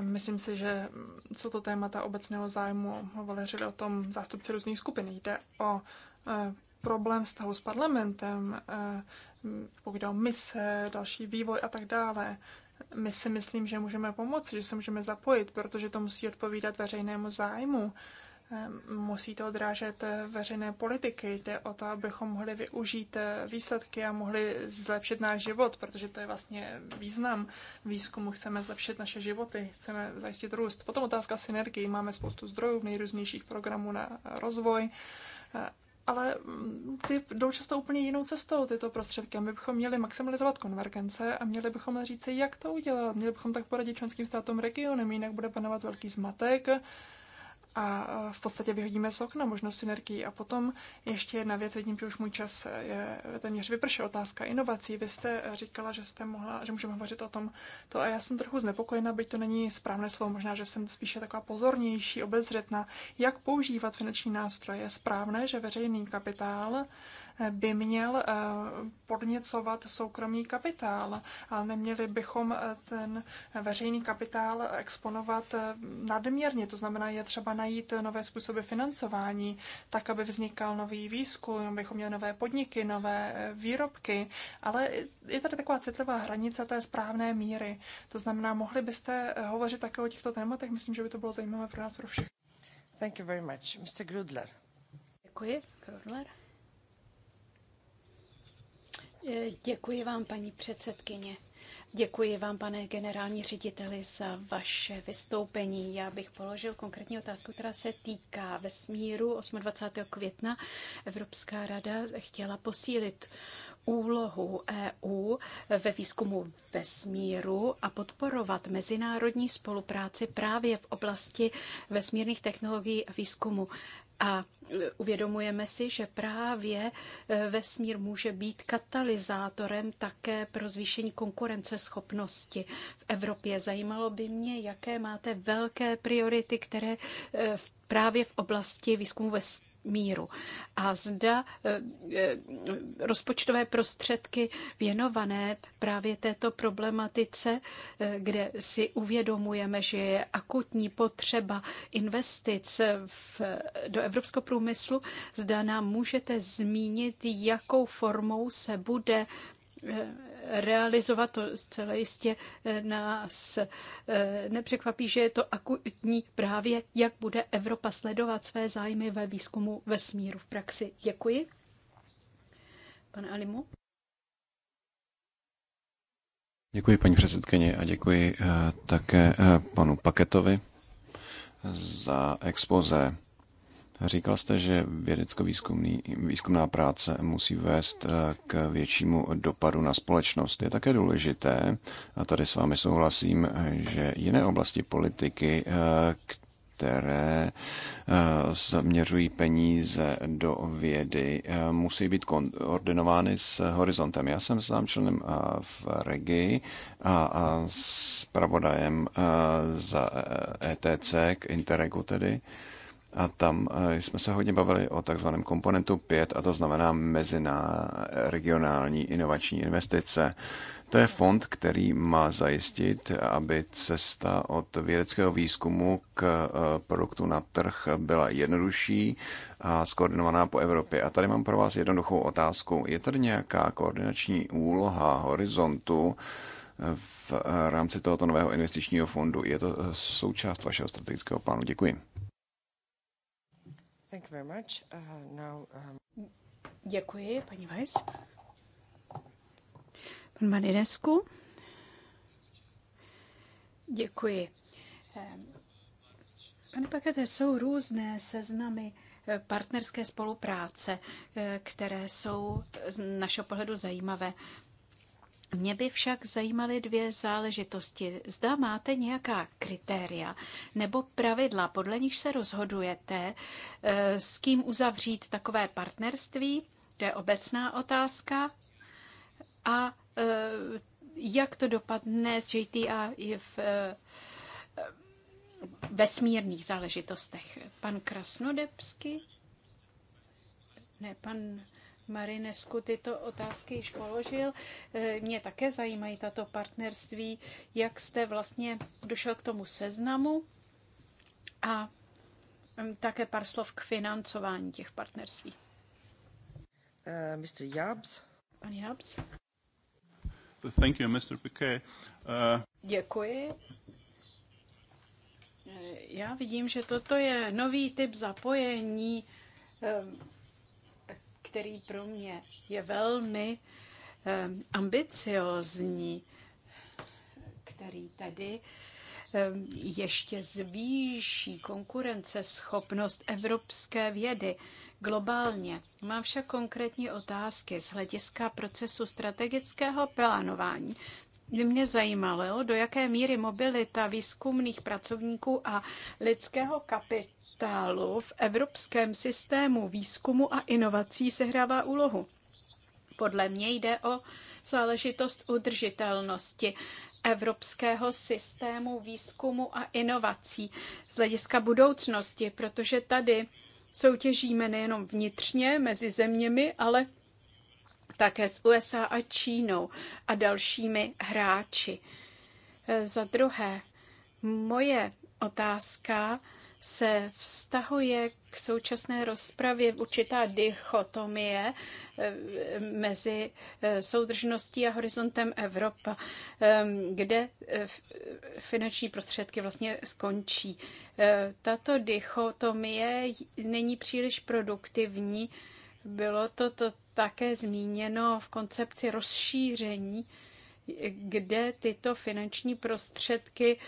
Speaker 2: Myslím si, že mm, jsou to témata obecného zájmu. Hovořili o tom zástupci různých skupin. Jde o problém vztahu s parlamentem, pokud o mise, další vývoj a tak dále. My si myslím, že můžeme pomoci, že se můžeme zapojit, protože to musí odpovídat veřejnému zájmu. Ehm, musí to odrážet eh, veřejné politiky. Jde o to, abychom mohli využít eh, výsledky a mohli zlepšit náš život, protože to je vlastně význam výzkumu. Chceme zlepšit naše životy, chceme zajistit růst. Potom otázka synergii. Máme spoustu zdrojů v nejrůznějších programů na rozvoj eh, ale mm, ty jdou často úplně jinou cestou, tyto prostředky. My bychom měli maximalizovat konvergence a měli bychom říct, jak to udělat. Měli bychom tak poradit členským státům regionem, jinak bude panovat velký zmatek a v podstatě vyhodíme z okna možnost synergii. A potom ještě jedna věc, vidím, že už můj čas je téměř vypršel, otázka inovací. Vy jste říkala, že, jste mohla, že můžeme hovořit o tom, to a já jsem trochu znepokojena, byť to není správné slovo, možná, že jsem spíše taková pozornější, obezřetná, jak používat finanční nástroje. Je správné, že veřejný kapitál by měl eh, podněcovat soukromý kapitál, ale neměli bychom eh, ten veřejný kapitál exponovat eh, nadměrně. To znamená, je třeba najít nové způsoby financování, tak, aby vznikal nový výzkum, abychom měli nové podniky, nové výrobky, ale je tady taková citlivá hranice té správné míry. To znamená, mohli byste hovořit také o těchto tématech?
Speaker 4: Myslím, že by to bylo zajímavé pro nás, pro všechny. Thank you very much. Mr. Grudler. Děkuji. Grudler. E, děkuji vám, paní předsedkyně. Děkuji vám, pane generální řediteli, za vaše vystoupení. Já bych položil konkrétní otázku, která se týká vesmíru. 28. května Evropská rada chtěla posílit úlohu EU ve výzkumu vesmíru a podporovat mezinárodní spolupráci právě v oblasti vesmírných technologií a výzkumu. A e, uvědomujeme si, že právě e, vesmír může být katalyzátorem také pro zvýšení konkurenceschopnosti v Evropě. Zajímalo by mě, jaké máte velké priority, které e, právě v oblasti výzkumu míru. A zda eh, eh, rozpočtové prostředky věnované právě této problematice, eh, kde si uvědomujeme, že je akutní potřeba investic v, do evropského průmyslu, zda nám můžete zmínit, jakou formou se bude Eh, realizovat to zcela jistě eh, nás eh, nepřekvapí, že je to akutní právě, jak bude Evropa sledovat své zájmy ve výzkumu vesmíru v praxi. Děkuji. Pane Alimu.
Speaker 1: Děkuji paní předsedkyně a děkuji také panu Paketovi za expoze. Říkal jste, že vědecko-výzkumná práce musí vést eh, k většímu dopadu na společnost. Je také důležité, a tady s vámi souhlasím, že jiné oblasti politiky, eh, které eh, zaměřují peníze do vědy, musí být koordinovány s horizontem. Já jsem sám členem v Regi a s pravodajem za ETC e k Interregu tedy. A tam eh, jsme se hodně bavili o takzvaném komponentu 5, a to znamená meziná eh, regionální inovační investice. To je fond, který má zajistit, aby cesta od vědeckého výzkumu k eh, produktu na trh byla jednodušší a skoordinovaná po Evropě. A tady mám pro vás jednoduchou otázku. Je tady nějaká koordinační úloha horizontu v rámci tohoto nového investičního fondu? Je to součást vašeho strategického plánu? Děkuji.
Speaker 3: Thank you very much. Uh, now,
Speaker 4: um... Děkuji, paní Weiss. Pan Marinescu. Děkuji. Ehm, Pane Pakete, jsou různé seznamy eh, partnerské spolupráce, eh, které jsou z našeho pohledu zajímavé. Mě by však zajímaly dvě záležitosti. Zda máte nějaká kritéria nebo pravidla, podle nich se rozhodujete, eh, s kým uzavřít takové partnerství, to je obecná otázka, a eh, jak to dopadne s JTA v eh, vesmírných záležitostech. Pan Krasnodebsky? Ne, pan Marinesku tyto otázky již položil. E, mě také zajímají tato partnerství. Jak jste vlastně došel k tomu seznamu a mm, také pár slov k financování těch partnerství. Uh, e, Mr. Jabs. Pan Jabs.
Speaker 5: Thank you, Mr. Piquet. Uh...
Speaker 4: Děkuji. Já vidím, že toto je nový typ zapojení který pro mě je velmi eh, ambiciozní, který tady eh, ještě zvýší konkurenceschopnost evropské vědy globálně. Mám však konkrétní otázky z hlediska procesu strategického plánování by mě zajímalo, do jaké míry mobilita výzkumných pracovníků a lidského kapitálu v evropském systému výzkumu a inovací sehrává úlohu. Podle mě jde o záležitost udržitelnosti evropského systému výzkumu a inovací z hlediska budoucnosti, protože tady soutěžíme nejenom vnitřně mezi zeměmi, ale také s USA a Čínou a dalšími hráči. Za druhé, moje otázka se vztahuje k současné rozpravě určitá dichotomie eh, mezi eh, soudržností a horizontem Evropa, ehm, kde eh, finanční prostředky vlastně skončí. Tato dichotomie není příliš produktivní. Bylo to, to také zmíněno v koncepci rozšíření, kde tyto finanční prostředky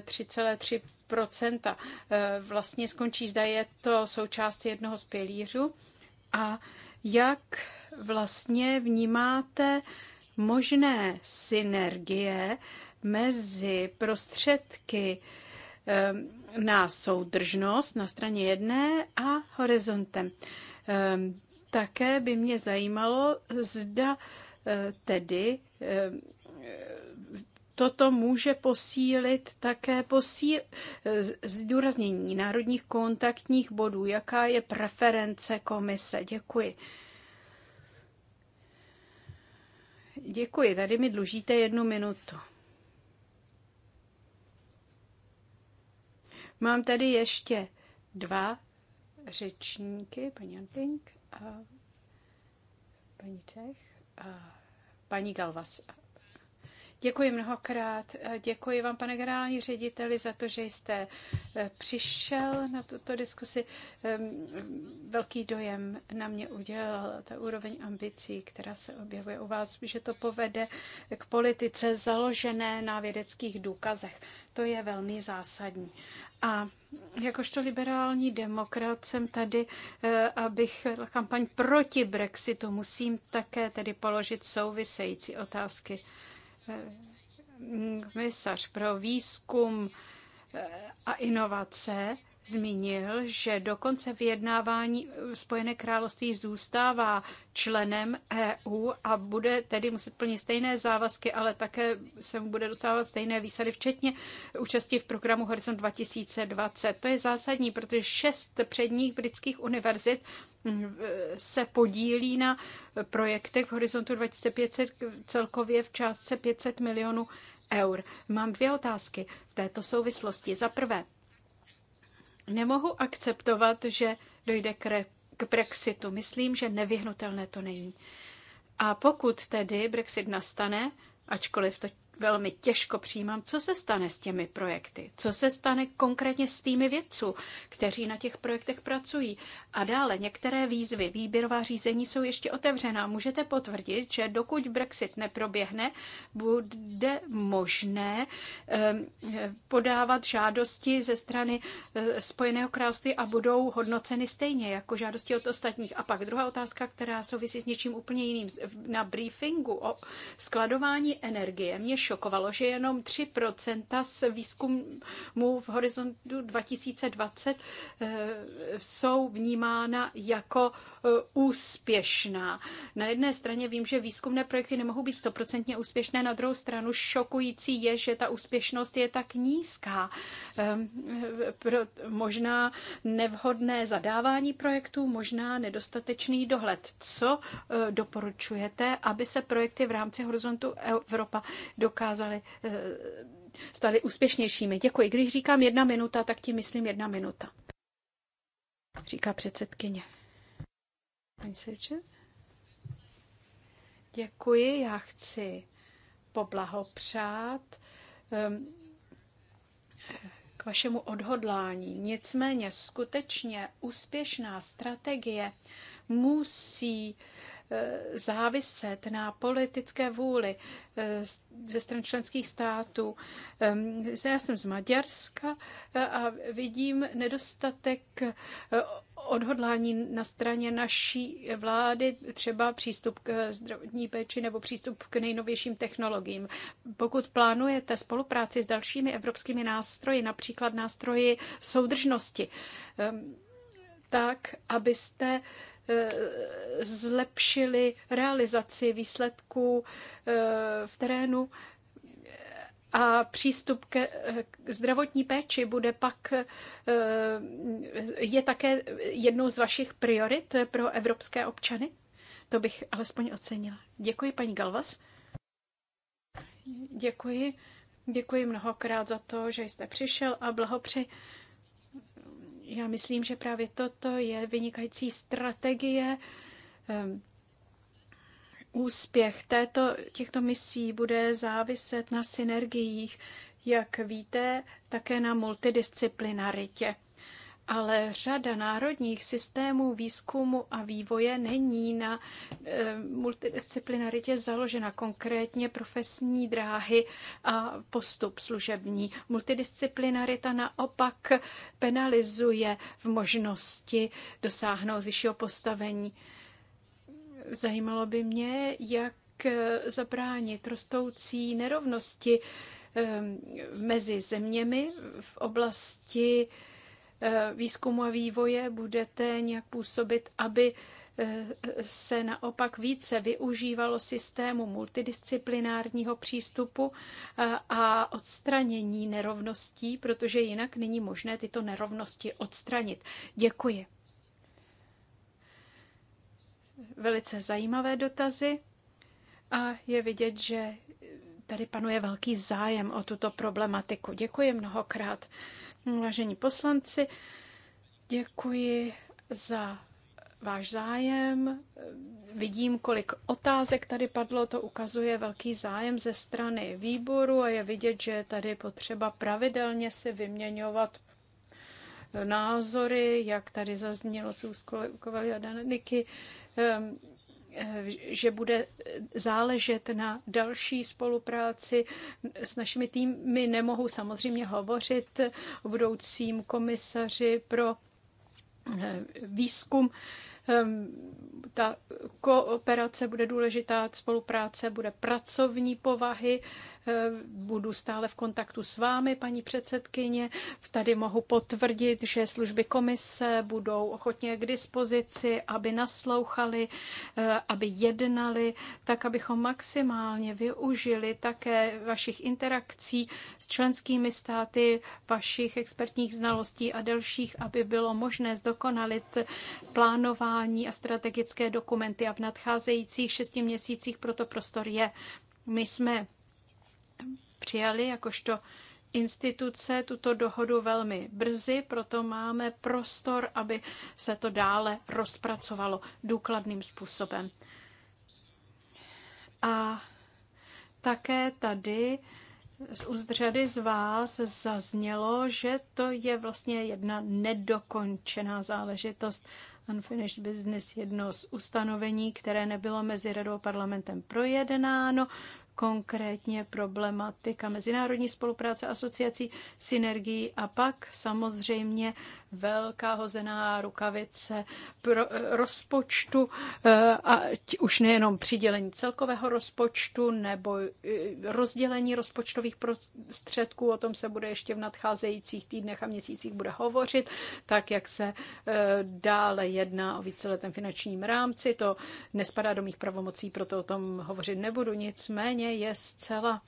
Speaker 4: 3,3 eh, eh, vlastně skončí. Zda je to součást jednoho z pilířů. A jak vlastně vnímáte možné synergie mezi prostředky eh, na soudržnost na straně jedné a horizontem. Také by mě zajímalo, zda e, tedy e, toto může posílit také posíl, e, zdůraznění národních kontaktních bodů. Jaká je preference komise? Děkuji. Děkuji, tady mi dlužíte jednu minutu. Mám tady ještě dva řečníky, paní Antink a paní Čech a paní Galvas. Děkuji mnohokrát. Děkuji vám, pane generální řediteli, za to, že jste eh, přišel na tuto diskusi. Ehm, velký dojem na mě udělal ta úroveň ambicí, která se objevuje u vás, že to povede k politice založené na vědeckých důkazech. To je velmi zásadní. A jakožto liberální demokrat jsem tady, eh, abych kampaň proti Brexitu. Musím také tedy položit související otázky. Eh, komisař pro výzkum eh, a inovace zmínil, že dokonce vyjednávání Spojené království zůstává členem EU a bude tedy muset plnit stejné závazky, ale také se mu bude dostávat stejné výsady, včetně účasti v programu Horizon 2020. To je zásadní, protože šest předních britských univerzit mm, se podílí na projektech v Horizontu 2500 celkově v částce 500 milionů eur. Mám dvě otázky v této souvislosti. Za prvé, Nemohu akceptovat, že dojde k, k Brexitu. Myslím, že nevyhnutelné to není. A pokud tedy Brexit nastane, ačkoliv to velmi těžko přijímám, co se stane s těmi projekty, co se stane konkrétně s tými vědců, kteří na těch projektech pracují. A dále některé výzvy, výběrová řízení jsou ještě otevřená. Můžete potvrdit, že dokud Brexit neproběhne, bude možné ehm, podávat žádosti ze strany eh, Spojeného království a budou hodnoceny stejně jako žádosti od ostatních. A pak druhá otázka, která souvisí s něčím úplně jiným. Na briefingu o skladování energie mě šokovalo, že jenom 3% z výzkumů v horizontu 2020 eh, jsou vnímána jako Eh, úspěšná. Na jedné straně vím, že výzkumné projekty nemohou být stoprocentně úspěšné, na druhou stranu šokující je, že ta úspěšnost je tak nízká. Ehm, eh, možná nevhodné zadávání projektů, možná nedostatečný dohled. Co eh, doporučujete, aby se projekty v rámci Horizontu Evropa dokázaly staly úspěšnějšími. Děkuji. Když říkám jedna minuta, tak ti myslím jedna minuta. Říká předsedkyně. Paní Sejče? Děkuji, já chci poblahopřát ehm, k vašemu odhodlání. Nicméně skutečně úspěšná strategie musí záviset na politické vůli eh, ze stran členských států. Ehm, já jsem z Maďarska eh, a vidím nedostatek eh, odhodlání na straně naší vlády, třeba přístup k zdravotní péči nebo přístup k nejnovějším technologiím. Pokud plánujete spolupráci s dalšími evropskými nástroji, například nástroji soudržnosti, ehm, tak abyste Eh, zlepšili realizaci výsledků eh, v terénu a přístup ke eh, zdravotní péči bude pak je také jednou z vašich priorit pro evropské občany? To bych alespoň ocenila. Děkuji, paní Galvas. Děkuji. Děkuji mnohokrát za to, že jste přišel a blahopřeji já myslím, že právě toto je vynikající strategie. Ehm, úspěch této, těchto misí bude záviset na synergiích, jak víte, také na multidisciplinaritě ale řada národních systémů výzkumu a vývoje není na eh, multidisciplinaritě založena, konkrétně profesní dráhy a postup služební. Multidisciplinarita naopak penalizuje v možnosti dosáhnout vyššího postavení. Zajímalo by mě, jak eh, zabránit rostoucí nerovnosti eh, mezi zeměmi v oblasti Eh, výzkumu a vývoje budete nějak působit, aby eh, se naopak více využívalo systému multidisciplinárního přístupu eh, a odstranění nerovností, protože jinak není možné tyto nerovnosti odstranit. Děkuji. Velice zajímavé dotazy a je vidět, že tady panuje velký zájem o tuto problematiku. Děkuji mnohokrát. Vážení poslanci, děkuji za váš zájem. Vidím, kolik otázek tady padlo, to ukazuje velký zájem ze strany výboru a je vidět, že je tady potřeba pravidelně si vyměňovat názory, jak tady zaznělo z úzkoly a Daniky. Ehm, Eh, že bude záležet na další spolupráci s našimi týmy. Nemohu samozřejmě hovořit o budoucím komisaři pro eh, výzkum. Ehm, ta kooperace bude důležitá, spolupráce bude pracovní povahy Eh, budu stále v kontaktu s vámi, paní předsedkyně. Tady mohu potvrdit, že služby komise budou ochotně k dispozici, aby naslouchali, eh, aby jednali, tak abychom maximálně využili také vašich interakcí s členskými státy, vašich expertních znalostí a dalších, aby bylo možné zdokonalit plánování a strategické dokumenty. A v nadcházejících šesti měsících proto prostor je. My jsme přijali jakožto instituce tuto dohodu velmi brzy, proto máme prostor, aby se to dále rozpracovalo důkladným způsobem. A také tady z úst řady z vás zaznělo, že to je vlastně jedna nedokončená záležitost Unfinished Business, jedno z ustanovení, které nebylo mezi radou parlamentem projednáno konkrétně problematika mezinárodní spolupráce asociací, synergií a pak samozřejmě velká hozená rukavice pro, eh, rozpočtu, eh, a už nejenom přidělení celkového rozpočtu nebo eh, rozdělení rozpočtových prostředků, o tom se bude ještě v nadcházejících týdnech a měsících bude hovořit, tak jak se dále jedná o víceletém finančním rámci. To nespadá do mých pravomocí, proto o tom hovořit nebudu. Nicméně je zcela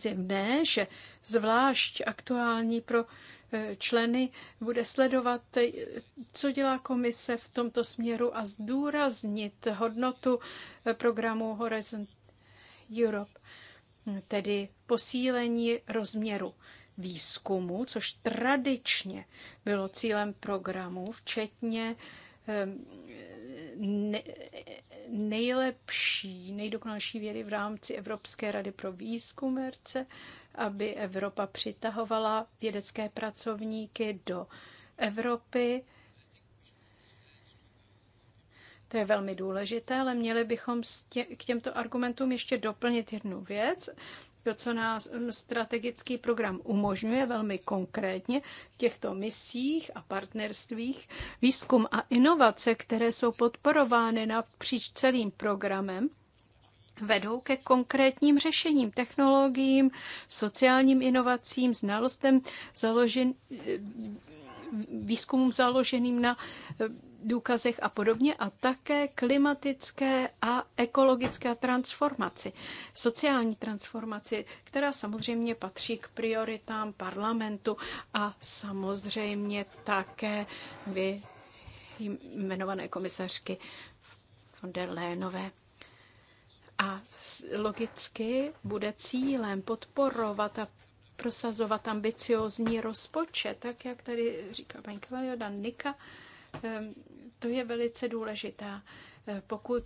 Speaker 4: zjevné, že zvlášť aktuální pro členy bude sledovat, co dělá komise v tomto směru a zdůraznit hodnotu programu Horizon Europe, tedy posílení rozměru výzkumu, což tradičně bylo cílem programu, včetně nejlepší, nejdokonalší vědy v rámci Evropské rady pro výzkum RC aby Evropa přitahovala vědecké pracovníky do Evropy. To je velmi důležité, ale měli bychom k těmto argumentům ještě doplnit jednu věc. To, co nás mm, strategický program umožňuje velmi konkrétně v těchto misích a partnerstvích, výzkum a inovace, které jsou podporovány napříč celým programem, vedou ke konkrétním řešením, technologiím, sociálním inovacím, znalostem založen, výzkumům založeným na důkazech a podobně a také klimatické a ekologické transformaci, sociální transformaci, která samozřejmě patří k prioritám parlamentu a samozřejmě také vy jmenované komisařky von der Lénové. A logicky bude cílem podporovat a prosazovat ambiciozní rozpočet, tak jak tady říká paní Kvalioda Nika, to je velice důležitá. Pokud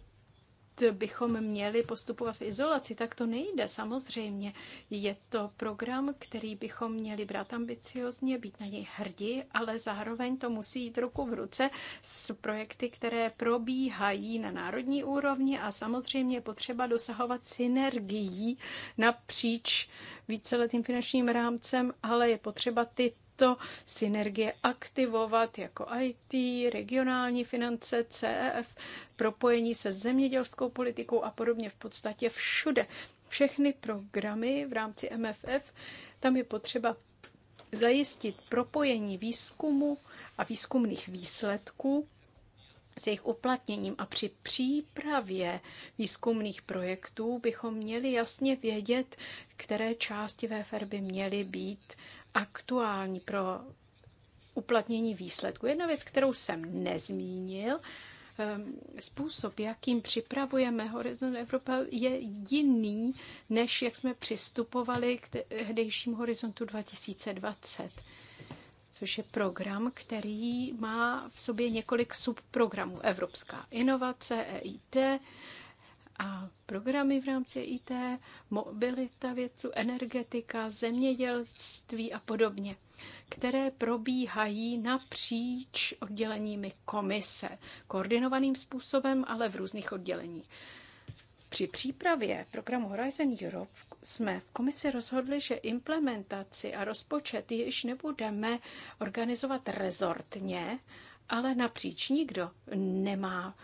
Speaker 4: bychom měli postupovat v izolaci, tak to nejde samozřejmě. Je to program, který bychom měli brát ambiciozně, být na něj hrdí, ale zároveň to musí jít ruku v ruce s projekty, které probíhají na národní úrovni a samozřejmě je potřeba dosahovat synergií napříč víceletým finančním rámcem, ale je potřeba ty tyto synergie aktivovat jako IT, regionální finance, CEF, propojení se zemědělskou politikou a podobně v podstatě všude. Všechny programy v rámci MFF, tam je potřeba zajistit propojení výzkumu a výzkumných výsledků s jejich uplatněním a při přípravě výzkumných projektů bychom měli jasně vědět, které části VFR by měly být aktuální pro uplatnění výsledku. Jedna věc, kterou jsem nezmínil, ehm, způsob, jakým připravujeme Horizon Evropa, je jiný, než jak jsme přistupovali k hdejším Horizontu 2020 což je program, který má v sobě několik subprogramů. Evropská inovace, EIT, a programy v rámci IT, mobilita vědců, energetika, zemědělství a podobně, které probíhají napříč odděleními komise, koordinovaným způsobem, ale v různých odděleních. Při přípravě programu Horizon Europe jsme v komisi rozhodli, že implementaci a rozpočet již nebudeme organizovat rezortně, ale napříč nikdo nemá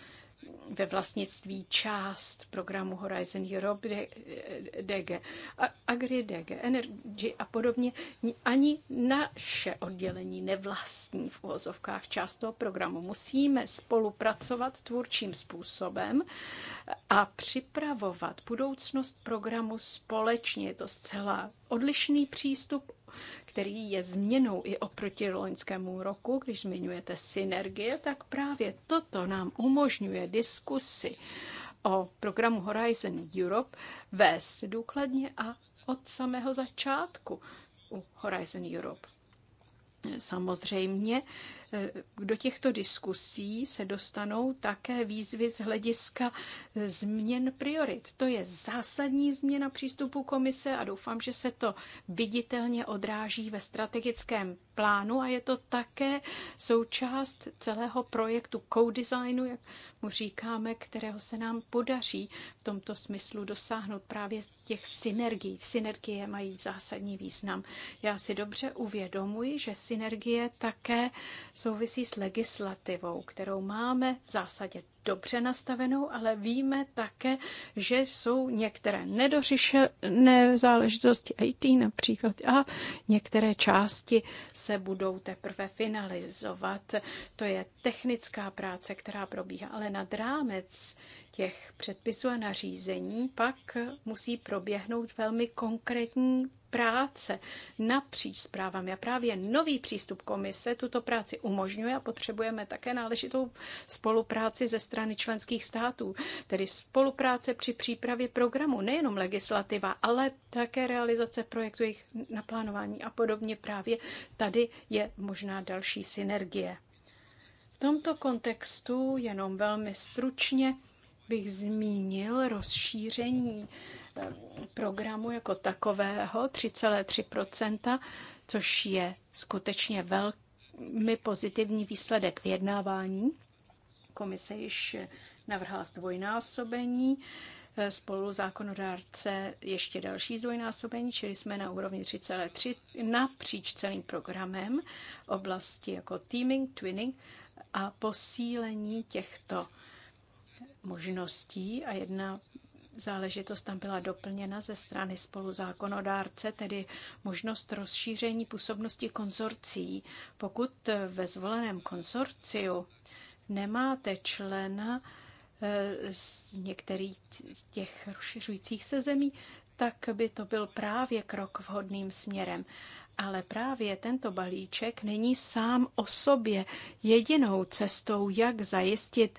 Speaker 4: ve vlastnictví část programu Horizon Europe, DG, Agri, DG, Energy a podobně. Ani naše oddělení nevlastní v uvozovkách část toho programu. Musíme spolupracovat tvůrčím způsobem a připravovat budoucnost programu společně. Je to zcela odlišný přístup který je změnou i oproti loňskému roku. Když zmiňujete synergie, tak právě toto nám umožňuje diskusy o programu Horizon Europe vést důkladně a od samého začátku u Horizon Europe. Samozřejmě do těchto diskusí se dostanou také výzvy z hlediska e, změn priorit. To je zásadní změna přístupu komise a doufám, že se to viditelně odráží ve strategickém plánu a je to také součást celého projektu co-designu, jak mu říkáme, kterého se nám podaří v tomto smyslu dosáhnout právě těch synergií. Synergie mají zásadní význam. Já si dobře uvědomuji, že synergie také souvisí s legislativou, kterou máme v zásadě dobře nastavenou, ale víme také, že jsou některé nedořešené záležitosti IT například a některé části se budou teprve finalizovat. To je technická práce, která probíhá, ale nad rámec těch předpisů a nařízení pak musí proběhnout velmi konkrétní práce napříč zprávami. A právě nový přístup komise tuto práci umožňuje a potřebujeme také náležitou spolupráci ze strany členských států, tedy spolupráce při přípravě programu, nejenom legislativa, ale také realizace projektu, jejich naplánování a podobně. Právě tady je možná další synergie. V tomto kontextu jenom velmi stručně bych zmínil rozšíření programu jako takového 3,3%, což je skutečně velmi pozitivní výsledek vyjednávání. Komise již navrhla zdvojnásobení, eh, spolu zákonodárce ještě další zdvojnásobení, čili jsme na úrovni 3,3 napříč celým programem oblasti jako teaming, twinning a posílení těchto možností a jedna záležitost tam byla doplněna ze strany spoluzákonodárce, tedy možnost rozšíření působnosti konzorcí. Pokud ve zvoleném konzorciu nemáte člena eh, z některých z těch rozšiřujících se zemí, tak by to byl právě krok vhodným směrem. Ale právě tento balíček není sám o sobě jedinou cestou, jak zajistit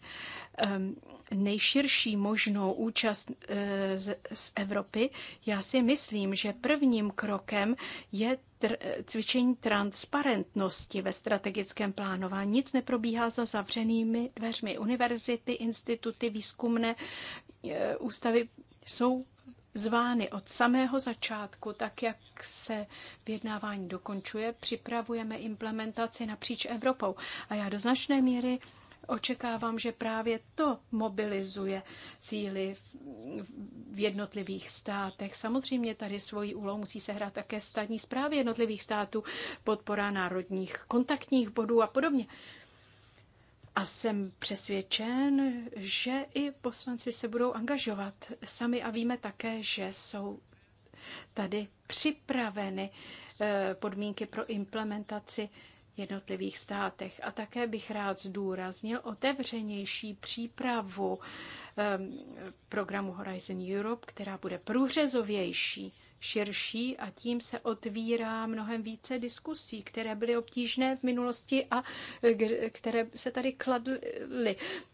Speaker 4: um, nejširší možnou účast eh, z, z Evropy, já si myslím, že prvním krokem je tr- eh, cvičení transparentnosti ve strategickém plánování. Nic neprobíhá za zavřenými dveřmi. Univerzity, instituty, výzkumné eh, ústavy jsou zvány od samého začátku, tak jak se vyjednávání dokončuje, připravujeme implementaci napříč Evropou. A já do značné míry Očekávám, že právě to mobilizuje síly v jednotlivých státech. Samozřejmě tady svoji úlohu musí hrát také státní zprávy jednotlivých států, podpora národních kontaktních bodů a podobně. A jsem přesvědčen, že i poslanci se budou angažovat sami a víme také, že jsou tady připraveny eh, podmínky pro implementaci jednotlivých státech. A také bych rád zdůraznil otevřenější přípravu ehm, programu Horizon Europe, která bude průřezovější širší a tím se otvírá mnohem více diskusí, které byly obtížné v minulosti a eh, které se tady kladly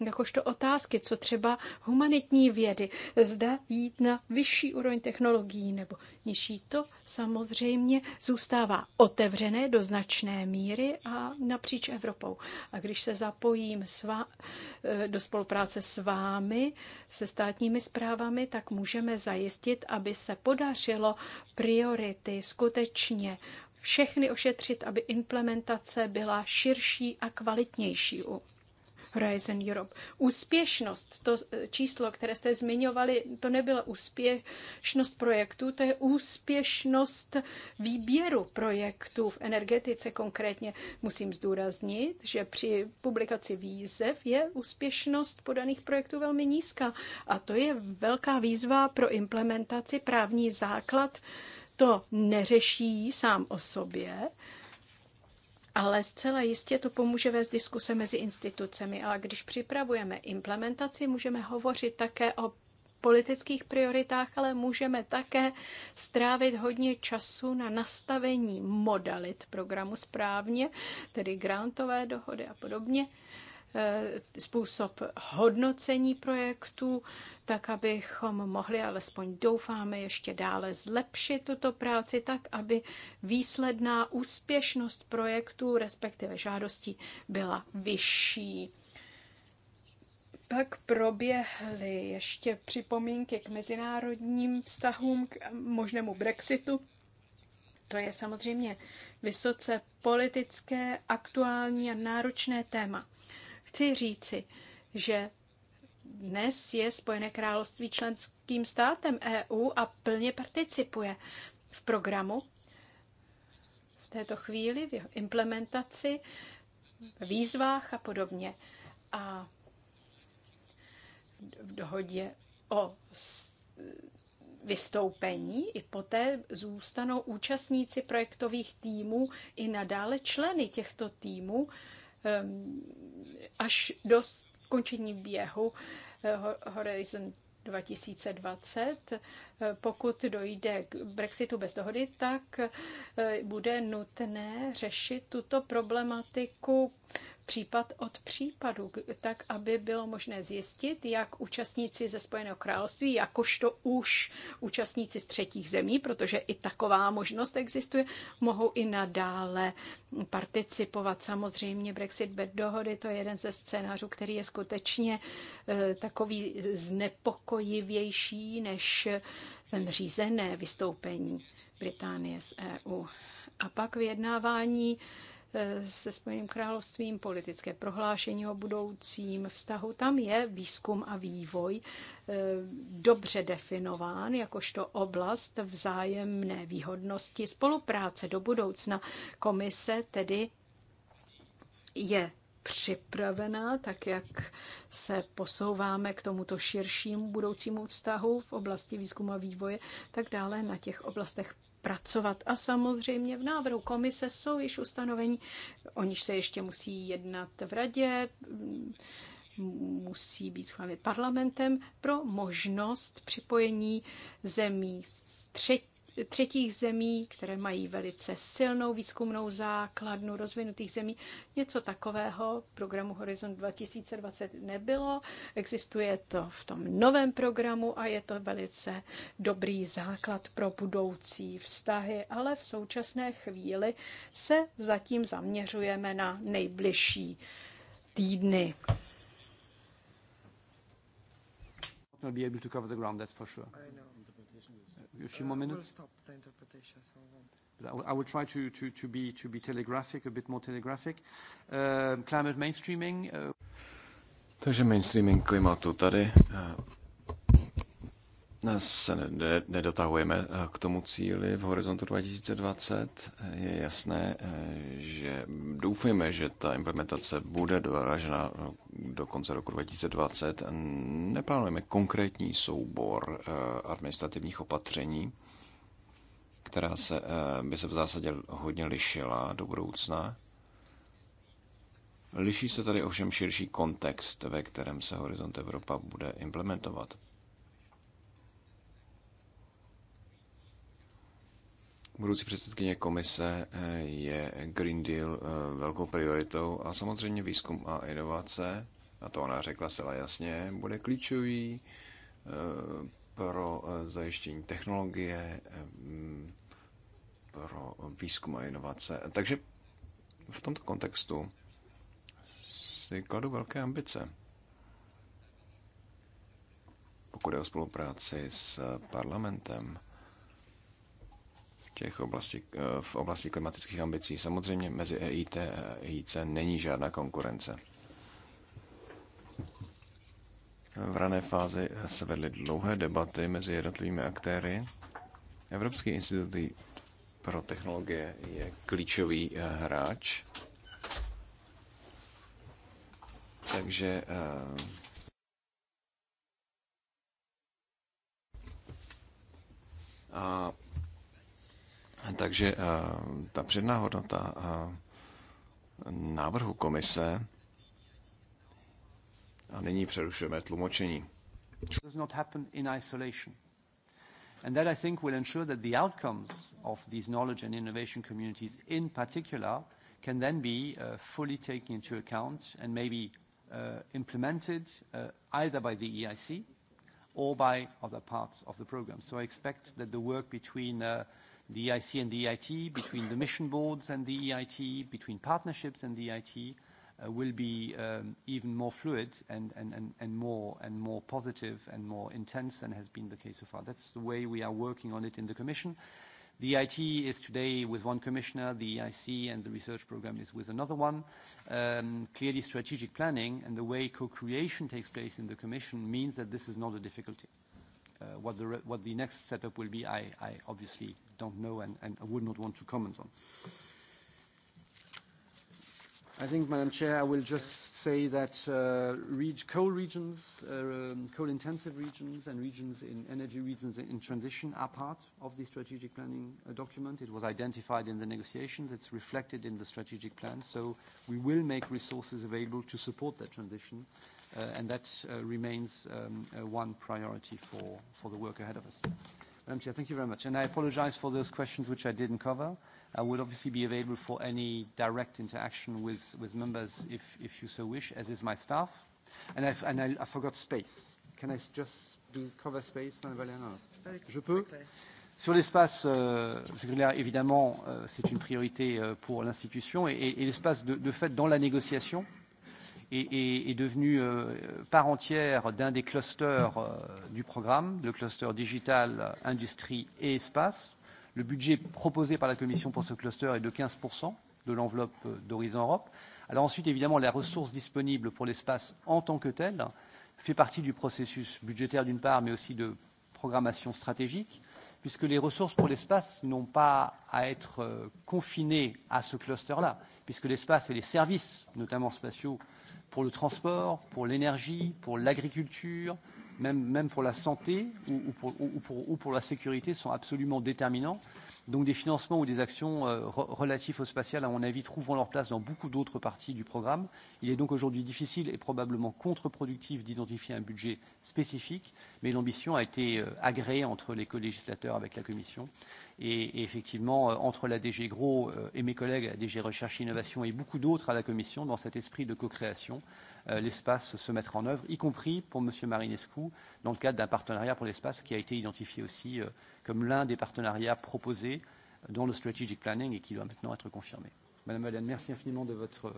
Speaker 4: jakožto otázky, co třeba humanitní vědy, zda jít na vyšší úroveň technologií nebo nižší. To samozřejmě zůstává otevřené do značné míry a napříč Evropou. A když se zapojím svá, eh, do spolupráce s vámi, se státními zprávami, tak můžeme zajistit, aby se podařilo priority skutečně všechny ošetřit, aby implementace byla širší a kvalitnější u Horizon Europe. Úspěšnost, to číslo, které jste zmiňovali, to nebyla úspěšnost projektu, to je úspěšnost výběru projektů v energetice konkrétně. Musím zdůraznit, že při publikaci výzev je úspěšnost podaných projektů velmi nízká a to je velká výzva pro implementaci právní základ. To neřeší sám o sobě, ale zcela jistě to pomůže vést diskuse mezi institucemi. Ale když připravujeme implementaci, můžeme hovořit také o politických prioritách, ale můžeme také strávit hodně času na nastavení modalit programu správně, tedy grantové dohody a podobně. Eh, způsob hodnocení projektů, tak abychom mohli, alespoň doufáme, ještě dále zlepšit tuto práci, tak aby výsledná úspěšnost projektů, respektive žádostí, byla vyšší. Pak proběhly ještě připomínky k mezinárodním vztahům, k možnému Brexitu. To je samozřejmě vysoce politické, aktuální a náročné téma. Chci říci, že dnes je Spojené království členským státem EU a plně participuje v programu v této chvíli, v jeho implementaci, v výzvách a podobně. A v dohodě o vystoupení i poté zůstanou účastníci projektových týmů i nadále členy těchto týmů Ehm, až do skončení běhu eh, Horizon 2020. Eh, pokud dojde k Brexitu bez dohody, tak eh, bude nutné řešit tuto problematiku případ od případu, tak aby bylo možné zjistit, jak účastníci ze Spojeného království, jakožto už účastníci z třetích zemí, protože i taková možnost existuje, mohou i nadále participovat. Samozřejmě Brexit bez dohody, to je jeden ze scénářů, který je skutečně e, takový znepokojivější než ten řízené vystoupení Británie z EU. A pak vyjednávání Eh, se Spojeným královstvím, politické prohlášení o budoucím vztahu. Tam je výzkum a vývoj eh, dobře definován jakožto oblast vzájemné výhodnosti spolupráce do budoucna. Komise tedy je připravená, tak jak se posouváme k tomuto širšímu budoucímu vztahu v oblasti výzkumu a vývoje, tak dále na těch oblastech pracovat. A samozřejmě v návrhu komise jsou již ustanovení, o níž se ještě musí jednat v radě, musí být schválen parlamentem pro možnost připojení zemí z třetí třetích zemí, které mají velice silnou výzkumnou základnu rozvinutých zemí. Něco takového v programu Horizon 2020 nebylo. Existuje to v tom novém programu a je to velice dobrý základ pro budoucí vztahy, ale v současné chvíli se zatím zaměřujeme na nejbližší týdny.
Speaker 6: Not be able to cover the ground, that's for sure. I know a few more minutes? Uh, we'll stop the interpretation, so I won't. But I will try to, to, to, be, to be telegraphic, a bit more telegraphic. Uh, climate mainstreaming. Uh...
Speaker 1: Takže mainstreaming klimatu tady uh, se nedotahujeme eh, k tomu cíli v horizontu 2020. Je jasné, eh, že doufujeme, že ta implementace bude doražena eh, do konce roku 2020. Neplánujeme konkrétní soubor administrativních opatření, která se, by se v zásadě hodně lišila do budoucna. Liší se tady ovšem širší kontext, ve kterém se Horizont Evropa bude implementovat. budoucí předsedkyně komise eh, je Green Deal eh, velkou prioritou a samozřejmě výzkum a inovace, a to ona řekla zcela jasně, bude klíčový eh, pro zajištění technologie, pro výzkum a inovace. Takže v tomto kontextu si kladu velké ambice. Pokud je o spolupráci s parlamentem, těch oblasti, eh, v oblasti klimatických ambicí. Samozřejmě mezi EIT a EIC není žádná konkurence. V rané fázi se vedly dlouhé debaty mezi jednotlivými aktéry. Evropský institut pro technologie je klíčový eh, hráč. Takže eh, a takže eh, ta předná hodnota eh, návrhu komise a nyní přerušujeme tlumočení.
Speaker 6: Does not happen in isolation. And that I think will ensure that the outcomes of these knowledge and innovation communities in particular can then be uh, fully taken into account and maybe uh, implemented uh, either by the EIC or by other parts of the program. So I expect that the work between uh, the EIC and the EIT, between the mission boards and the EIT, between partnerships and the EIT, uh, will be um, even more fluid and, and, and, and, more, and more positive and more intense than has been the case so far. That's the way we are working on it in the Commission. The EIT is today with one commissioner, the EIC and the research program is with another one. Um, clearly, strategic planning and the way co-creation takes place in the Commission means that this is not a difficulty. Uh, what, the what the next setup will be, I, I obviously don't know and, and I would not want to comment on. I think, Madam Chair, I will just say that uh, coal regions, uh, um, coal-intensive regions and regions in energy regions in transition are part of the strategic planning uh, document. It was identified in the negotiations. It's reflected in the strategic plan. So we will make resources available to support that transition Uh, and that uh, remains um, uh, one priority for, the work ahead of us. Madam Chair, thank you very much. And I apologize for those questions which I didn't cover. I would obviously be available for any direct interaction with, members if, you so wish, as is my staff. And, I, forgot space. Can I just cover space, Madame Valiana? No, no. Je peux? Sur l'espace euh, évidemment, euh, c'est une priorité euh, pour l'institution et, l'espace de, fait dans la négociation est, est, est devenu euh, part entière d'un des clusters euh, du programme, le cluster digital, euh, industrie et espace. Le budget proposé par la Commission pour ce cluster est de 15% de l'enveloppe euh, d'Horizon Europe. Alors ensuite, évidemment, la ressource disponible pour l'espace en tant que telle fait partie du processus budgétaire d'une part, mais aussi de programmation stratégique, puisque les ressources pour l'espace n'ont pas à être euh, confinées à ce cluster-là, puisque l'espace et les services, notamment spatiaux, euh, pour le transport, pour l'énergie, pour l'agriculture, même, même pour la santé ou, ou, pour, ou, pour, ou pour la sécurité sont absolument déterminants. Donc des financements ou des actions euh, relatifs au spatial, à mon avis, trouveront leur place dans beaucoup d'autres parties du programme. Il est donc aujourd'hui difficile et probablement contre-productif d'identifier un budget spécifique, mais l'ambition a été euh, agréée entre les co-législateurs avec la Commission. Et, et effectivement, euh, entre la DG Gros euh, et mes collègues, la DG Recherche et Innovation et beaucoup d'autres à la Commission, dans cet esprit de co-création, euh, l'espace se mettra en œuvre, y compris pour M. Marinescu, dans le cadre d'un partenariat pour l'espace qui a été identifié aussi comme l'un des partenariats proposés dans le strategic planning et qui doit maintenant être confirmé. Madame Madeleine, merci infiniment de votre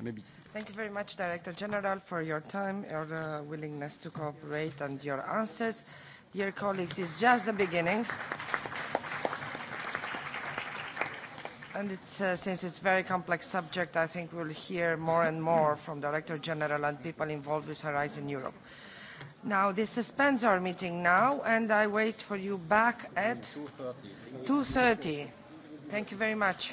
Speaker 6: amabilité.
Speaker 3: Thank you very much, Director General, for your time, your uh, willingness to cooperate and your answers. Dear colleagues, it's just the beginning. And it's, uh, since it's a very complex subject, I think we'll hear more and more from Director General and people involved with Horizon Europe. Now, this suspends our meeting now, and I wait for you back at 2.30. 2.30. Thank you very much.